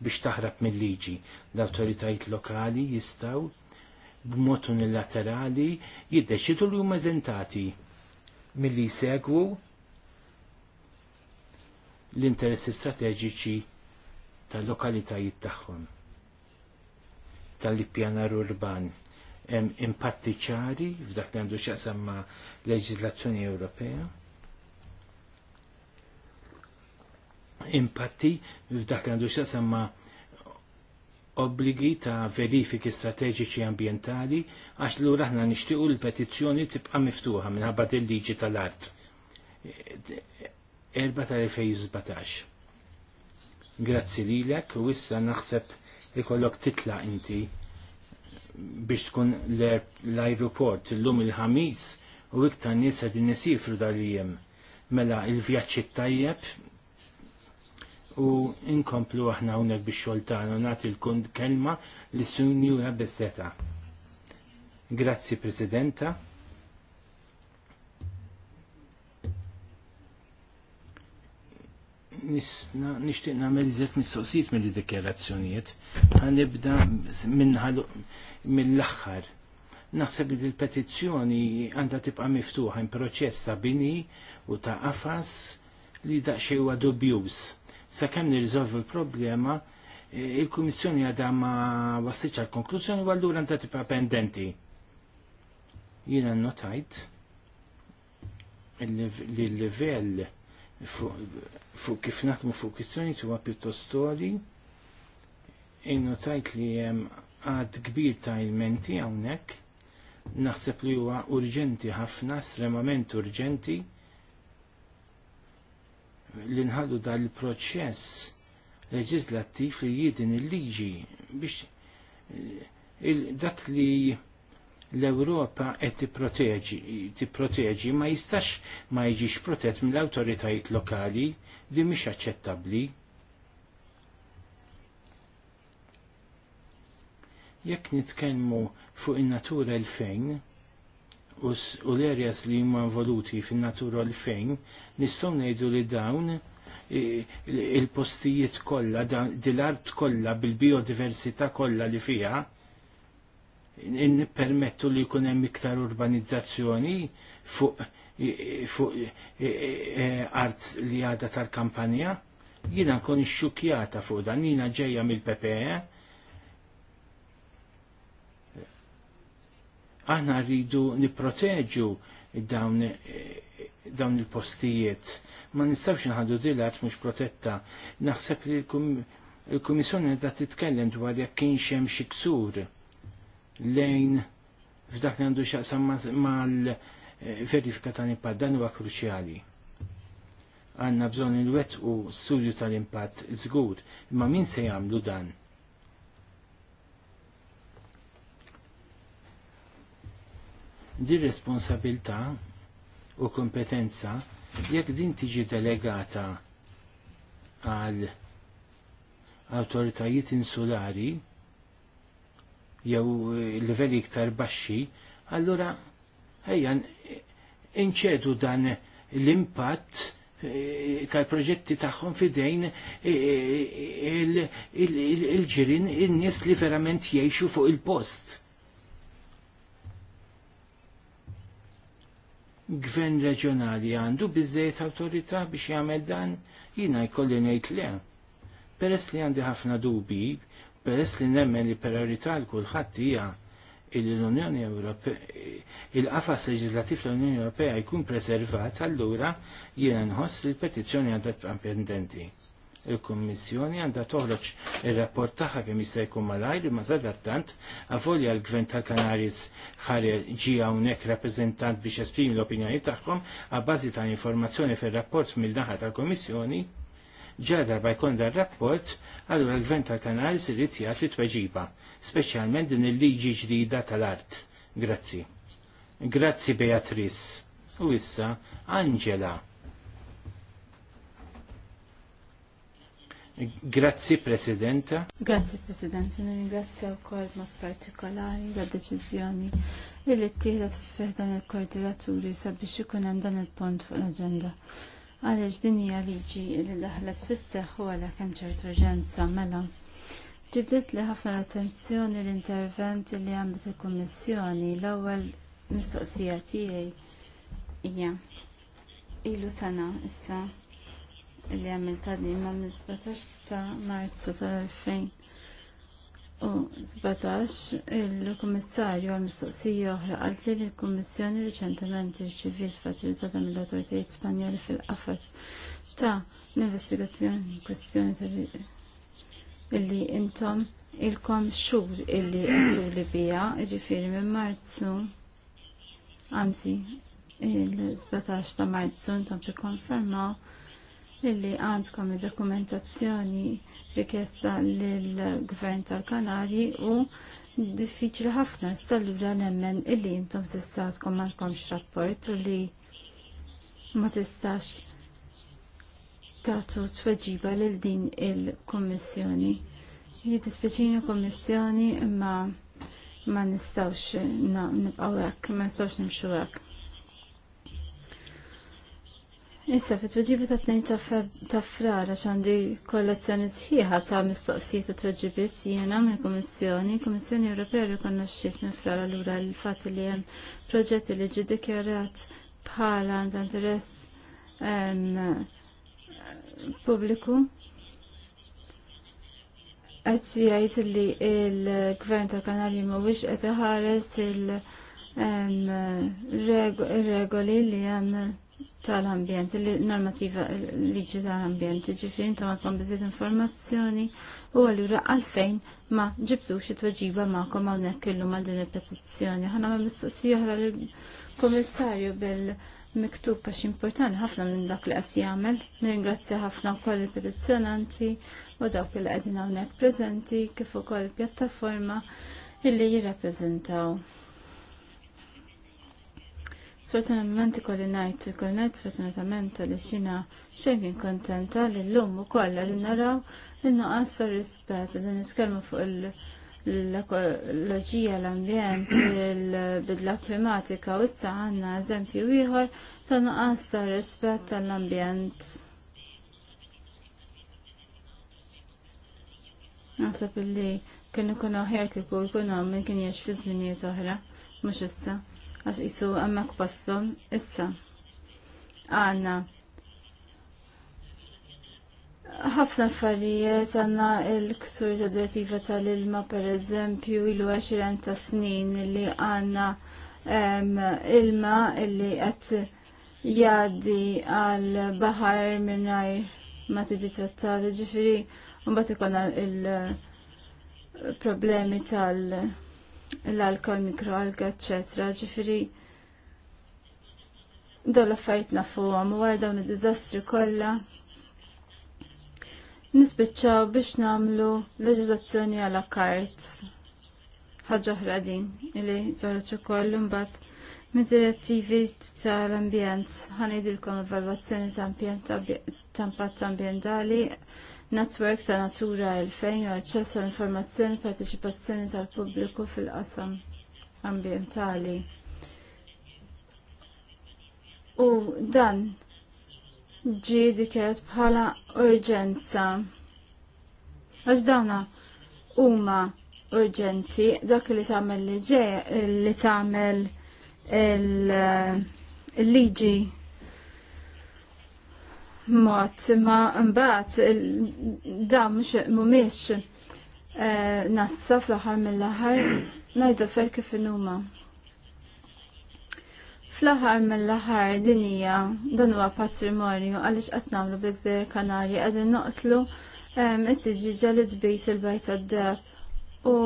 biex taħrab mill-liġi. L-autoritajiet lokali jistaw b'mod unilaterali jiddeċidu li huma eżentati milli jsegwu l-interessi strateġiċi tal-lokalitajiet tagħhom tal-ippjanar urban impatti ċari f'dak li għandu xaqsam ma' leġiżlazzjoni Ewropea. Impatti f'dak li għandu xaqsam ma' obbligi ta' verifiki strateġiċi ambientali għax l aħna nixtiequ l-petizzjoni tibqa' miftuħa minħabba il-liġi tal-art. 4 tal-2017. Grazzi lilek u issa naħseb ikollok titla inti biex tkun l ajruport illum il-ħamis u iktar nies qegħdin nisifru dal jem mela il-vjaġġi tajjeb u inkomplu aħna hawnhekk biex xoltan u nagħti l-kelma li sunju seta'. Grazzi Presidenta. nishtiq namel zet mistoqsijiet mill dikjerazzjonijiet nibda mill-axħar. Naħseb li l-petizzjoni għandha tibqa' miftuħa proċess ta' bini u ta' qafas li daqsxejn huwa dubjuż. Sakemm nirriżolvu l-problema, e, il-Kummissjoni għadha ma wassiċ għall konklużjoni u allura għandha tibqa' pendenti. Jiena nnotajt li l-livell fuq kif naħdmu fuq kwistjonijiet huwa pjuttost toli. tajt li hemm għad kbir ta' ilmenti hawnhekk. Naħseb li huwa urġenti ħafna, estremament urġenti li nħallu dal-proċess leġislattiv li jidin il-liġi biex eh, dak li l-Ewropa qed tipproteġi ma jistax ma jiġix protett mill-awtoritajiet lokali li mhix aċċettabbli. Jekk nitkellmu fuq in-natura l fejn u l-areas li huma involuti fin-natura l fejn nistgħu ngħidu li dawn il-postijiet kollha, dil-art kollha bil-biodiversità kollha li fiha nippermettu li jkun hemm iktar urbanizzazzjoni fuq fuq e, e, e, art li għadha tal-kampanja. Jiena nkun xukjata fuq dan, jiena ġejja mill-PPE. Aħna rridu nipproteġu dawn dawn il-postijiet. Ma nistawx nħaddu dilat mhux protetta. Naħseb li l-Kummissjoni qed titkellem dwar jekk kienx hemm xi ksur lejn f'dak li għandu xaqsam mal eh, verifika tal-impatt dan huwa kruċjali. Għanna bżon il-wet u studju tal-impatt żgur, imma min se jagħmlu dan? Di responsabilità u kompetenza jekk din tiġi delegata għal autoritajiet insulari jew livelli iktar baxxi, allura ejja inċedu dan l-impatt eh, tal-proġetti tagħhom fidejn eh, eh, il-ġirin in-nies li verament jgħixu fuq il-post. Gvern reġjonali għandu biżejjed awtorità biex jagħmel dan jiena jkolli ngħid le. Peress li għandi ħafna dubi peress li nemmen li priorità l kulħadd hija li l-Unjoni Ewropea il-qafas leġislattiv tal-Unjoni Ewropea jkun preservat allura jiena nħoss li l-petizzjoni għandha pendenti. Il-Kummissjoni għandha toħroġ ir-rapport tagħha kemm jista' jkun malajr ma sadattant avolja l-Gvern tal-Kanaris ħare ġi hawnhekk rappreżentant biex esprimi l-opinjoni tagħhom għabbażi ta' informazzjoni fir-rapport mill-naħa tal-Kummissjoni ġara darba jkun dan rapport, allura l-Gvern tal-Kanal irid jagħti tweġiba, speċjalment din il-liġi ġdida tal-art. Grazzi. Grazzi Beatriz. U issa Angela. Grazzi Presidenta. Grazzi Presidenta, u wkoll mas partikolari la deċiżjoni li ttieħdet fih dan il-koordinaturi sabiex ikun hemm dan il-punt fuq l agenda għaliex din hija liġi li daħlet fis u għala hemm ċertu urġenza mela. Ġibdet li ħafna attenzjoni l-intervent li għamlet il-Kommissjoni l-ewwel mistoqsija tiegħi hija ilu sena issa li għamil tadi ma' 17 ta' Marzu tal-2000 U 17 il-Kummissarju għal mistoqsija oħra qalt li l-Kummissjoni riċentement irċivit faċilitata mill autoritajiet Spanjoli fil-qafat ta' l-investigazzjoni kwestjoni illi intom ilkom xhur illi għattu li bija, ġifiri minn Marzu, anzi il-17 ta' Marzu intom tikkonfermaw illi għandkom id-dokumentazzjoni rikjesta lill-Gvern tal-Kanari u diffiċli ħafna s-sallura nemmen illi intom s-saskom mankomx rapport u li ma tistax tatu tweġiba lil din il-Kommissjoni. Jidispeċini Kommissjoni imma ma nistawx nibqawek, ma nistawx nimxu hekk. Issa, fit-tweġibi ta' tnejn ta' frara xandi kollezzjoni sħiħa ta' mistoqsijiet u tweġibiet jiena mill kummissjoni Kummissjoni Ewropea rikonoxxiet minn frar allura l-fatt li hemm proġetti li ġi dikjarat bħala għandha interess pubbliku. Qed jgħid li l-Gvern ta' Kanarji mhuwiex qed iħares il-regoli li hemm tal-ambjent, il-normativa liġi tal-ambjent, ġifiri intom għatkom bizzit informazzjoni u għallura għalfejn ma ġibtux it ma ma'kom għawnek illum għal din il-petizzjoni. ħana ma mistoqsija oħra l-komissarju bil-miktub għax importanti ħafna minn dak li qed jagħmel. Nirringrazzja ħafna wkoll il-petizzjonanti u dawk li qegħdin hawnhekk prezenti kif ukoll il-pjattaforma illi jirrappreżentaw Sfortunatament ikolli ngħid ikolli ngħid sfortunatament li xina xejn kontenta li u ukoll li naraw li nuqqas ta' rispet, li niskelmu fuq l ekologija l-ambjent, l bidla klimatika u issa għandna eżempju ieħor ta' nuqqas ta' rispett tal-ambjent. Għasab li kienu ikun ħerki kieku jkun hawn minn kien jgħix fi żminijiet oħra, mhux issa għax jisu għammak passom issa. Għanna. ħafna affarijiet għanna il-ksur ta' direttiva tal-ilma per eżempju ilu 20 ta' snin li għanna ilma illi għat jaddi għal bahar minnajr ma tiġi trattata ġifiri un bat ikonna il-problemi tal- l-alkol, mikroalga, etc. Ġifiri, dawn l-affarijiet nafuhom u għar dawn id-diżastri kollha nispiċċaw biex nagħmlu leġiżlazzjoni għala kart ħaġa oħra din li ġarġu kollum imbagħad mid direttivi tal-ambjent ħanejdilkom evalwazzjoni ta' impatt ambjentali Networks ta' natura 2000 u aċċess għal informazzjoni partecipazzjoni tal-pubbliku fil-qasam ambjentali. U dan ġi dikjat bħala urġenza. Għax dawna huma urġenti dak li tagħmel li ġej li tagħmel il-liġi il liġi Mot, ma mbagħad da mux mhumiex eh, nazza fl-aħħar mill-aħħar ngħidu fejn kif huma. Fl-aħħar mill-aħħar din hija dan huwa patrimonju għaliex qed nagħmlu b'gżejjer Kanarji qegħdin noqtlu ehm, it-tiġiġa li tbit il-bajt għad-deb u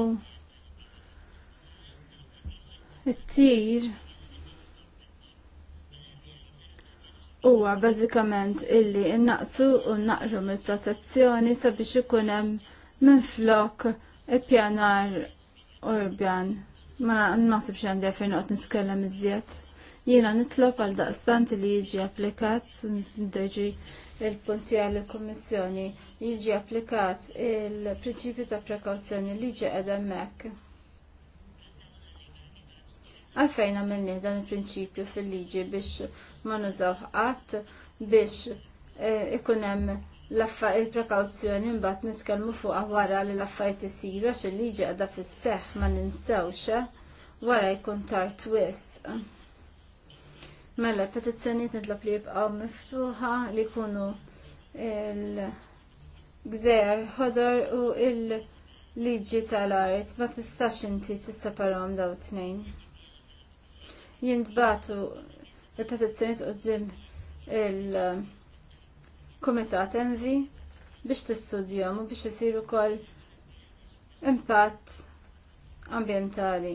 it-tir huwa bażikament illi innaqsu u naqru mill-protezzjoni sabiex ikun hemm minflok ippjanar urban. Ma naħsibx għandi għafin noqgħod niskellem iżjed. Jiena nitlob għal daqstant li jiġi applikat nderġi il-punti għal kummissjoni jiġi applikat il-prinċipju ta' prekawzjoni li jiġi qegħda mekk. Għalfejn għamilni dan il-prinċipju fil-liġi biex ma nużaw ħqat biex e, ikun hemm l il-prekawzjoni mbagħad niskelmu fuq wara li l-affarijiet isiru għax il-liġi għadha fis-seħħ ma ninsewx eh, wara jkun tar twisq. Mela, petizzjoniet nitlob li jibqgħu miftuħa li jkunu il-gżer ħodor u il- liġi tal-art ma tistax inti tisseparahom daw it-tnejn jintbatu il-petizzjoni suqdim il-Kumitat Envi biex t-studjom u biex t-siru kol impatt ambientali.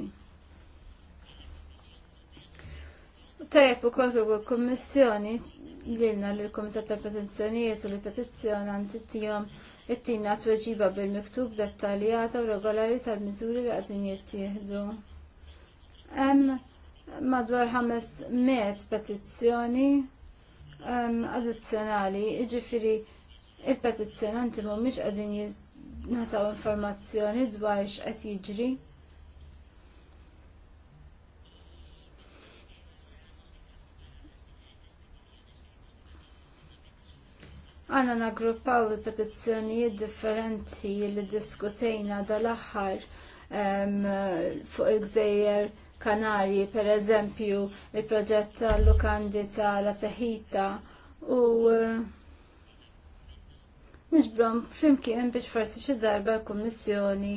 Tajep u kol kol kommissjoni l inna l-Komitat tal-Petizzjonijiet u l t tijom it-tina weġiba bil-miktub dettaljata u regolari tal-mizuri li għadin jittieħdu madwar 500 petizzjoni addizzjonali, iġifiri il-petizzjonanti mhumiex qegħdin jingħataw informazzjoni dwar x'qed jiġri. Għana nagruppaw il-petizzjonijiet differenti li diskutejna dal-axħar fuq il-gżejjer Kanarji, per eżempju, il-proġett tal-Lukandi tal Teħita u eh, nixbrom flimkien biex forsi xi darba l-Kummissjoni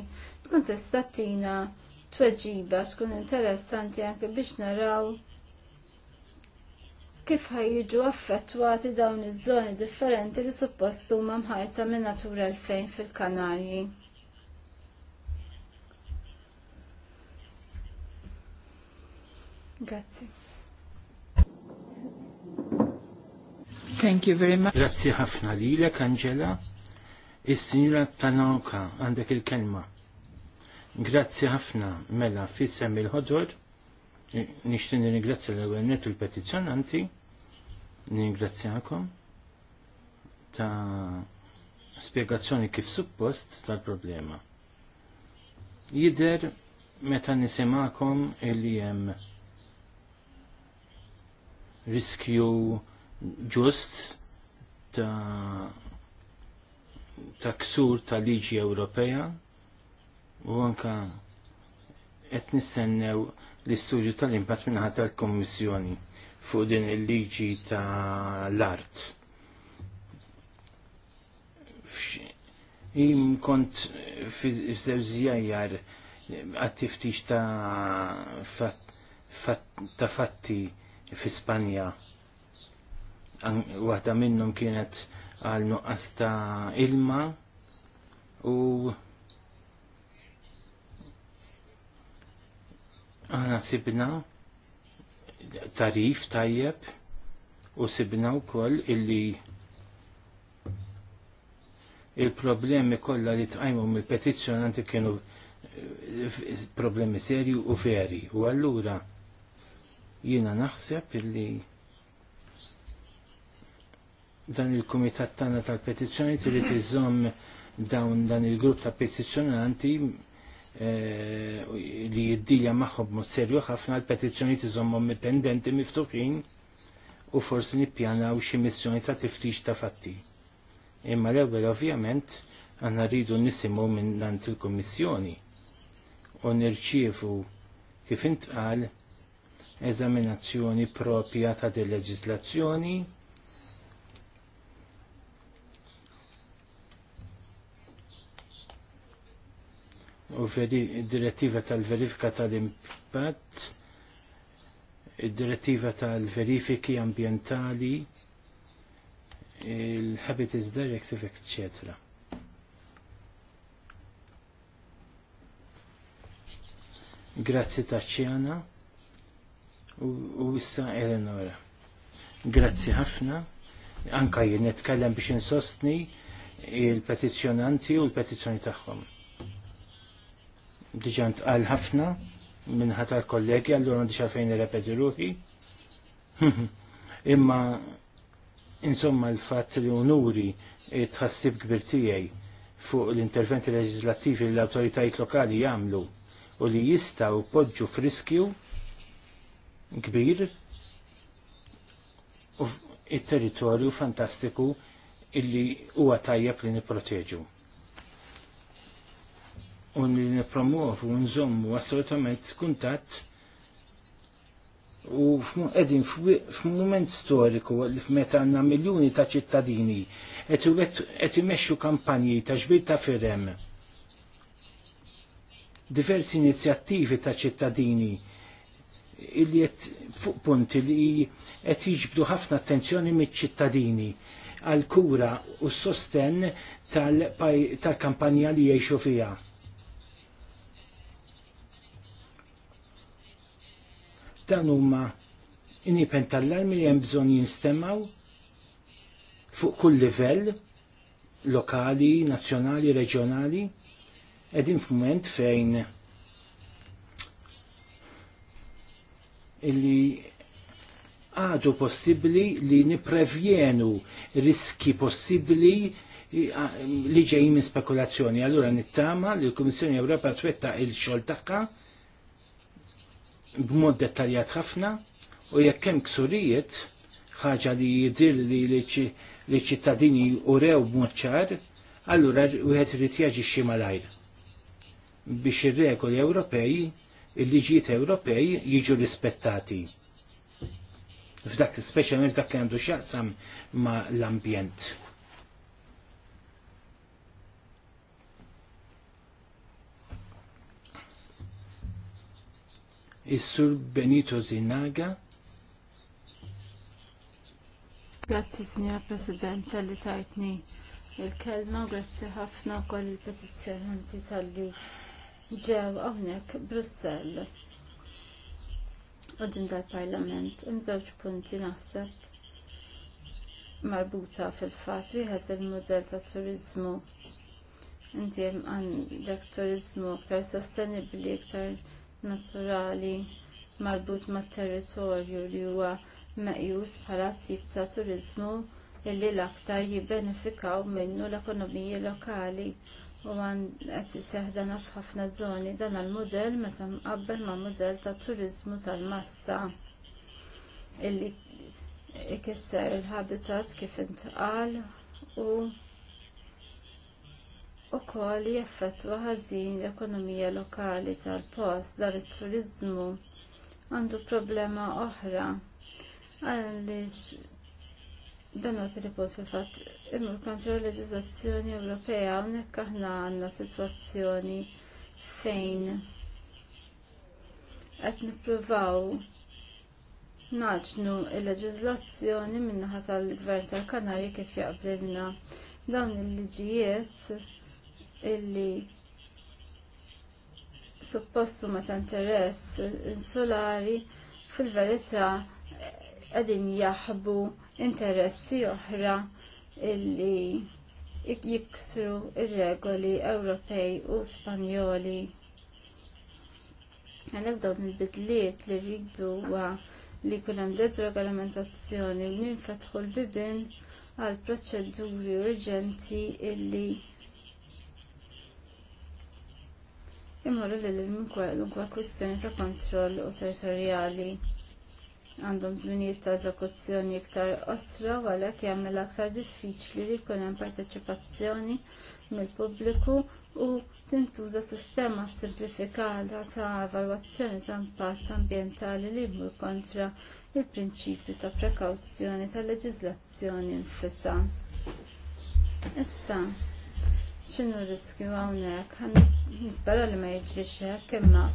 tkun tista' tweġiba x'kun interessanti anke biex naraw kif ħajġu affettwati dawn iż-żoni differenti li suppost huma mħarsa minn natura l-fejn fil-Kanarji. Grazzi. Thank you very much. Grazzi ħafna lilek, Angela. Is-sinjura Tanonka għandek il-kelma. Grazzi ħafna mela fissem il-ħodor. Nishtin ringrazzja l-ewwel net l petizzjonanti Ningrazzjakom ta' spiegazzjoni kif suppost tal-problema. Jider meta nisimakom il-li jem riskju ġust ta' ta' ksur ta' liġi Ewropea u anka qed nistennew l-istudju tal-impatt minnaħat tal-Kommissjoni fuq din il-liġi tal-art. Jim kont f'żewżjajjar għattiftix ta' fatti fi Spanja. Waħda minnhom kienet għal nuqqas ta' ilma u għana sibna tarif tajjeb u sibna wkoll illi il-problemi kollha li tqajmu mill-petizzjonanti kienu problemi serji u veri. U allura Jiena naħseb illi dan il-Kumitat tagħna tal-Petizzjoni trid iżomm dawn dan il-grupp ta' petizzjonanti eh, li jiddilja magħhom b'mod serju ħafna l-petizzjoni tiżommhom pendenti miftuħin u forsi nippjanaw xi missjoni ta' tiftix ta' fatti. Imma l-ewwel ovvjament għandna rridu nisimgħu minn il-Kummissjoni u nirċievu kif intqal eżaminazzjoni propja ta' din leġislazzjoni u direttiva tal-verifika tal-impatt id-direttiva tal-verifiki ambientali il habitis Directive, etc. Grazzi Tatiana u issa Eleonora. Grazzi ħafna, anka jien nitkellem biex insostni il-petizjonanti u l-petizjoni tagħhom. Diġà ntqal ħafna minnħata l-kollegi, allura għandi xafejn repeti ruħi. Imma insomma l-fatt li unuri tħassib kbir tiegħi fuq l-interventi leġislattivi li l-autoritajiet lokali jagħmlu u li jistgħu jpoġġu friskju kbir u il-territorju fantastiku illi huwa tajjeb li niproteġu. U li nipromuovu nżommu assolutament kuntatt u edin f'moment storiku li f'meta għanna miljoni ta' ċittadini qed imexxu kampanji ta' ġbir ta' firem. Diversi inizjattivi ta' ċittadini illi fuq punt li qed jiġbdu ħafna attenzjoni miċ-ċittadini għal kura u s-sosten tal-kampanja li jgħixu fiha. Dan huma inipen tal-armi li hemm bżonn jinstemmaw fuq kull livell lokali, nazzjonali, reġjonali, qegħdin f'mument fejn illi għadu possibli li niprevjenu riski possibli li ġej minn spekulazzjoni. Allura nittama li l-Kummissjoni Ewropea twetta il-xogħol tagħha b'mod dettaljat ħafna u jekk hemm ksurijiet ħaġa li jidir li ċittadini urew b'mod ċar, allura wieħed irid jaġixxi malajr biex ir-regoli Ewropej il-liġijiet Ewropej jiġu rispettati. F'dak speċjalment f'dak li għandu x'jaqsam ma' l-ambjent. Is-Sur Benito Zinaga Grazzi, signor President, li tajtni il-kelma, grazzi ħafna kol il-petizjonanti tal-li ġew hawnhekk Brussell. U din dal-Parlament imżewġ punti naħseb marbuta fil-fatt wieħed il-mudell ta' turiżmu inti għandek turiżmu aktar sostenibbli, aktar naturali, marbut mat territorju li huwa meqjus bħala tip ta' turiżmu illi l-aktar jibbenefikaw minnu l-ekonomiji lokali u għan għet seħdana f'ħafna zoni dan għal-modell meta mqabbel ma' modell ta' turizmu tal-massa illi ikisser il-habitat kif intqal u u koll jaffetwa ħażin l-ekonomija lokali tal-post dar il turizmu għandu problema oħra għaliex dan għat ripot fil-fat imur kontra l-leġizazzjoni Ewropea hawnhekk aħna għandna sitwazzjoni fejn qed nippruvaw naġnu l-leġiżlazzjoni min-naħa tal-Gvern tal-Kanarji kif jaqblilna dawn il-liġijiet illi suppostu ma ta' interess insulari fil-verità qegħdin jaħbu interessi oħra illi jiksru ir-regoli Ewropej u Spanjoli. Għalhekk dawn il-bidliet li rridu huwa li jkun hemm regolamentazzjoni u ninfetħu l-bibin għal proċeduri urġenti illi imorru li l-minkwa kwistjoni ta' kontroll u territorjali għandhom żminijiet ta' eżekuzzjoni iktar qosra u għalhekk jagħmel aktar diffiċli li jkun hemm parteċipazzjoni mill-pubbliku u tintuża sistema simplifikata ta' evalwazzjoni ta' impatt ambjentali li jmur kontra il-prinċipju ta' prekawzjoni tal-leġiżlazzjoni nfisha. Issa, x'inhu riskju hawnhekk? Nisbara li ma jiġrix hekk imma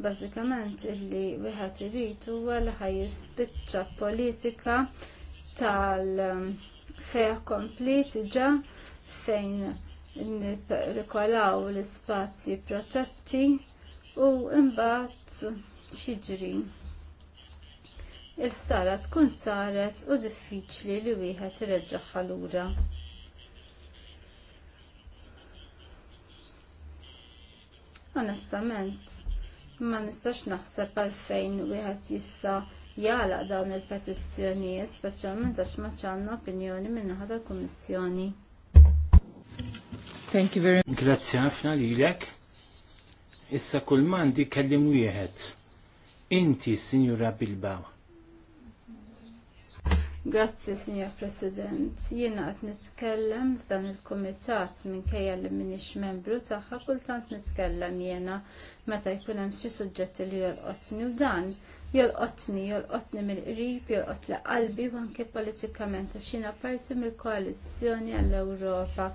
bażikament illi wieħed irid huwa li ħajjispiċċa politika tal fair komplit ġa fejn nirkolaw l-ispazji protetti u imbagħad xiġri. Il-ħsara tkun saret u diffiċli li wieħed ireġġaħħa lura. Onestament, ma nistax naħseb għalfejn wieħed jista' jagħlaq dawn il-petizzjonijiet speċjalment għax ma ċanna opinjoni min-naħa tal-Kummissjoni. Thank you very much. Grazzi ħafna lilek. Issa kull mandi kellim wieħed. Inti, Sinjura Bilbao. Grazzi, Signor President. Jiena qed nitkellem f'dan il-Kumitat kajja li m'iniex membru tagħha kultant nitkellem jiena meta jkun hemm xi suġġetti li jolqotni u dan jolqotni, jolqotni mill-qrib, jolqotli qalbi u anke politikament għax jiena parti mill-Koalizzjoni għall-Ewropa,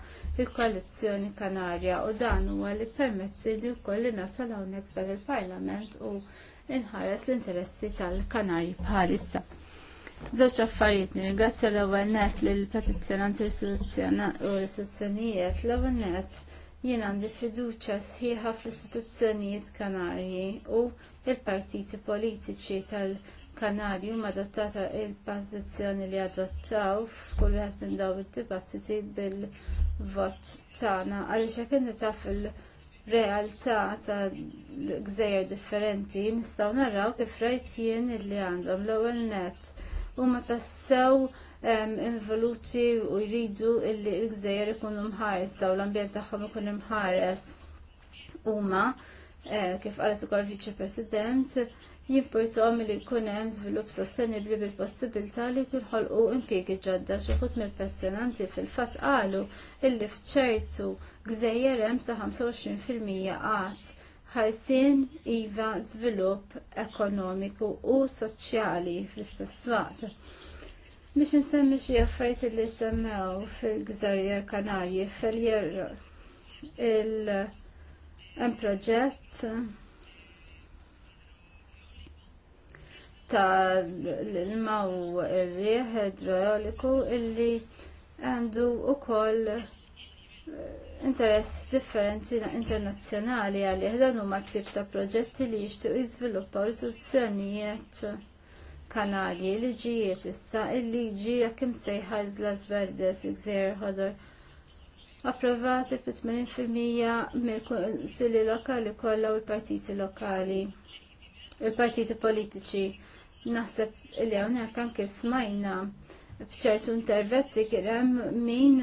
il-Koalizzjoni Kanarja u dan huwa li permezzi li wkoll nasal hawnhekk dan il-Parlament u inħares l-interessi tal-Kanarji bħalissa. Zewċ affarijiet nirgazzja l-ewwel net li l-petizzjonanti u l-istituzzjonijiet l-ewwel net jien għandi fiduċja sħiħa fl-istituzzjonijiet Kanarji u il-partiti politiċi tal-Kanarji huma adottata il-petizzjoni li adottaw f'kull wieħed minn daw id-dibattiti bil-vot tagħna għaliex hekk inti taf fil realtà ta' gżejjer differenti nistgħu narraw kif rajt jien li għandhom l-ewwel net u ma tassew involuti u jridu illi l-gżejjer ikunu mħares u l-ambjent tagħhom ikun imħares. Huma eh, kif qalet ukoll Viċi President jimportom li jkun hemm żvilupp sostenibbli bil-possibilità li jkunu impjiegi ġodda xi wħud mill-pensjonanti fil-fatt qalu illi f'ċertu gżejjer hemm sa 25% qatt ħarsin iva żvilupp ekonomiku u soċjali fl-istess waqt. Biex nsemmi xi affarijiet li semmew fil-Gżarjer Kanarji fil-jer il-proġett ta' l-maw il-rieħ idroliku illi għandu u interess differenti internazzjonali għalih dan huma tip ta' proġetti li jixtiequ jizviluppa istituzzjonijiet kanali liġijiet issa il-liġi jekk imsejħa Islas Verdes Gżejjer Ħodor approvati b fil-mija mill-kunsilli lokali kollha u l-partiti lokali il-partiti politiċi naħseb li hawnhekk anke smajna b'ċertu intervetti kien hemm min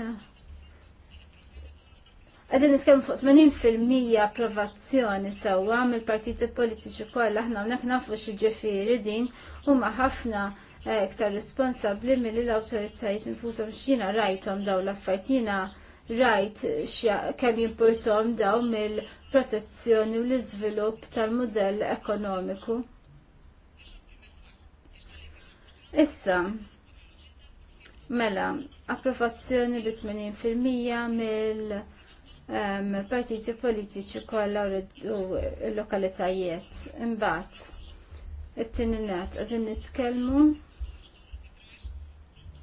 Għadin nitkellmu fuq 80% approvazzjoni sewwa mill-partiti politiċi kollha aħna hawnhekk nafu x'ġifieri din huma ħafna eh, iktar responsabbli milli l-awtoritajiet infushom x'jiena rajthom daw l-affarijiet rajt kemm jimportom daw mill-protezzjoni u l-iżvilupp tal-mudell ekonomiku. Issa, mela, approvazzjoni bi 80% mill- partiti politiċi kollha u l-lokalitajiet. Imbagħad it-tieni nett qegħdin nitkellmu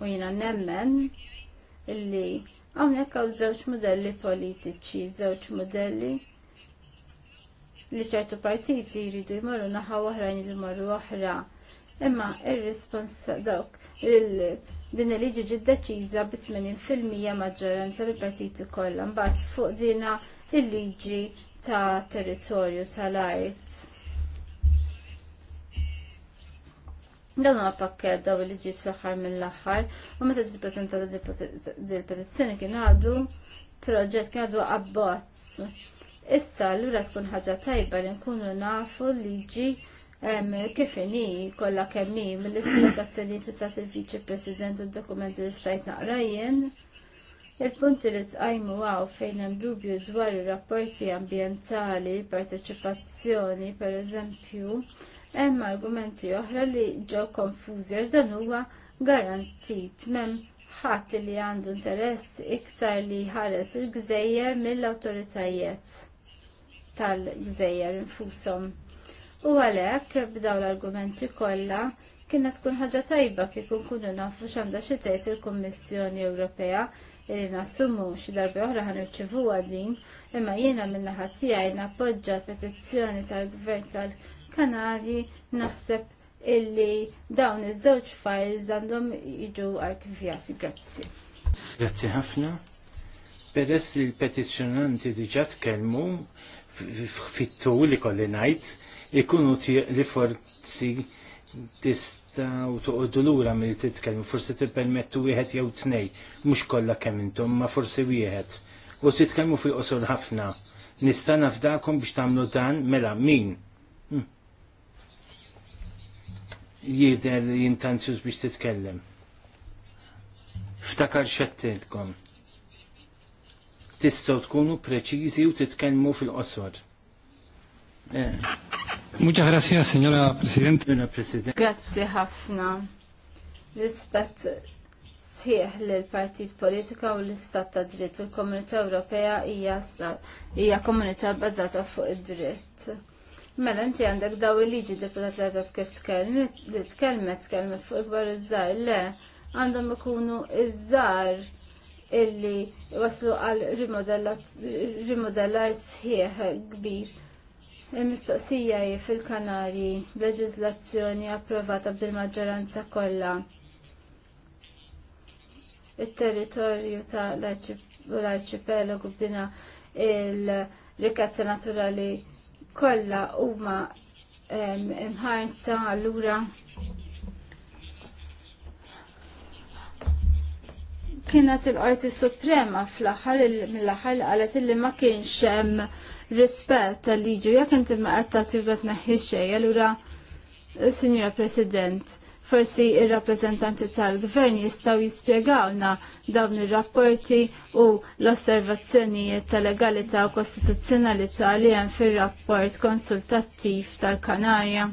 u jiena nemmen illi hawnhekk hawn żewġ modelli politiċi, żewġ modelli li ċertu partiti jridu jmorru naħa oħra jridu jmorru oħra. Imma ir responsa dawk il din il-liġi ġid deċiża bi 80% maġġoranza mill-partiti kollha mbagħad fuq dina il-liġi ta' territorju tal-art. Dawn huwa pakkett daw li ġiet fl-aħħar mill-aħħar u meta ġiet din il petizzjoni kien għadu proġett kien għadu abbozz. Issa l-ura tkun ħaġa tajba li nkunu nafu liġi kif inhi kollha kemm hi mill-ispjegazzjoni li sat il-Viċi President u d-dokumenti li stajt naqra jien. Il-punti li tqajmu għaw fejn hemm dubju dwar ir-rapporti ambjentali, parteċipazzjoni pereżempju, hemm argumenti oħra li ġew konfużi għax dan huwa garantit m'hemm ħadd li għandu interess iktar li ħares il-gżejjer mill-awtoritajiet tal-gżejjer infushom U għalhekk b'daw l-argumenti kollha kienet tkun ħaġa tajba kif nkunu nafu x'għandha xi tgħid il-Kummissjoni Ewropea li nassumu xi darba oħra ħan irċivuha din, imma jiena min-naħa tiegħi nappoġġa l-petizzjoni tal-Gvern tal-Kanadi naħseb illi dawn iż-żewġ files għandhom jiġu arkivjati. Grazzi. Grazzi ħafna. Peress li l-petizzjonanti diġà tkellmu fit li kolli ngħid, ikunu li forzi tistaw toqgħodu lura milli titkellmu, forsi tippermettu wieħed jew tnej, mhux kollha kemm intom, ma forsi wieħed. U titkellmu fil-qosor ħafna. Nista' nafdakom biex tagħmlu dan mela min. Hmm. Jider jintanzjus biex titkellem. Ftakar xettilkom. Tistgħu tkunu preċiżi u titkellmu fil-qosor. Eh. Muchas gracias, señora Presidente. Grazie ħafna. Rispett sħiħ lill partit politika u l-istat ta' dritt u l-Komunità Ewropea hija komunità bbażata fuq id-dritt. Mela inti għandek daw il-liġi deputat l kif tkellmet, li tkellmet tkellmet fuq ikbar iż-żar, le għandhom ikunu iż-żar illi waslu għal rimodellar sħiħ kbir Il-mistoqsija fil-Kanari leġiżlazzjoni approvata bil maġġoranza kollha. Il-territorju ta' l-arċipelagu b'dina il-rikazza naturali kollha huma imħarsa allura kienet il-Qorti Suprema fl-aħħar mill-aħħar qalet illi ma kienx hemm rispett tal-liġi jekk inti ma qed tagħti bet neħħi allura Sinjura President, forsi ir-rappreżentanti tal-gvern jistgħu jispjegawna dawn ir-rapporti u l-osservazzjonijiet ta' legalità u kostituzzjonalità li hemm fir-rapport konsultattiv tal-Kanarja.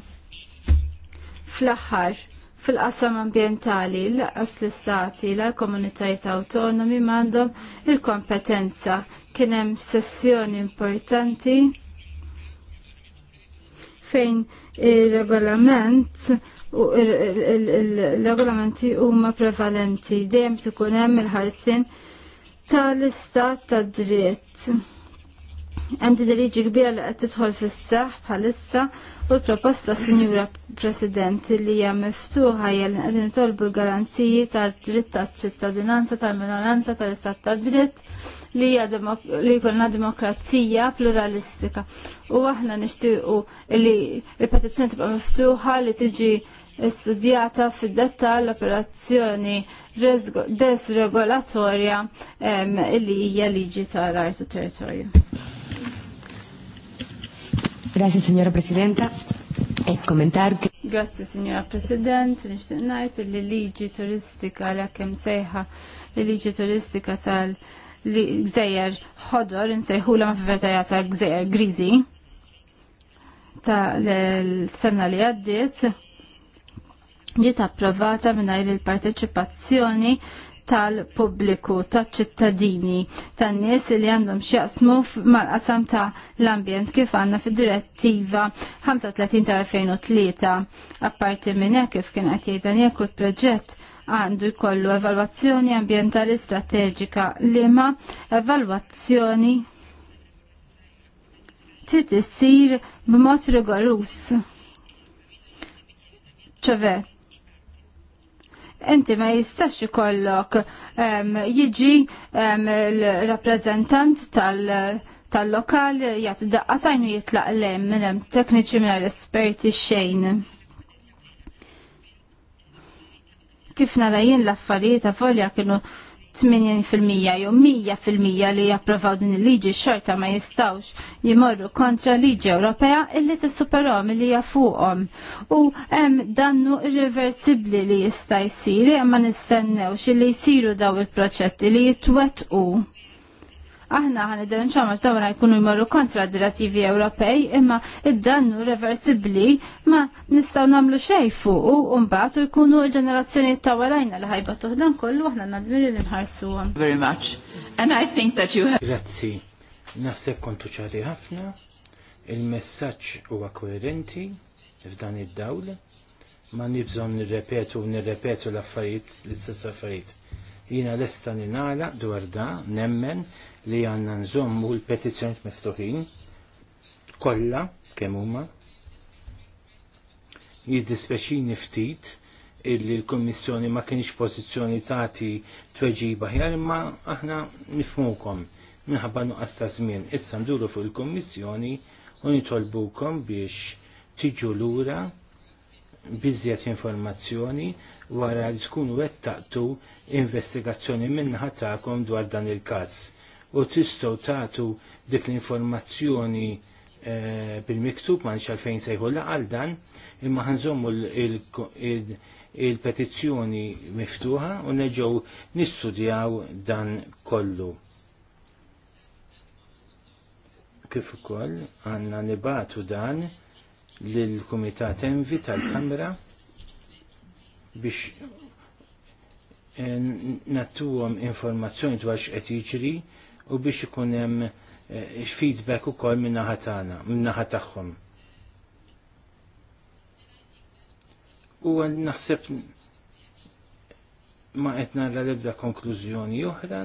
Fl-aħħar, fil-qasam ambientali qas l-istati l komunitajiet autonomi m'għandhom il-kompetenza kien hemm sessjoni importanti fejn ir-regolament u il-regolamenti huma prevalenti dejjem tkun hemm il-ħarsien tal-istat tad dritt. Għandi deliġi kbira li qed tidħol fis-seħħ bħalissa u l-proposta Sinjura President li hija miftuħa hija li qegħdin l-garanziji tad-dritt tal-ċittadinanza tal-minoranza tal-istat ta' dritt li hija li jkollna demokrazija pluralistika. U aħna nixtiequ li l-petizzjoni tibqa' miftuħa li tiġi studjata fid-dettall l-operazzjoni desregolatorja li hija liġi tal-artu territorju. Grazie, signora Presidenta. E commentar che... Grazie, signora Presidente. Nishtiq najt li liġi turistika l kem sejħa liġi turistika tal li gżejjer ħodor, nsejħula ma f'vertajja ta' gżejjer grizi ta' l-sena li għaddiet ġiet approvata mingħajr il-parteċipazzjoni tal-pubbliku, tal-ċittadini, tan-nies li għandhom x'jaqsmu mal-qasam ta' l-ambjent kif għandna fid-direttiva 35 tal-2003. Apparti minn hekk kif kien qed jgħidan jekk proġett għandu jkollu evalwazzjoni ambjentali strateġika li ma evalwazzjoni trid issir b'mod rigorus. ċove, inti ma jistax ikollok jiġi l-rappreżentant tal- tal-lokal jgħat daqqa tajnu jitlaq lem minn hemm tekniċi minn esperti xejn. Kif nara jien l-affarijiet ta' folja kienu 80% jew 100% li japprovaw din il-liġi xorta ma jistawx jimorru kontra liġi Ewropea illi tissuperhom illi hija fuqhom. U hemm dannu irreversibli li jista' jsir imma nistennew xilli jsiru daw il-proċetti li jitwettqu Aħna ħan id-denċa dawra jkunu jmorru kontra d dirattivi Ewropej imma id-dannu reversibli ma nistaw namlu xej fuq u mbagħad u jkunu l-ġenerazzjoni ta' warajna li ħajba tuħdan kollu aħna nadmiri li nħarsu. Very much. And I think that you have Grazzi. Naħseb kontu ċari ħafna. Il-messaġġ huwa koerenti f'dan id-dawl ma nibżon nirrepetu nirrepetu l-affarijiet l-istess affarijiet. Jina lesta ninala dwar da, nemmen li għanna nżommu l-petizzjoniet miftuħin kollha kemm huma jiddispeċini ftit illi l-Kommissjoni ma kienx pożizzjoni tagħti tweġiba ħjar imma aħna nifmukom minħabba nuqqas ta' żmien. Issa nduru fuq il-Kommissjoni u nitolbukom biex tiġu lura biżjed informazzjoni wara li tkunu wettaqtu investigazzjoni minnaħa tagħkom dwar dan il-każ u tistgħu tagħtu dik l-informazzjoni eh, bil-miktub ma xalfejn sejħu għal dan imma ħanżommu il-petizzjoni miftuħa u neġew nistudjaw dan kollu. Kif ukoll għandna nibatu dan lill-Kumitat Envi tal-Kamra biex eh, nattuhom informazzjoni dwar x'qed jiġri u biex ikun hemm eh, feedback ukoll minn naħa tagħna, minn naħa tagħhom. U naħseb ma qed nara l-ebda konklużjoni oħra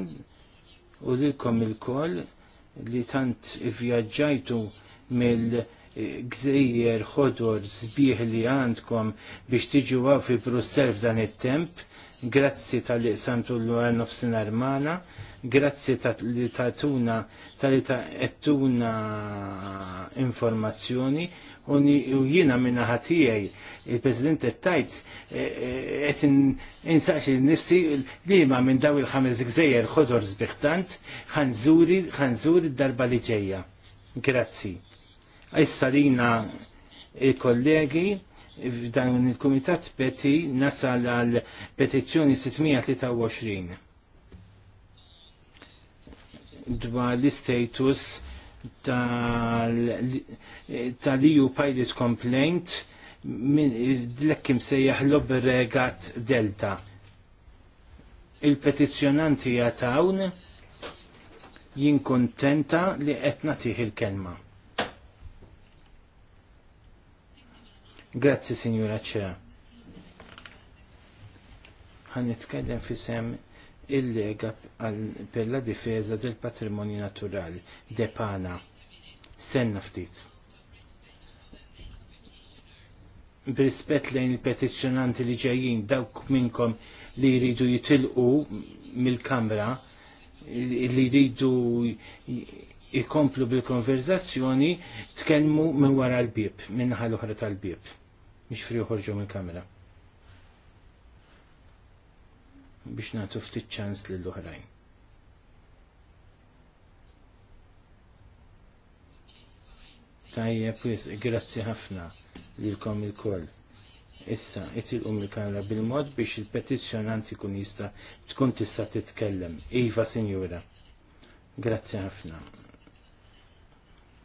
u lilkom il-koll li tant ivvjaġġajtu mill gżejjer ħodor sbieħ li għandkom biex tiġu għaw fi Brussel f'dan it-temp, grazzi tal-li samtu l-għal nofsinar Grazzi ta' li tuna, ta' li ettuna informazzjoni u jina minna ħatijaj il-President tajt qed e, insaqsi nifsi li ma minn daw il-ħames gżejjer ħodor zbiħtant ħanżuri ħanżuri darba li ġejja. Grazzi. Issa lina il-kollegi f'dan il-Kumitat Peti nasal l petizzjoni 623 dwar l istatus tal-EU Pilot Complaint l-ekkim sejjaħ l-Obregat Delta. Il-petizjonanti jatawn jinkontenta li tiħ il-kelma. Grazzi, Signora Cea. Għan nitkellem fi sem il-lega per la difesa del patrimonio naturali, depana, senna ftit. Brispet lejn il-petizjonanti li ġejjin dawk minnkom li jridu jitilqu mill-kamra, li jridu ikomplu bil-konverzazzjoni, tkellmu minn wara l-bib, minn ħal oħra tal-bib, mhix fri joħorġu mill-kamra. biex nagħtu ftit ċans lill oħrajn Tajjeb, wis, grazzi ħafna lilkom il-koll. Issa, itilqu um kamra bil-mod biex il-petizjonant kun jista tkun tista titkellem. Iva, sinjura. Grazzi ħafna.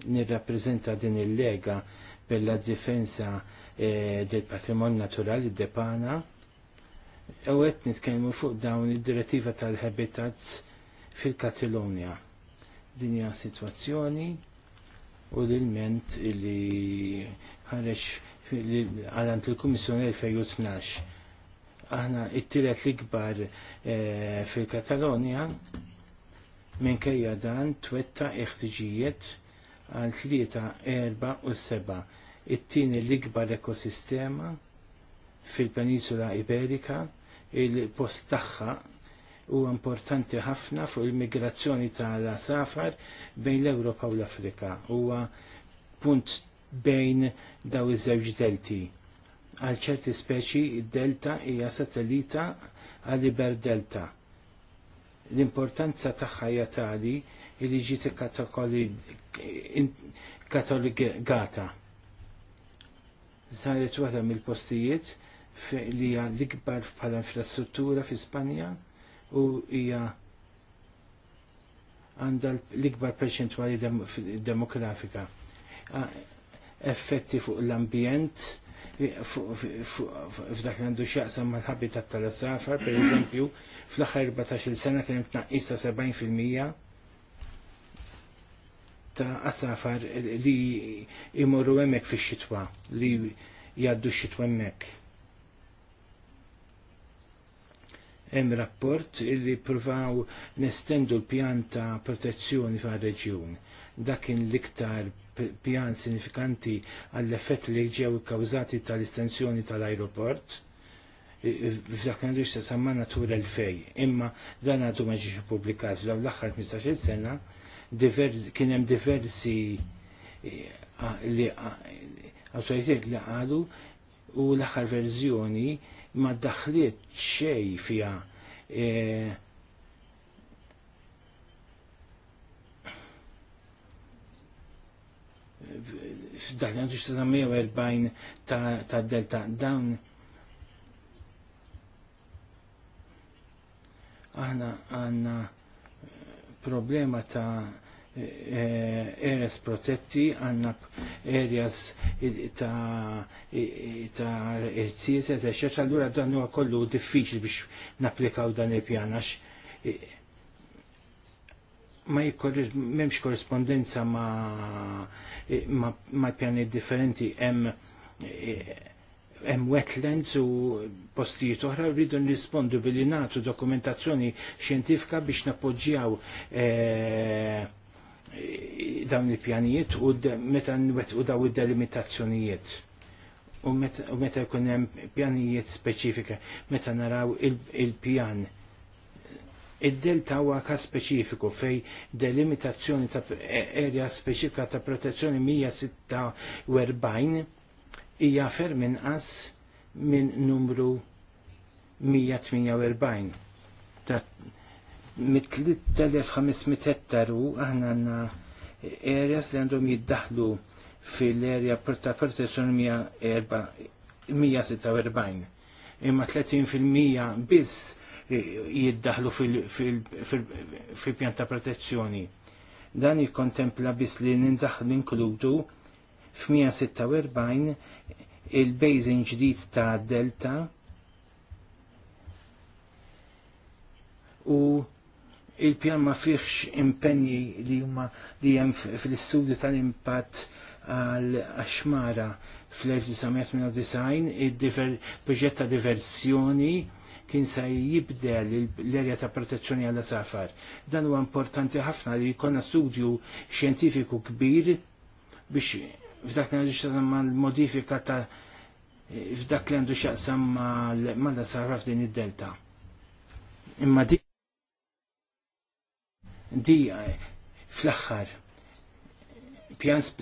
Nirrappreżenta din il-lega la difensa eh, del patrimonio naturali depana għet nitkellmu fuq dawn id-direttiva tal-habitats fil-Katalonja. Dinja situazzjoni u l-ilment li ħareċ għalant il kummissjoni 2012. Aħna it-tiret l-ikbar eh, fil-Katalonja minkejja dan twetta iħtiġijiet għal tlieta erba u seba. It-tieni l-ikbar ekosistema fil-Peninsula Iberika il-post tagħha u importanti ħafna fuq il-migrazzjoni tal safar bejn l-Ewropa u l-Afrika. Huwa punt bejn daw iż-żewġ delti. Għal ċerti speċi id-delta hija satellita għal iber delta. L-importanza tagħha hija tali li ġiet katolikata. Saret waħda mill-postijiet li hija l-ikbar bħala infrastruttura fi Spanja u hija għandha l-ikbar perċentwali dem demografika. Effetti fuq l-ambjent, f'dak għandu xaqsam mal-habitat tal-safar, per eżempju, fl-axar 14 sena kien tnaqqis ta' 70% ta' asafar li imorru hemmhekk fix-xitwa, li jgħaddu xitwa hemmhekk hemm rapport illi pruvaw nestendu l-pjan ta' protezzjoni fa' reġjun. Dakin l-iktar pjan sinifikanti għall-effett li ġew kawzati tal-istensjoni tal-aeroport f'dak għandu samma natura l-fej. Imma dan għadu ma ġiex publikat f'dawn l-aħħar 15 sena kien hemm diversi li li għadu u l-aħħar verżjoni ma daħliet xej fija. E, dan għandu x-tazamiju erbajn ta' delta dawn aħna għanna eh, problema ta' areas eh, protetti għanna areas ta' irziet, xeċ, għallura dan huwa kollu diffiċli biex napplikaw dan il-pjan għax eh, ma memx korrespondenza ma' pjani differenti hemm eh, hemm wetlands u postijiet oħra rridu nrispondu billi nagħtu dokumentazzjoni xjentifika biex nappoġġjaw dawn il-pjanijiet u meta nwettqu daw id-delimitazzjonijiet u meta jkun hemm pjanijiet speċifika meta naraw il-pjan id-delta huwa każ speċifiku fej delimitazzjoni ta' erja speċifika ta' protezzjoni 146 hija ferm inqas minn numru 148 ta' mit-3500 ettaru aħna għanna areas li għandhom jiddaħlu fil-erja ta' protezzjoni 146 imma 30% biss jiddaħlu fil-pjanta protezzjoni. Dan jikkontempla biss li nindaħlu inkludu f-146 il basin ġdid ta' Delta u il-pjan ma fiħx impenji li huma li hemm fil-istudju tal-impatt għal axmara fl-1998 il-proġett ta' diversjoni kien se jibdel l-erja ta' protezzjoni għal safar. Dan huwa importanti ħafna li jkollna studju xjentifiku kbir biex f'dak li mal-modifika ta' f'dak li għandu xaqsam mal-safar f'din id-delta. Imma di Di eh, fl-axħar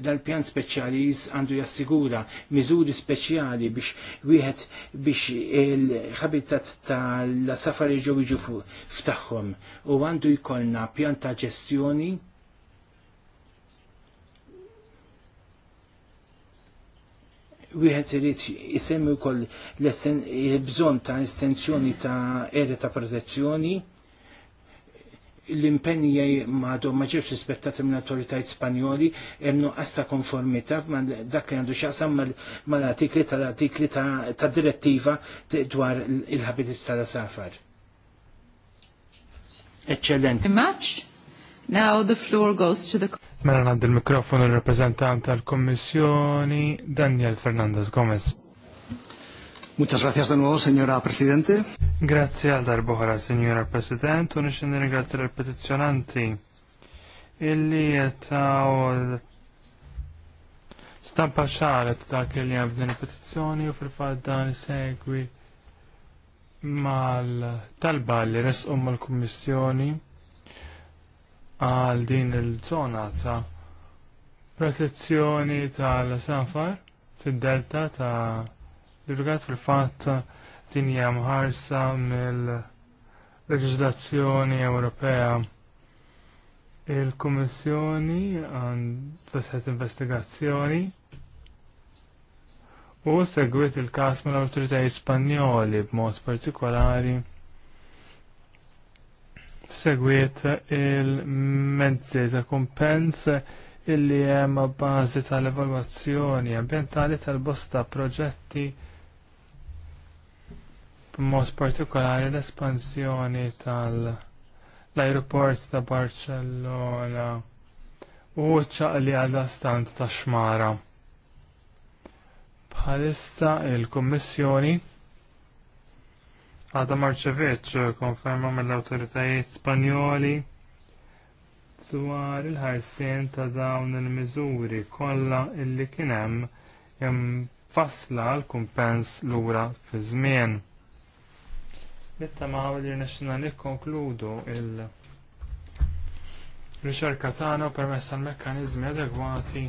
dal-pjan speċjali għandu jassigura miżuri speċjali biex wieħed biex il-habitat tal-safari ġew jiġu ftaħħom u għandu jkollna pjan ta' ġestjoni wieħed irid isemmi wkoll l-bżonn ta' estensjoni ta' erja ta' protezzjoni l-impenji maħdu ma ġewx rispettati mill autoritajt Spanjoli hemm nuqqas ta' konformità dak li għandu x'aqsam mal-artikli tal-artikli ta' direttiva dwar il-ħabitis tal-safar. Eccellent. Much. Now the floor goes to the Mela għand il-mikrofonu il-rappresentant tal-Kommissjoni Daniel Fernandez Gomez. Muchas gracias de nuevo, señora Presidente. Grazie għal darbohra, signora President, u nixin l-petizjonanti illi jettaw stampa xaret dak li għam din il-petizjoni u fil-fat dan segwi mal-talba li resqum mal-Kommissjoni għal din il-zona ta' protezzjoni tal-safar fil-delta ta' l fil-fatt din hija mħarsa mill-leġiżlazzjoni Ewropea. Il-Kummissjoni għand investigazzjoni u segwit il-każ mill-awtoritajiet Spanjoli b'mod partikolari segwiet il-mezzi ta' kumpens illi hemm bażi tal-evalwazzjoni ambjentali tal-bosta proġetti mod partikolari l-espansjoni tal-aeroport ta' Barcellona u ċaqli għadha stant ta' xmara. Bħalissa il-Kommissjoni għadha marċeveċ konferma mill-autoritajiet Spanjoli dwar il-ħarsien ta' dawn il-miżuri kollha illi kien hemm fasla l-kumpens lura fi żmien nittamaw li rnexxina nikkonkludu il- riċerka tagħna permezz tal-mekkaniżmi adegwati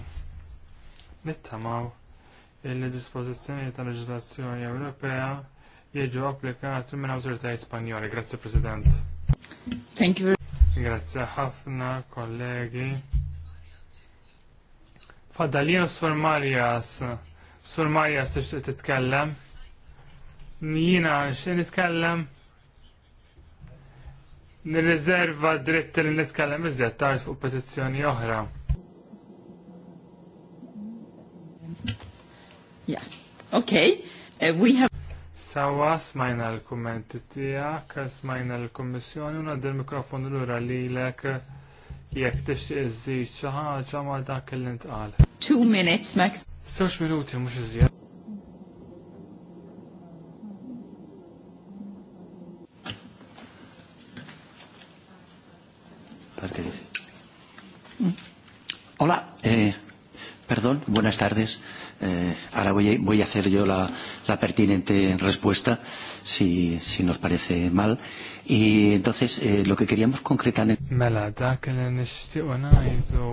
nittamaw il-dispożizzjoni tal-leġislazzjoni Ewropea jiġu applikati minn awtoritajiet Spanjoli. Grazzi President. Thank you. very Grazzi ħafna kollegi. Faddalino Sur Marias, Sur Marias tixtieq titkellem. Mina, xe nitkellem? nirriserva dritt li nitkellem iżjed tard fuq pożizzjoni oħra. Yeah, okay. Uh, we have Sawa smajna l kummenti tijak, smajna l-kommissjoni, unna d-mikrofon l-ura li l-ek jek xi ħaġa ma dak li ntqal. Two minutes max. Sewx minuti mhux iżjed. ver Hola, eh, perdón, buenas tardes. Eh, ahora voy a, voy a hacer yo la, la pertinente respuesta, si, si nos parece mal. Y entonces, eh, lo que queríamos concretar... En... Mela, dak li nishtiqo najdu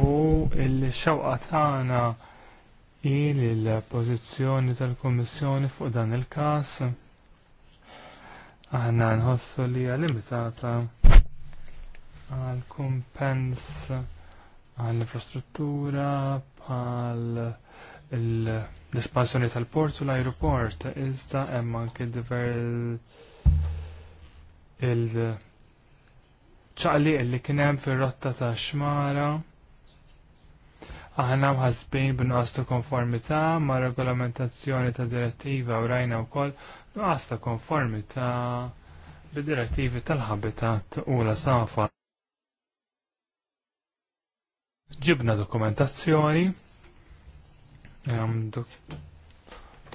u il-xawqa tagħna il l-pożizzjoni tal-Kommissjoni fuq dan il-każ aħna nħossu li limitata għal kumpens għall infrastruttura għal l-espansjoni tal-port u l-aeroport iżda hemm anke diver il ċaqli li kien hemm fir-rotta ta' xmara aħna mħasbin b'nuqqas ta' konformità ma' regolamentazzjoni ta' direttiva u rajna wkoll nuqqas ta' konformità bid-direttivi tal-habitat u la safar. Ġibna dokumentazzjoni, ehm,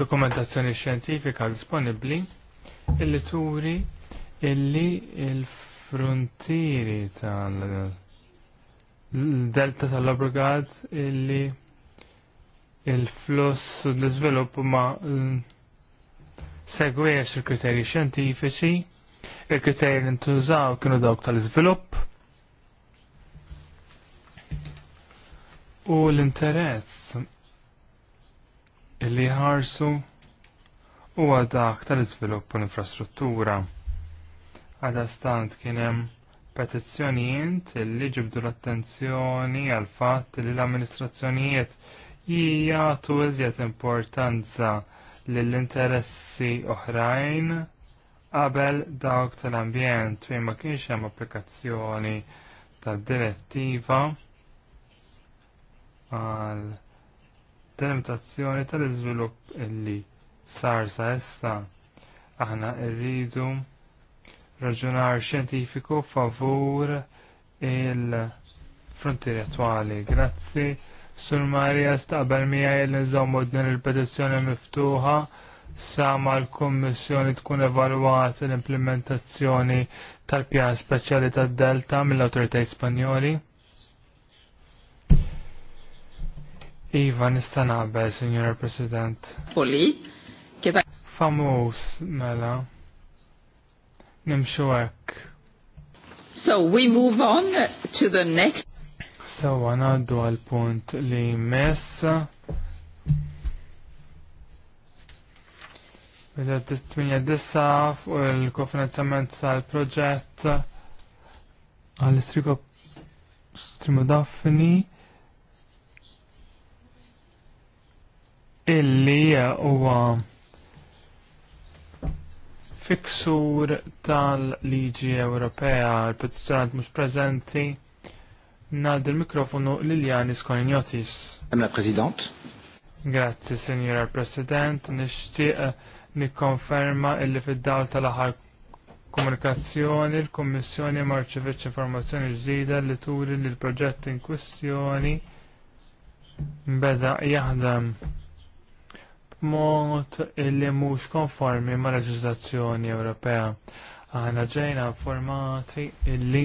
dokumentazzjoni xjentifika disponibbli illi turi illi il-frontieri tal-delta tal-Obrogat illi il-fluss l-izvilupp ma segwiex il-kriterji xjentifiċi, il-kriterji li ntużaw kienu dawk tal-izvilupp, u l-interess li ħarsu huwa dak tal-iżvilupp u l-infrastruttura. Għada stant kienem petizzjonijiet li ġibdu l-attenzjoni għal fatt li l-amministrazzjonijiet jgħatu iżjed importanza lill-interessi oħrajn qabel dawk tal-ambjent fejn ma kienx hemm applikazzjoni tad-direttiva għal delimitazzjoni tal-iżvilupp illi sar sa issa aħna rridu raġunar xjentifiku favur il-frontieri attuali. Grazzi. Sur Marija staqbel miegħi li nżommu din il-petizzjoni miftuħa sama l-Kommissjoni tkun evalwat l-implementazzjoni tal-pjan speċjali tad-Delta mill-Awtoritajiet Spanjoli. Iva nista' Signor President. Poli, mela. Nimxu hekk. So we move on to the next. so, ngħaddu għal punt li mess. Bida 8 fuq il-kofinanzjament tal-proġett għal-istrigo strimu daffini illi huwa fiksur tal-liġi Ewropea l-petizjonant mhux preżenti nad il-mikrofonu Liliani Skolinjotis. Madam President. Grazzi, Signora President. Nixtieq nikkonferma illi fid-dawl tal-aħħar komunikazzjoni l-Kommissjoni marċivitx informazzjoni ġdida li turi lill l-proġett in kwistjoni beda jaħdem mod illi mhux konformi ma' leġislazzjoni Ewropea. Aħna ġejna informati illi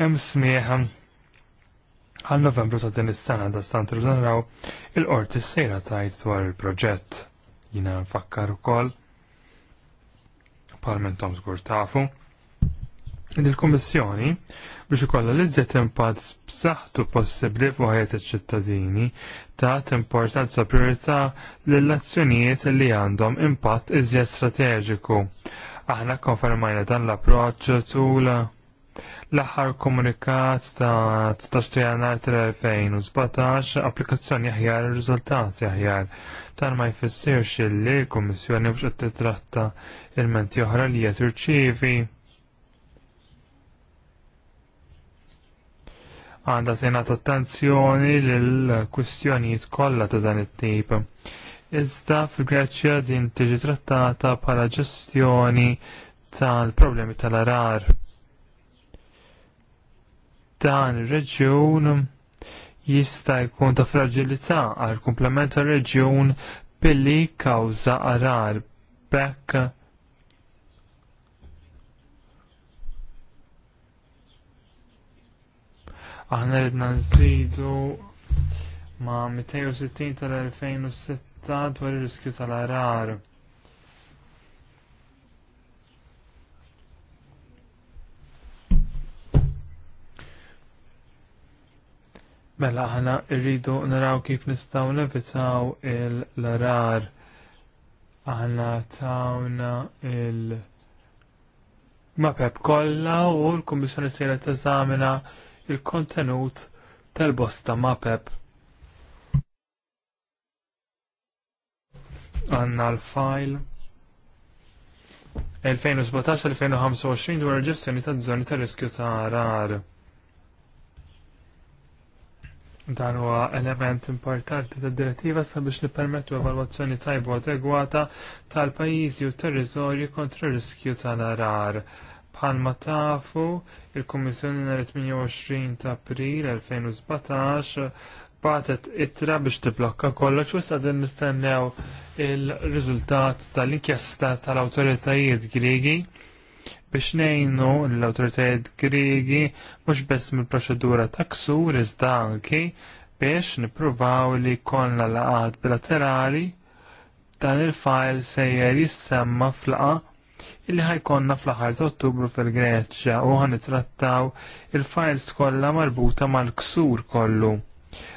hemm smieħ għal Novembru ta' din is-sena da stantru naraw il-qorti sejra tajt dwar il-proġett. Jina nfakkar ukoll palmentom żgur tafu Il-Kommissjoni biex ikollha li żiet impatt b'saħħtu possibbli fuq ħajja iċ-ċittadini tat importanza priorità lill-azzjonijiet li għandhom impatt iżjed strateġiku. Aħna konfermajna dan l-approċċ tul l-aħħar komunikat ta' 13 jannar 2017 applikazzjoni aħjar riżultati aħjar tan ma jfissirx li l-Kummissjoni biex titratta il-menti oħra li qed għandha tingħata attenzjoni l kwistjonijiet kollha ta' dan it-tip. Iżda fil-Greċja din tiġi trattata bħala ġestjoni tal-problemi tal-arar. Dan ir-reġjun jista' jkun ta' fragilità għal kumplament tar-reġjun billi kawża arar bekk Aħna ridna nżidu ma' 260 tal-2006 dwar ir-riskju tal-arar. Mela ħana rridu naraw kif nistaw nevitaw il-larar. Aħna tawna il- mapep kolla u l-Kummissjoni sejra zamina il-kontenut tal-bosta mapep. Għanna l-file 2017-2025 dwar il-ġestjoni ta' zoni ta' riskju ta' rar. Dan huwa element importanti tad direttiva sabiex nippermettu evalwazzjoni tajba u adegwata tal-pajjiżi u territorji kontra riskju ta' rar. Bħal ma tafu, il-Kummissjoni nhar 28 ta' April 2017 batet ittra biex tiblokka kollox u stadin nistennew il-riżultat tal-inkjesta tal-awtoritajiet Griegi biex nejnu l-awtoritajiet Griegi mhux bess mill-proċedura ta' ksur iżda anki biex nippruvaw li konna laqad bilaterali dan il-fajl sejjer jissemma flaqa illi ħajkonna fl-aħħar ta' Ottubru fil-Greċja u ħanitrattaw il-files kollha marbuta mal-ksur kollu.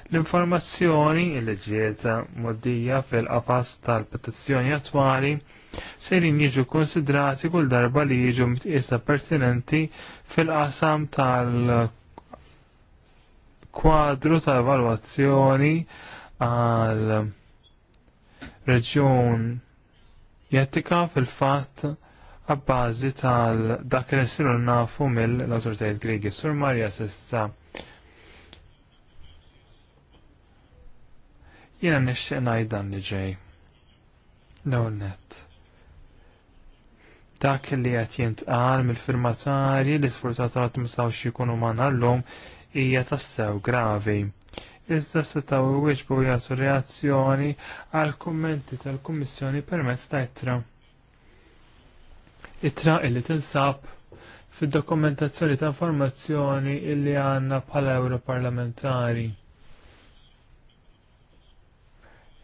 L-informazzjoni illi ġiet moddija fil-qafas tal-petizzjoni attwali sejrin jiġu konsidrati kull darba li jiġu mitqisa pertinenti fil-qasam tal-kwadru tal-evalwazzjoni għal reġjun jettika fil-fatt għabbażi tal dak li nsiru nafu mill-autoritajiet Gregi. Sur Marja sissa jiena nixtieq ngħid dan li ġej. Lewnet. Dak li qed jintqal mill-firmatari li għat mistgħux jikunu man għallum hija tassew gravi. Iżda setaw iwieġbu jagħtu reazzjoni għal kummenti tal-Kummissjoni permezz ta' ittra. It-traq li tinsab fil-dokumentazzjoni ta' informazzjoni illi għanna bħala Europarlamentari.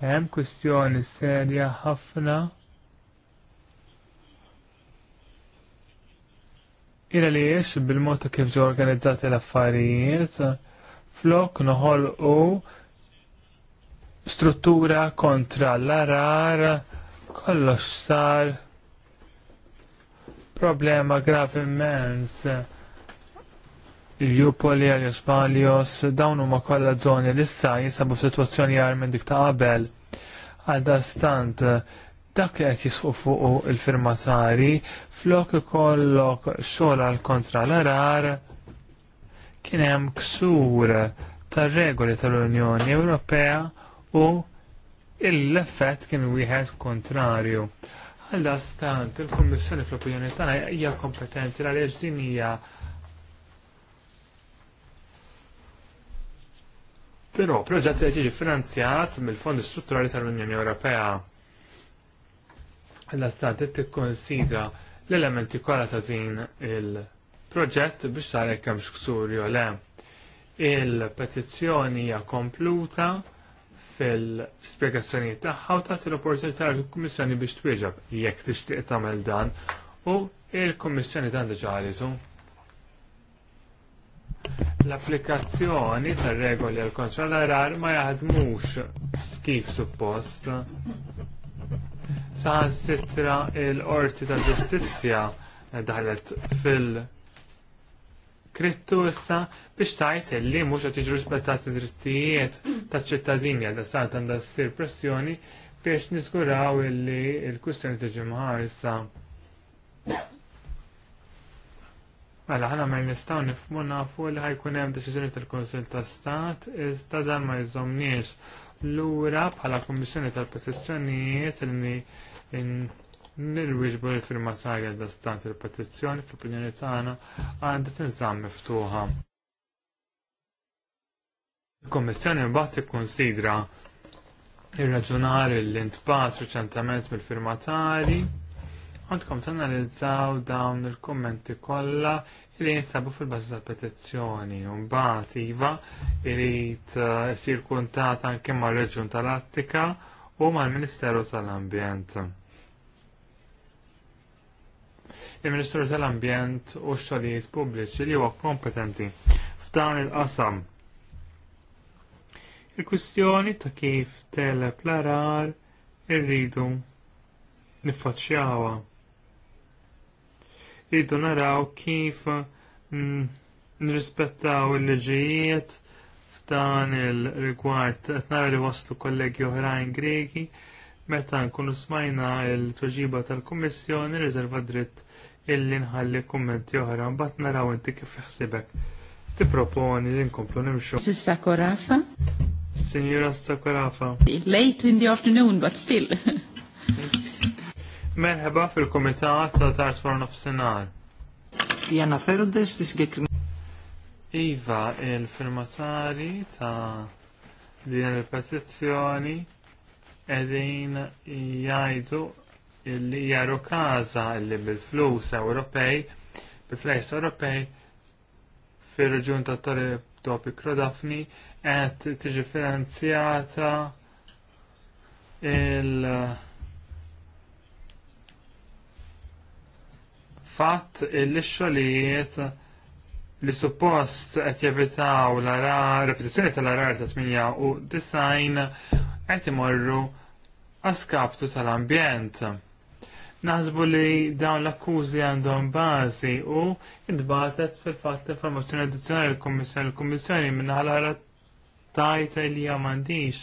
Hemm kwistjoni serja ħafna Ira li jiex bil-mod kif ġo organizzati l-affarijiet, flok noħol u struttura kontra l-arar, kollox sar problema graf immens il-Jupoli, l jusmalios dawn huma kollha żoni li issa jinsabu f'sitwazzjoni għar minn dik ta' qabel. Għal stant dak li qed jisqu fuq il-firmatari flok kollok xogħol għal kontra l-arar kien hemm ksur tar-regoli tal-Unjoni Ewropea u l-effett kien wieħed kontrarju. Għalda stant, il-Kommissjoni fl-opinjoni tagħna hija kompetenti għaliex din hija Però proġett li jiġi finanzjat mill-Fondi Strutturali tal-Unjoni Ewropea. Għalda stant qed tikkonsidra l-elementi kollha ta' din il-proġett biex tara jekk hemm xksur jew le. Il-petizzjoni hija kompluta fil-spjegazzjonijiet tagħha u tagħti l-opportunità l-Kummissjoni biex twieġab jekk tixtieq tagħmel dan u il-Kummissjoni dan diġà għalisu. L-applikazzjoni tar-regoli għal kontra l-arar ma jaħdmux kif suppost. Saħan sitra il qorti tal ġustizzja daħlet fil- krittu issa biex tajt li mhux qed jiġu rispettati drittijiet taċ-ċittadini għal sant għandha ssir pressjoni biex niskuraw li l ta' tiġi mħarsa. Mela, ħana ma nistaw nifmu nafu li ħajkun hemm deċiżjoni tal konsil ta' Stat iżda dan ma l-ura bħala Kummissjoni tal il li nirwiġbu l-firmatarja l-dastant il-petizzjoni fl-opinjoni tagħna għandha tinżamm miftuħa. Il-Kommissjoni mbagħad tikkunsidra irraġunari raġunar li ntbas riċentament mill-firmatari għandkom tanalizzaw dawn il-kommenti kollha li jinsabu fil-bażi tal-petizzjoni u mbagħad iva irid uh, isir kuntat anke mar-Reġjun tal-Attika u mal-Ministeru tal-Ambjent. il-Ministru tal-Ambjent u x-xogħlijiet pubbliċi li huwa kompetenti f'dan il-qasam. Il-kwistjoni ta' kif telep l irridu niffaċċjawha. Rridu naraw kif nirrispettaw il-liġijiet f'dan il-rigward qed nara li waslu kollegi oħrajn Greki meta nkunu smajna l-tweġiba tal-Kummissjoni riserva dritt illi nħalli kummenti oħra mbagħad naraw inti kif Ti Tipproponi li nkomplu nimxu. Sissa Korafa? Signora Sakorafa. Late in the afternoon, but still. Merħeba fil-Komitat ta' Tars for Nofsenar. Jana ferudes disgekrin. Iva, il-firmatari ta' din il-petizzjoni edin jajdu li jaru kaza li bil-flus Ewropej, bil-flejs Ewropej, fir reġun ta' Torib Topi Krodafni, għed tiġi finanzjata il- fatt il-xolijiet li suppost qed jevitaw l-arar, repetizjoni tal-arar ta' 8 u design qed imorru għaskaptu tal-ambjent. Naħsbu li dawn l-akkużi għandhom bażi u intbatet fil-fatt formazzjoni addizzjonali l-Kummissjoni. L-Kummissjoni min-ħala tajta li għamandix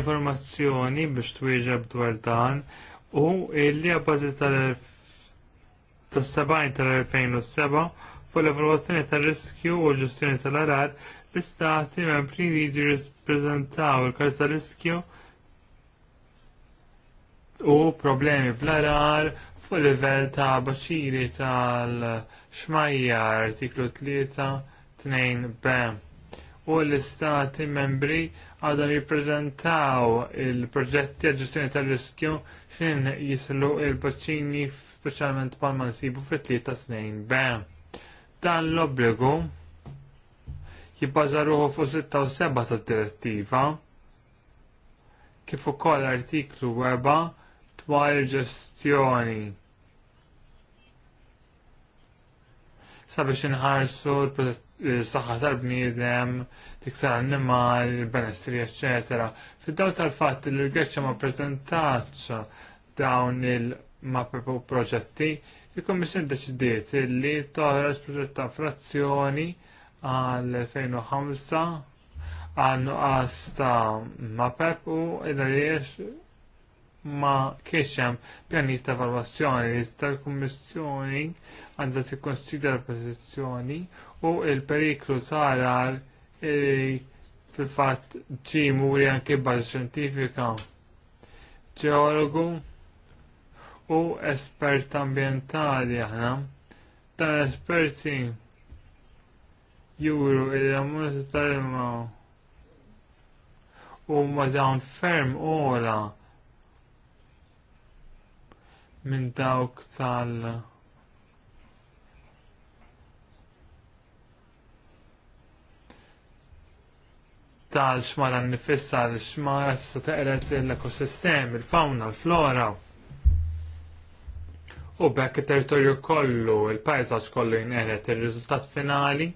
informazzjoni biex twieġeb dwar dan u li għabbażi tal-70 tal-2007 fuq l-evaluazzjoni tal-riskju u l-ġustjoni tal-arar l-istati membri li jirrisprezentaw il-karta riskju u problemi bl-arar fuq livell ta' baċiri tal-xmajja artiklu 3-2b. U l-istati membri għadhom jippreżentaw il-proġetti għal tal-riskju xin jislu il-baċini speċjalment palma nsibu fit tlieta snin b. Dan l-obbligu jibbażaruħu fuq 6 u tad-direttiva kif ukoll artiklu 4 dwar il-ġestjoni. Sabiex inħarsu l-saħħa tal-bniedem, tiktar annimal, il benestri eccetera. Fid-daw tal-fatt li l-Greċċa ma prezentaċ dawn il-mappa proġetti, il-Kommissjoni deċidiet li toħroġ proġett ta' frazzjoni għal-2005 għal nuqqas ta' mapep u id-għaliex ma kienx hemm pjanijiet ta' evalwazzjoni li tal-Kummissjoni għandha tikkonsidra l-pożizzjoni u l-periklu sarar fil-fatt ġi muri anke bażi xjentifika. Ġeologu u espert ambjentali aħna Dan esperti juru il-ramur tal-ma u ma dawn ferm ola minn dawk tal- tal-xmara nifissa l-xmara tista' taqret l-ekosistem, il-fauna, l-flora. U bekk it-territorju kollu, il-pajzaġġ kollu jinqeret ir-riżultat finali.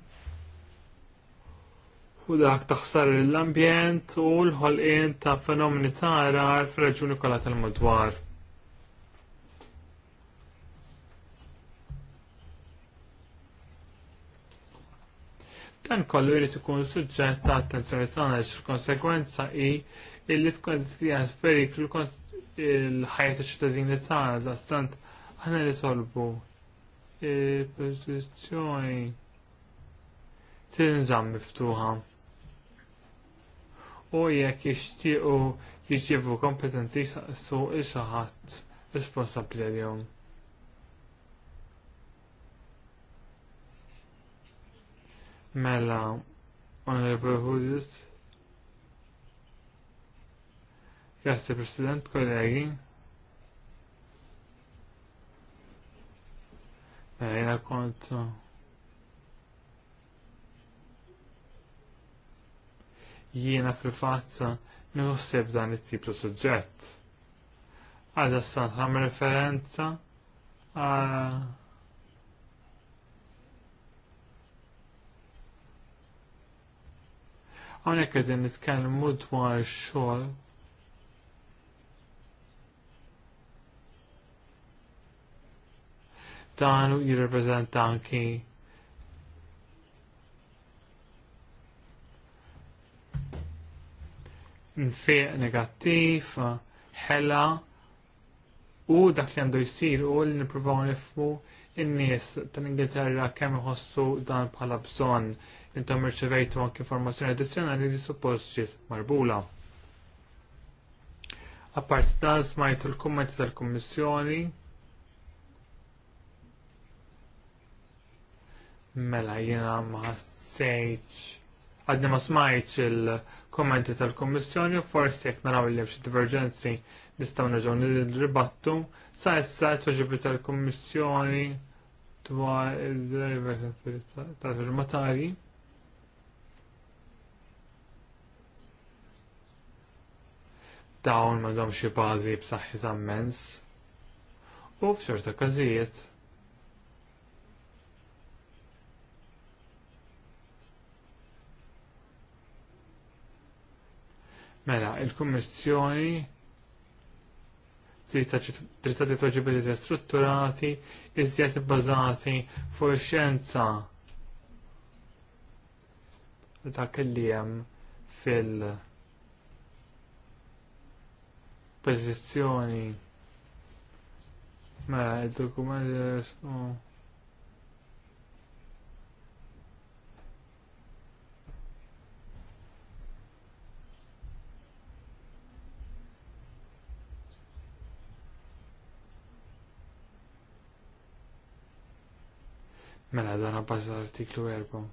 U dak taħsar l-ambjent u l-ħolqien ta' fenomeni tara fir-reġuni kollha tal-madwar. dan kollu jrid ikun suġġett ta' attenzjoni tagħna għax konsegwenza hi illi tkun qed periklu il-ħajja tax-ċittadini tagħna dastant aħna nisolbu. il-pożizzjoni tinżamm miftuħa. U jekk jixtiequ jiġġievu kompetenti saqsu il-xaħat responsabbli għal-jom. Mela, Honorable Hudis, Grazie President, kollegi. Mela, jena kont jiena fil-fazza nħossib dan it tipu soġġett. Għadda s referenza għal għana kħedin nitkellmu dwar xogħol dan jirrepreżenta anki nfiq negattiv, ħela u dak li għandu jisir u li nipruvaw nifmu in-nies tal-Ingilterra kemm iħossu dan bħala bżonn intom irċevejtu anke informazzjoni addizzjonali li suppost ġiet marbula. Apparti dan smajtu l-kummenti tal-Kummissjoni Mela jiena ma ħassejtx għadni ma smajtx il-kommenti tal-Kummissjoni forsi jekk naraw li xi divergenzi nistgħu nerġgħu nirribattu sa issa t-tweġibi tal-Kummissjoni dwar il-driver tal-firmatari. tal firmatari dawn m'għandhom xi bażi b'saħħi ammens u f'xorta każijiet Mela, il-Kummissjoni trid toġi toġibilità strutturati iżjed bazati fuq ix-xjenza dak li hemm fil- Posizioni Ma mela, il-dokument documento jesmu. Mela, dan għabbaċ l-artiklu erbom.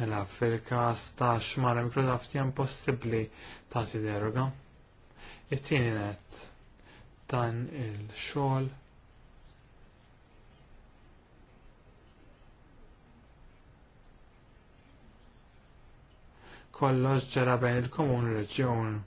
Mela fil-każ ta' xmara mikrolafti possibli ta' tagħti deroga. It-tieni net dan il-xogħol kollox ġera bejn il-komun reġjun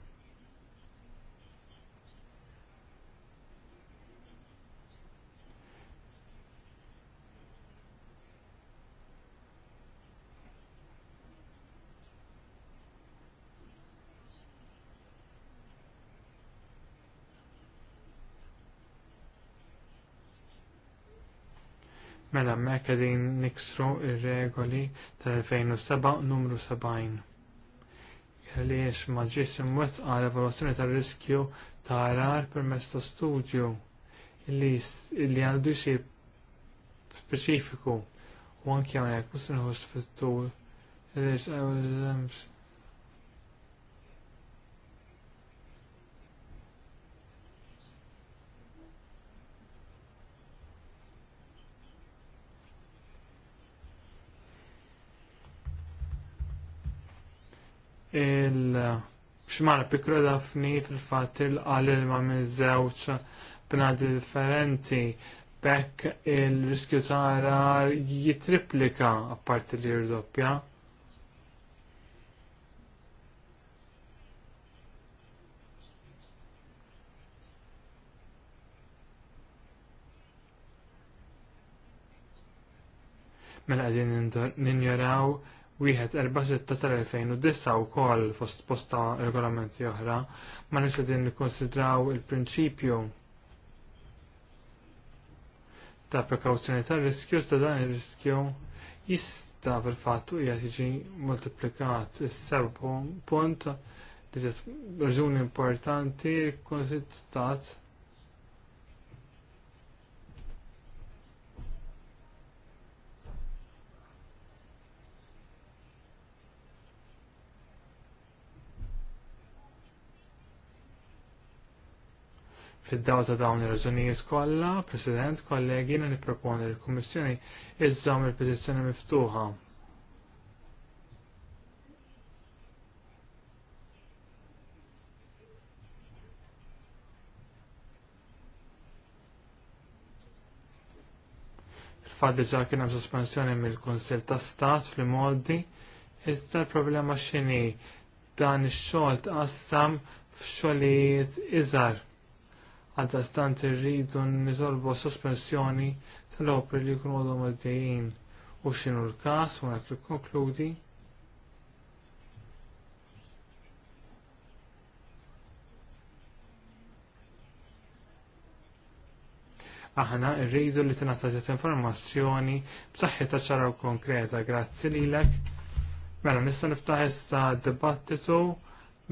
Mela mekk għedin niksru il regoli tal-2007 numru 70. Għaliex ma ġiex imwet għal evoluzzjoni tal-riskju tarar permezz ta' studju li għandu xi specifiku u anke hawnhekk mhux inħoss fit-tul il-xmar pikru dafni fil-fat il-qalil ma minn zewċ b'nadi differenti bekk il-riskju tara jitriplika apparti li jirdoppja. Mela għadin ninjoraw wieħed erba' sitta tal wkoll fost posta regolamenti oħra ma nix qegħdin nikkonsidraw il-prinċipju ta' prekawzjoni ta' riskju sta' dan ir-riskju jista' fil fattu jgħat iġi multiplikat is-sebu punt li importanti konsidrat fid dawza dawn ir-raġunijiet kollha, President, kollegi, jiena nipproponi li l-Kummissjoni iżżomm il-pożizzjoni miftuħa. il fatt diġa kien hemm sospensjoni mill-Kunsill ta' Stat fl moldi iżda l-problema x'inhi dan ix-xogħol tqassam f'xogħlijiet iżgħar għadastant irridu nitolbu sospensjoni tal-opri li jkunu għadhom għaddejjin u x'inhu l-każ u hekk konkludi aħna rridu li tingħataġet informazzjoni b'saħħitha ċara konkreta. Grazzi lilek. Mela nista' niftaħ issa dibattitu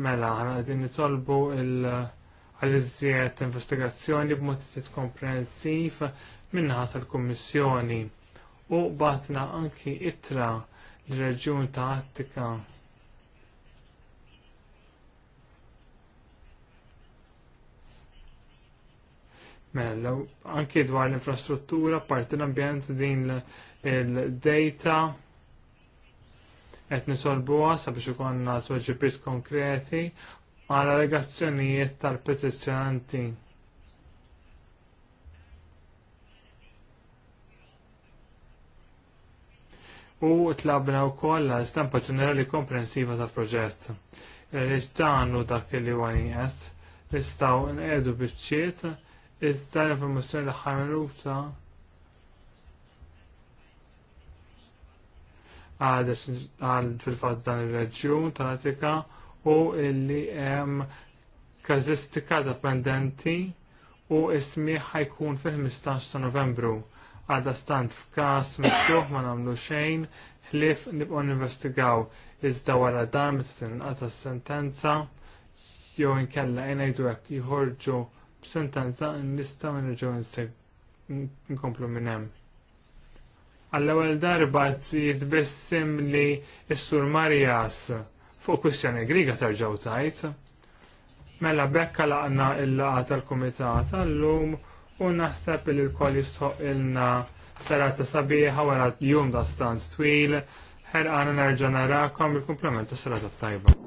mela għana qegħdin nitolbu il- għal izziet investigazzjoni b'mod iżjed komprensiv minnaħa tal-Kummissjoni u batna anki itra l-Reġjun ta' Attika. Mella, anki dwar l-infrastruttura, parti l-ambjent din l data qed nisolbuha sabiex ikollna tweġibiet konkreti għala allegazzjonijiet tal-petizzjonanti. U tlabna u kolla għal stampa ġenerali komprensiva tal-proġett. L-iġdanu dak li għani għest, nistaw n-edu bieċiet, iżda l-informazzjoni li ħamiluta għal fil-fat dan il-reġjun tal-Atika u illi hemm kazistika dependenti u ismiħ ħajkun fil-15 ta' Novembru. għadda stant f'kas miftuħ ma nagħmlu xejn, ħlif nibqgħu investigaw iżda wara dan meta tinqata' sentenza jew inkella ngħidu hekk jħorġu b'sentenza nistgħu nirġgħu nkomplu minn hemm. Għall-ewwel darba tibissim li s-sur Marjas fuq kwistjoni griga tarġaw tajt. Mela bekka laqna il-laqa tal-komitat għallum u naħseb li l-koll jistħoq ilna serata sabiħa wara jum da stanz twil, ħerqana nerġa narakom il-komplement tas-serata tajba.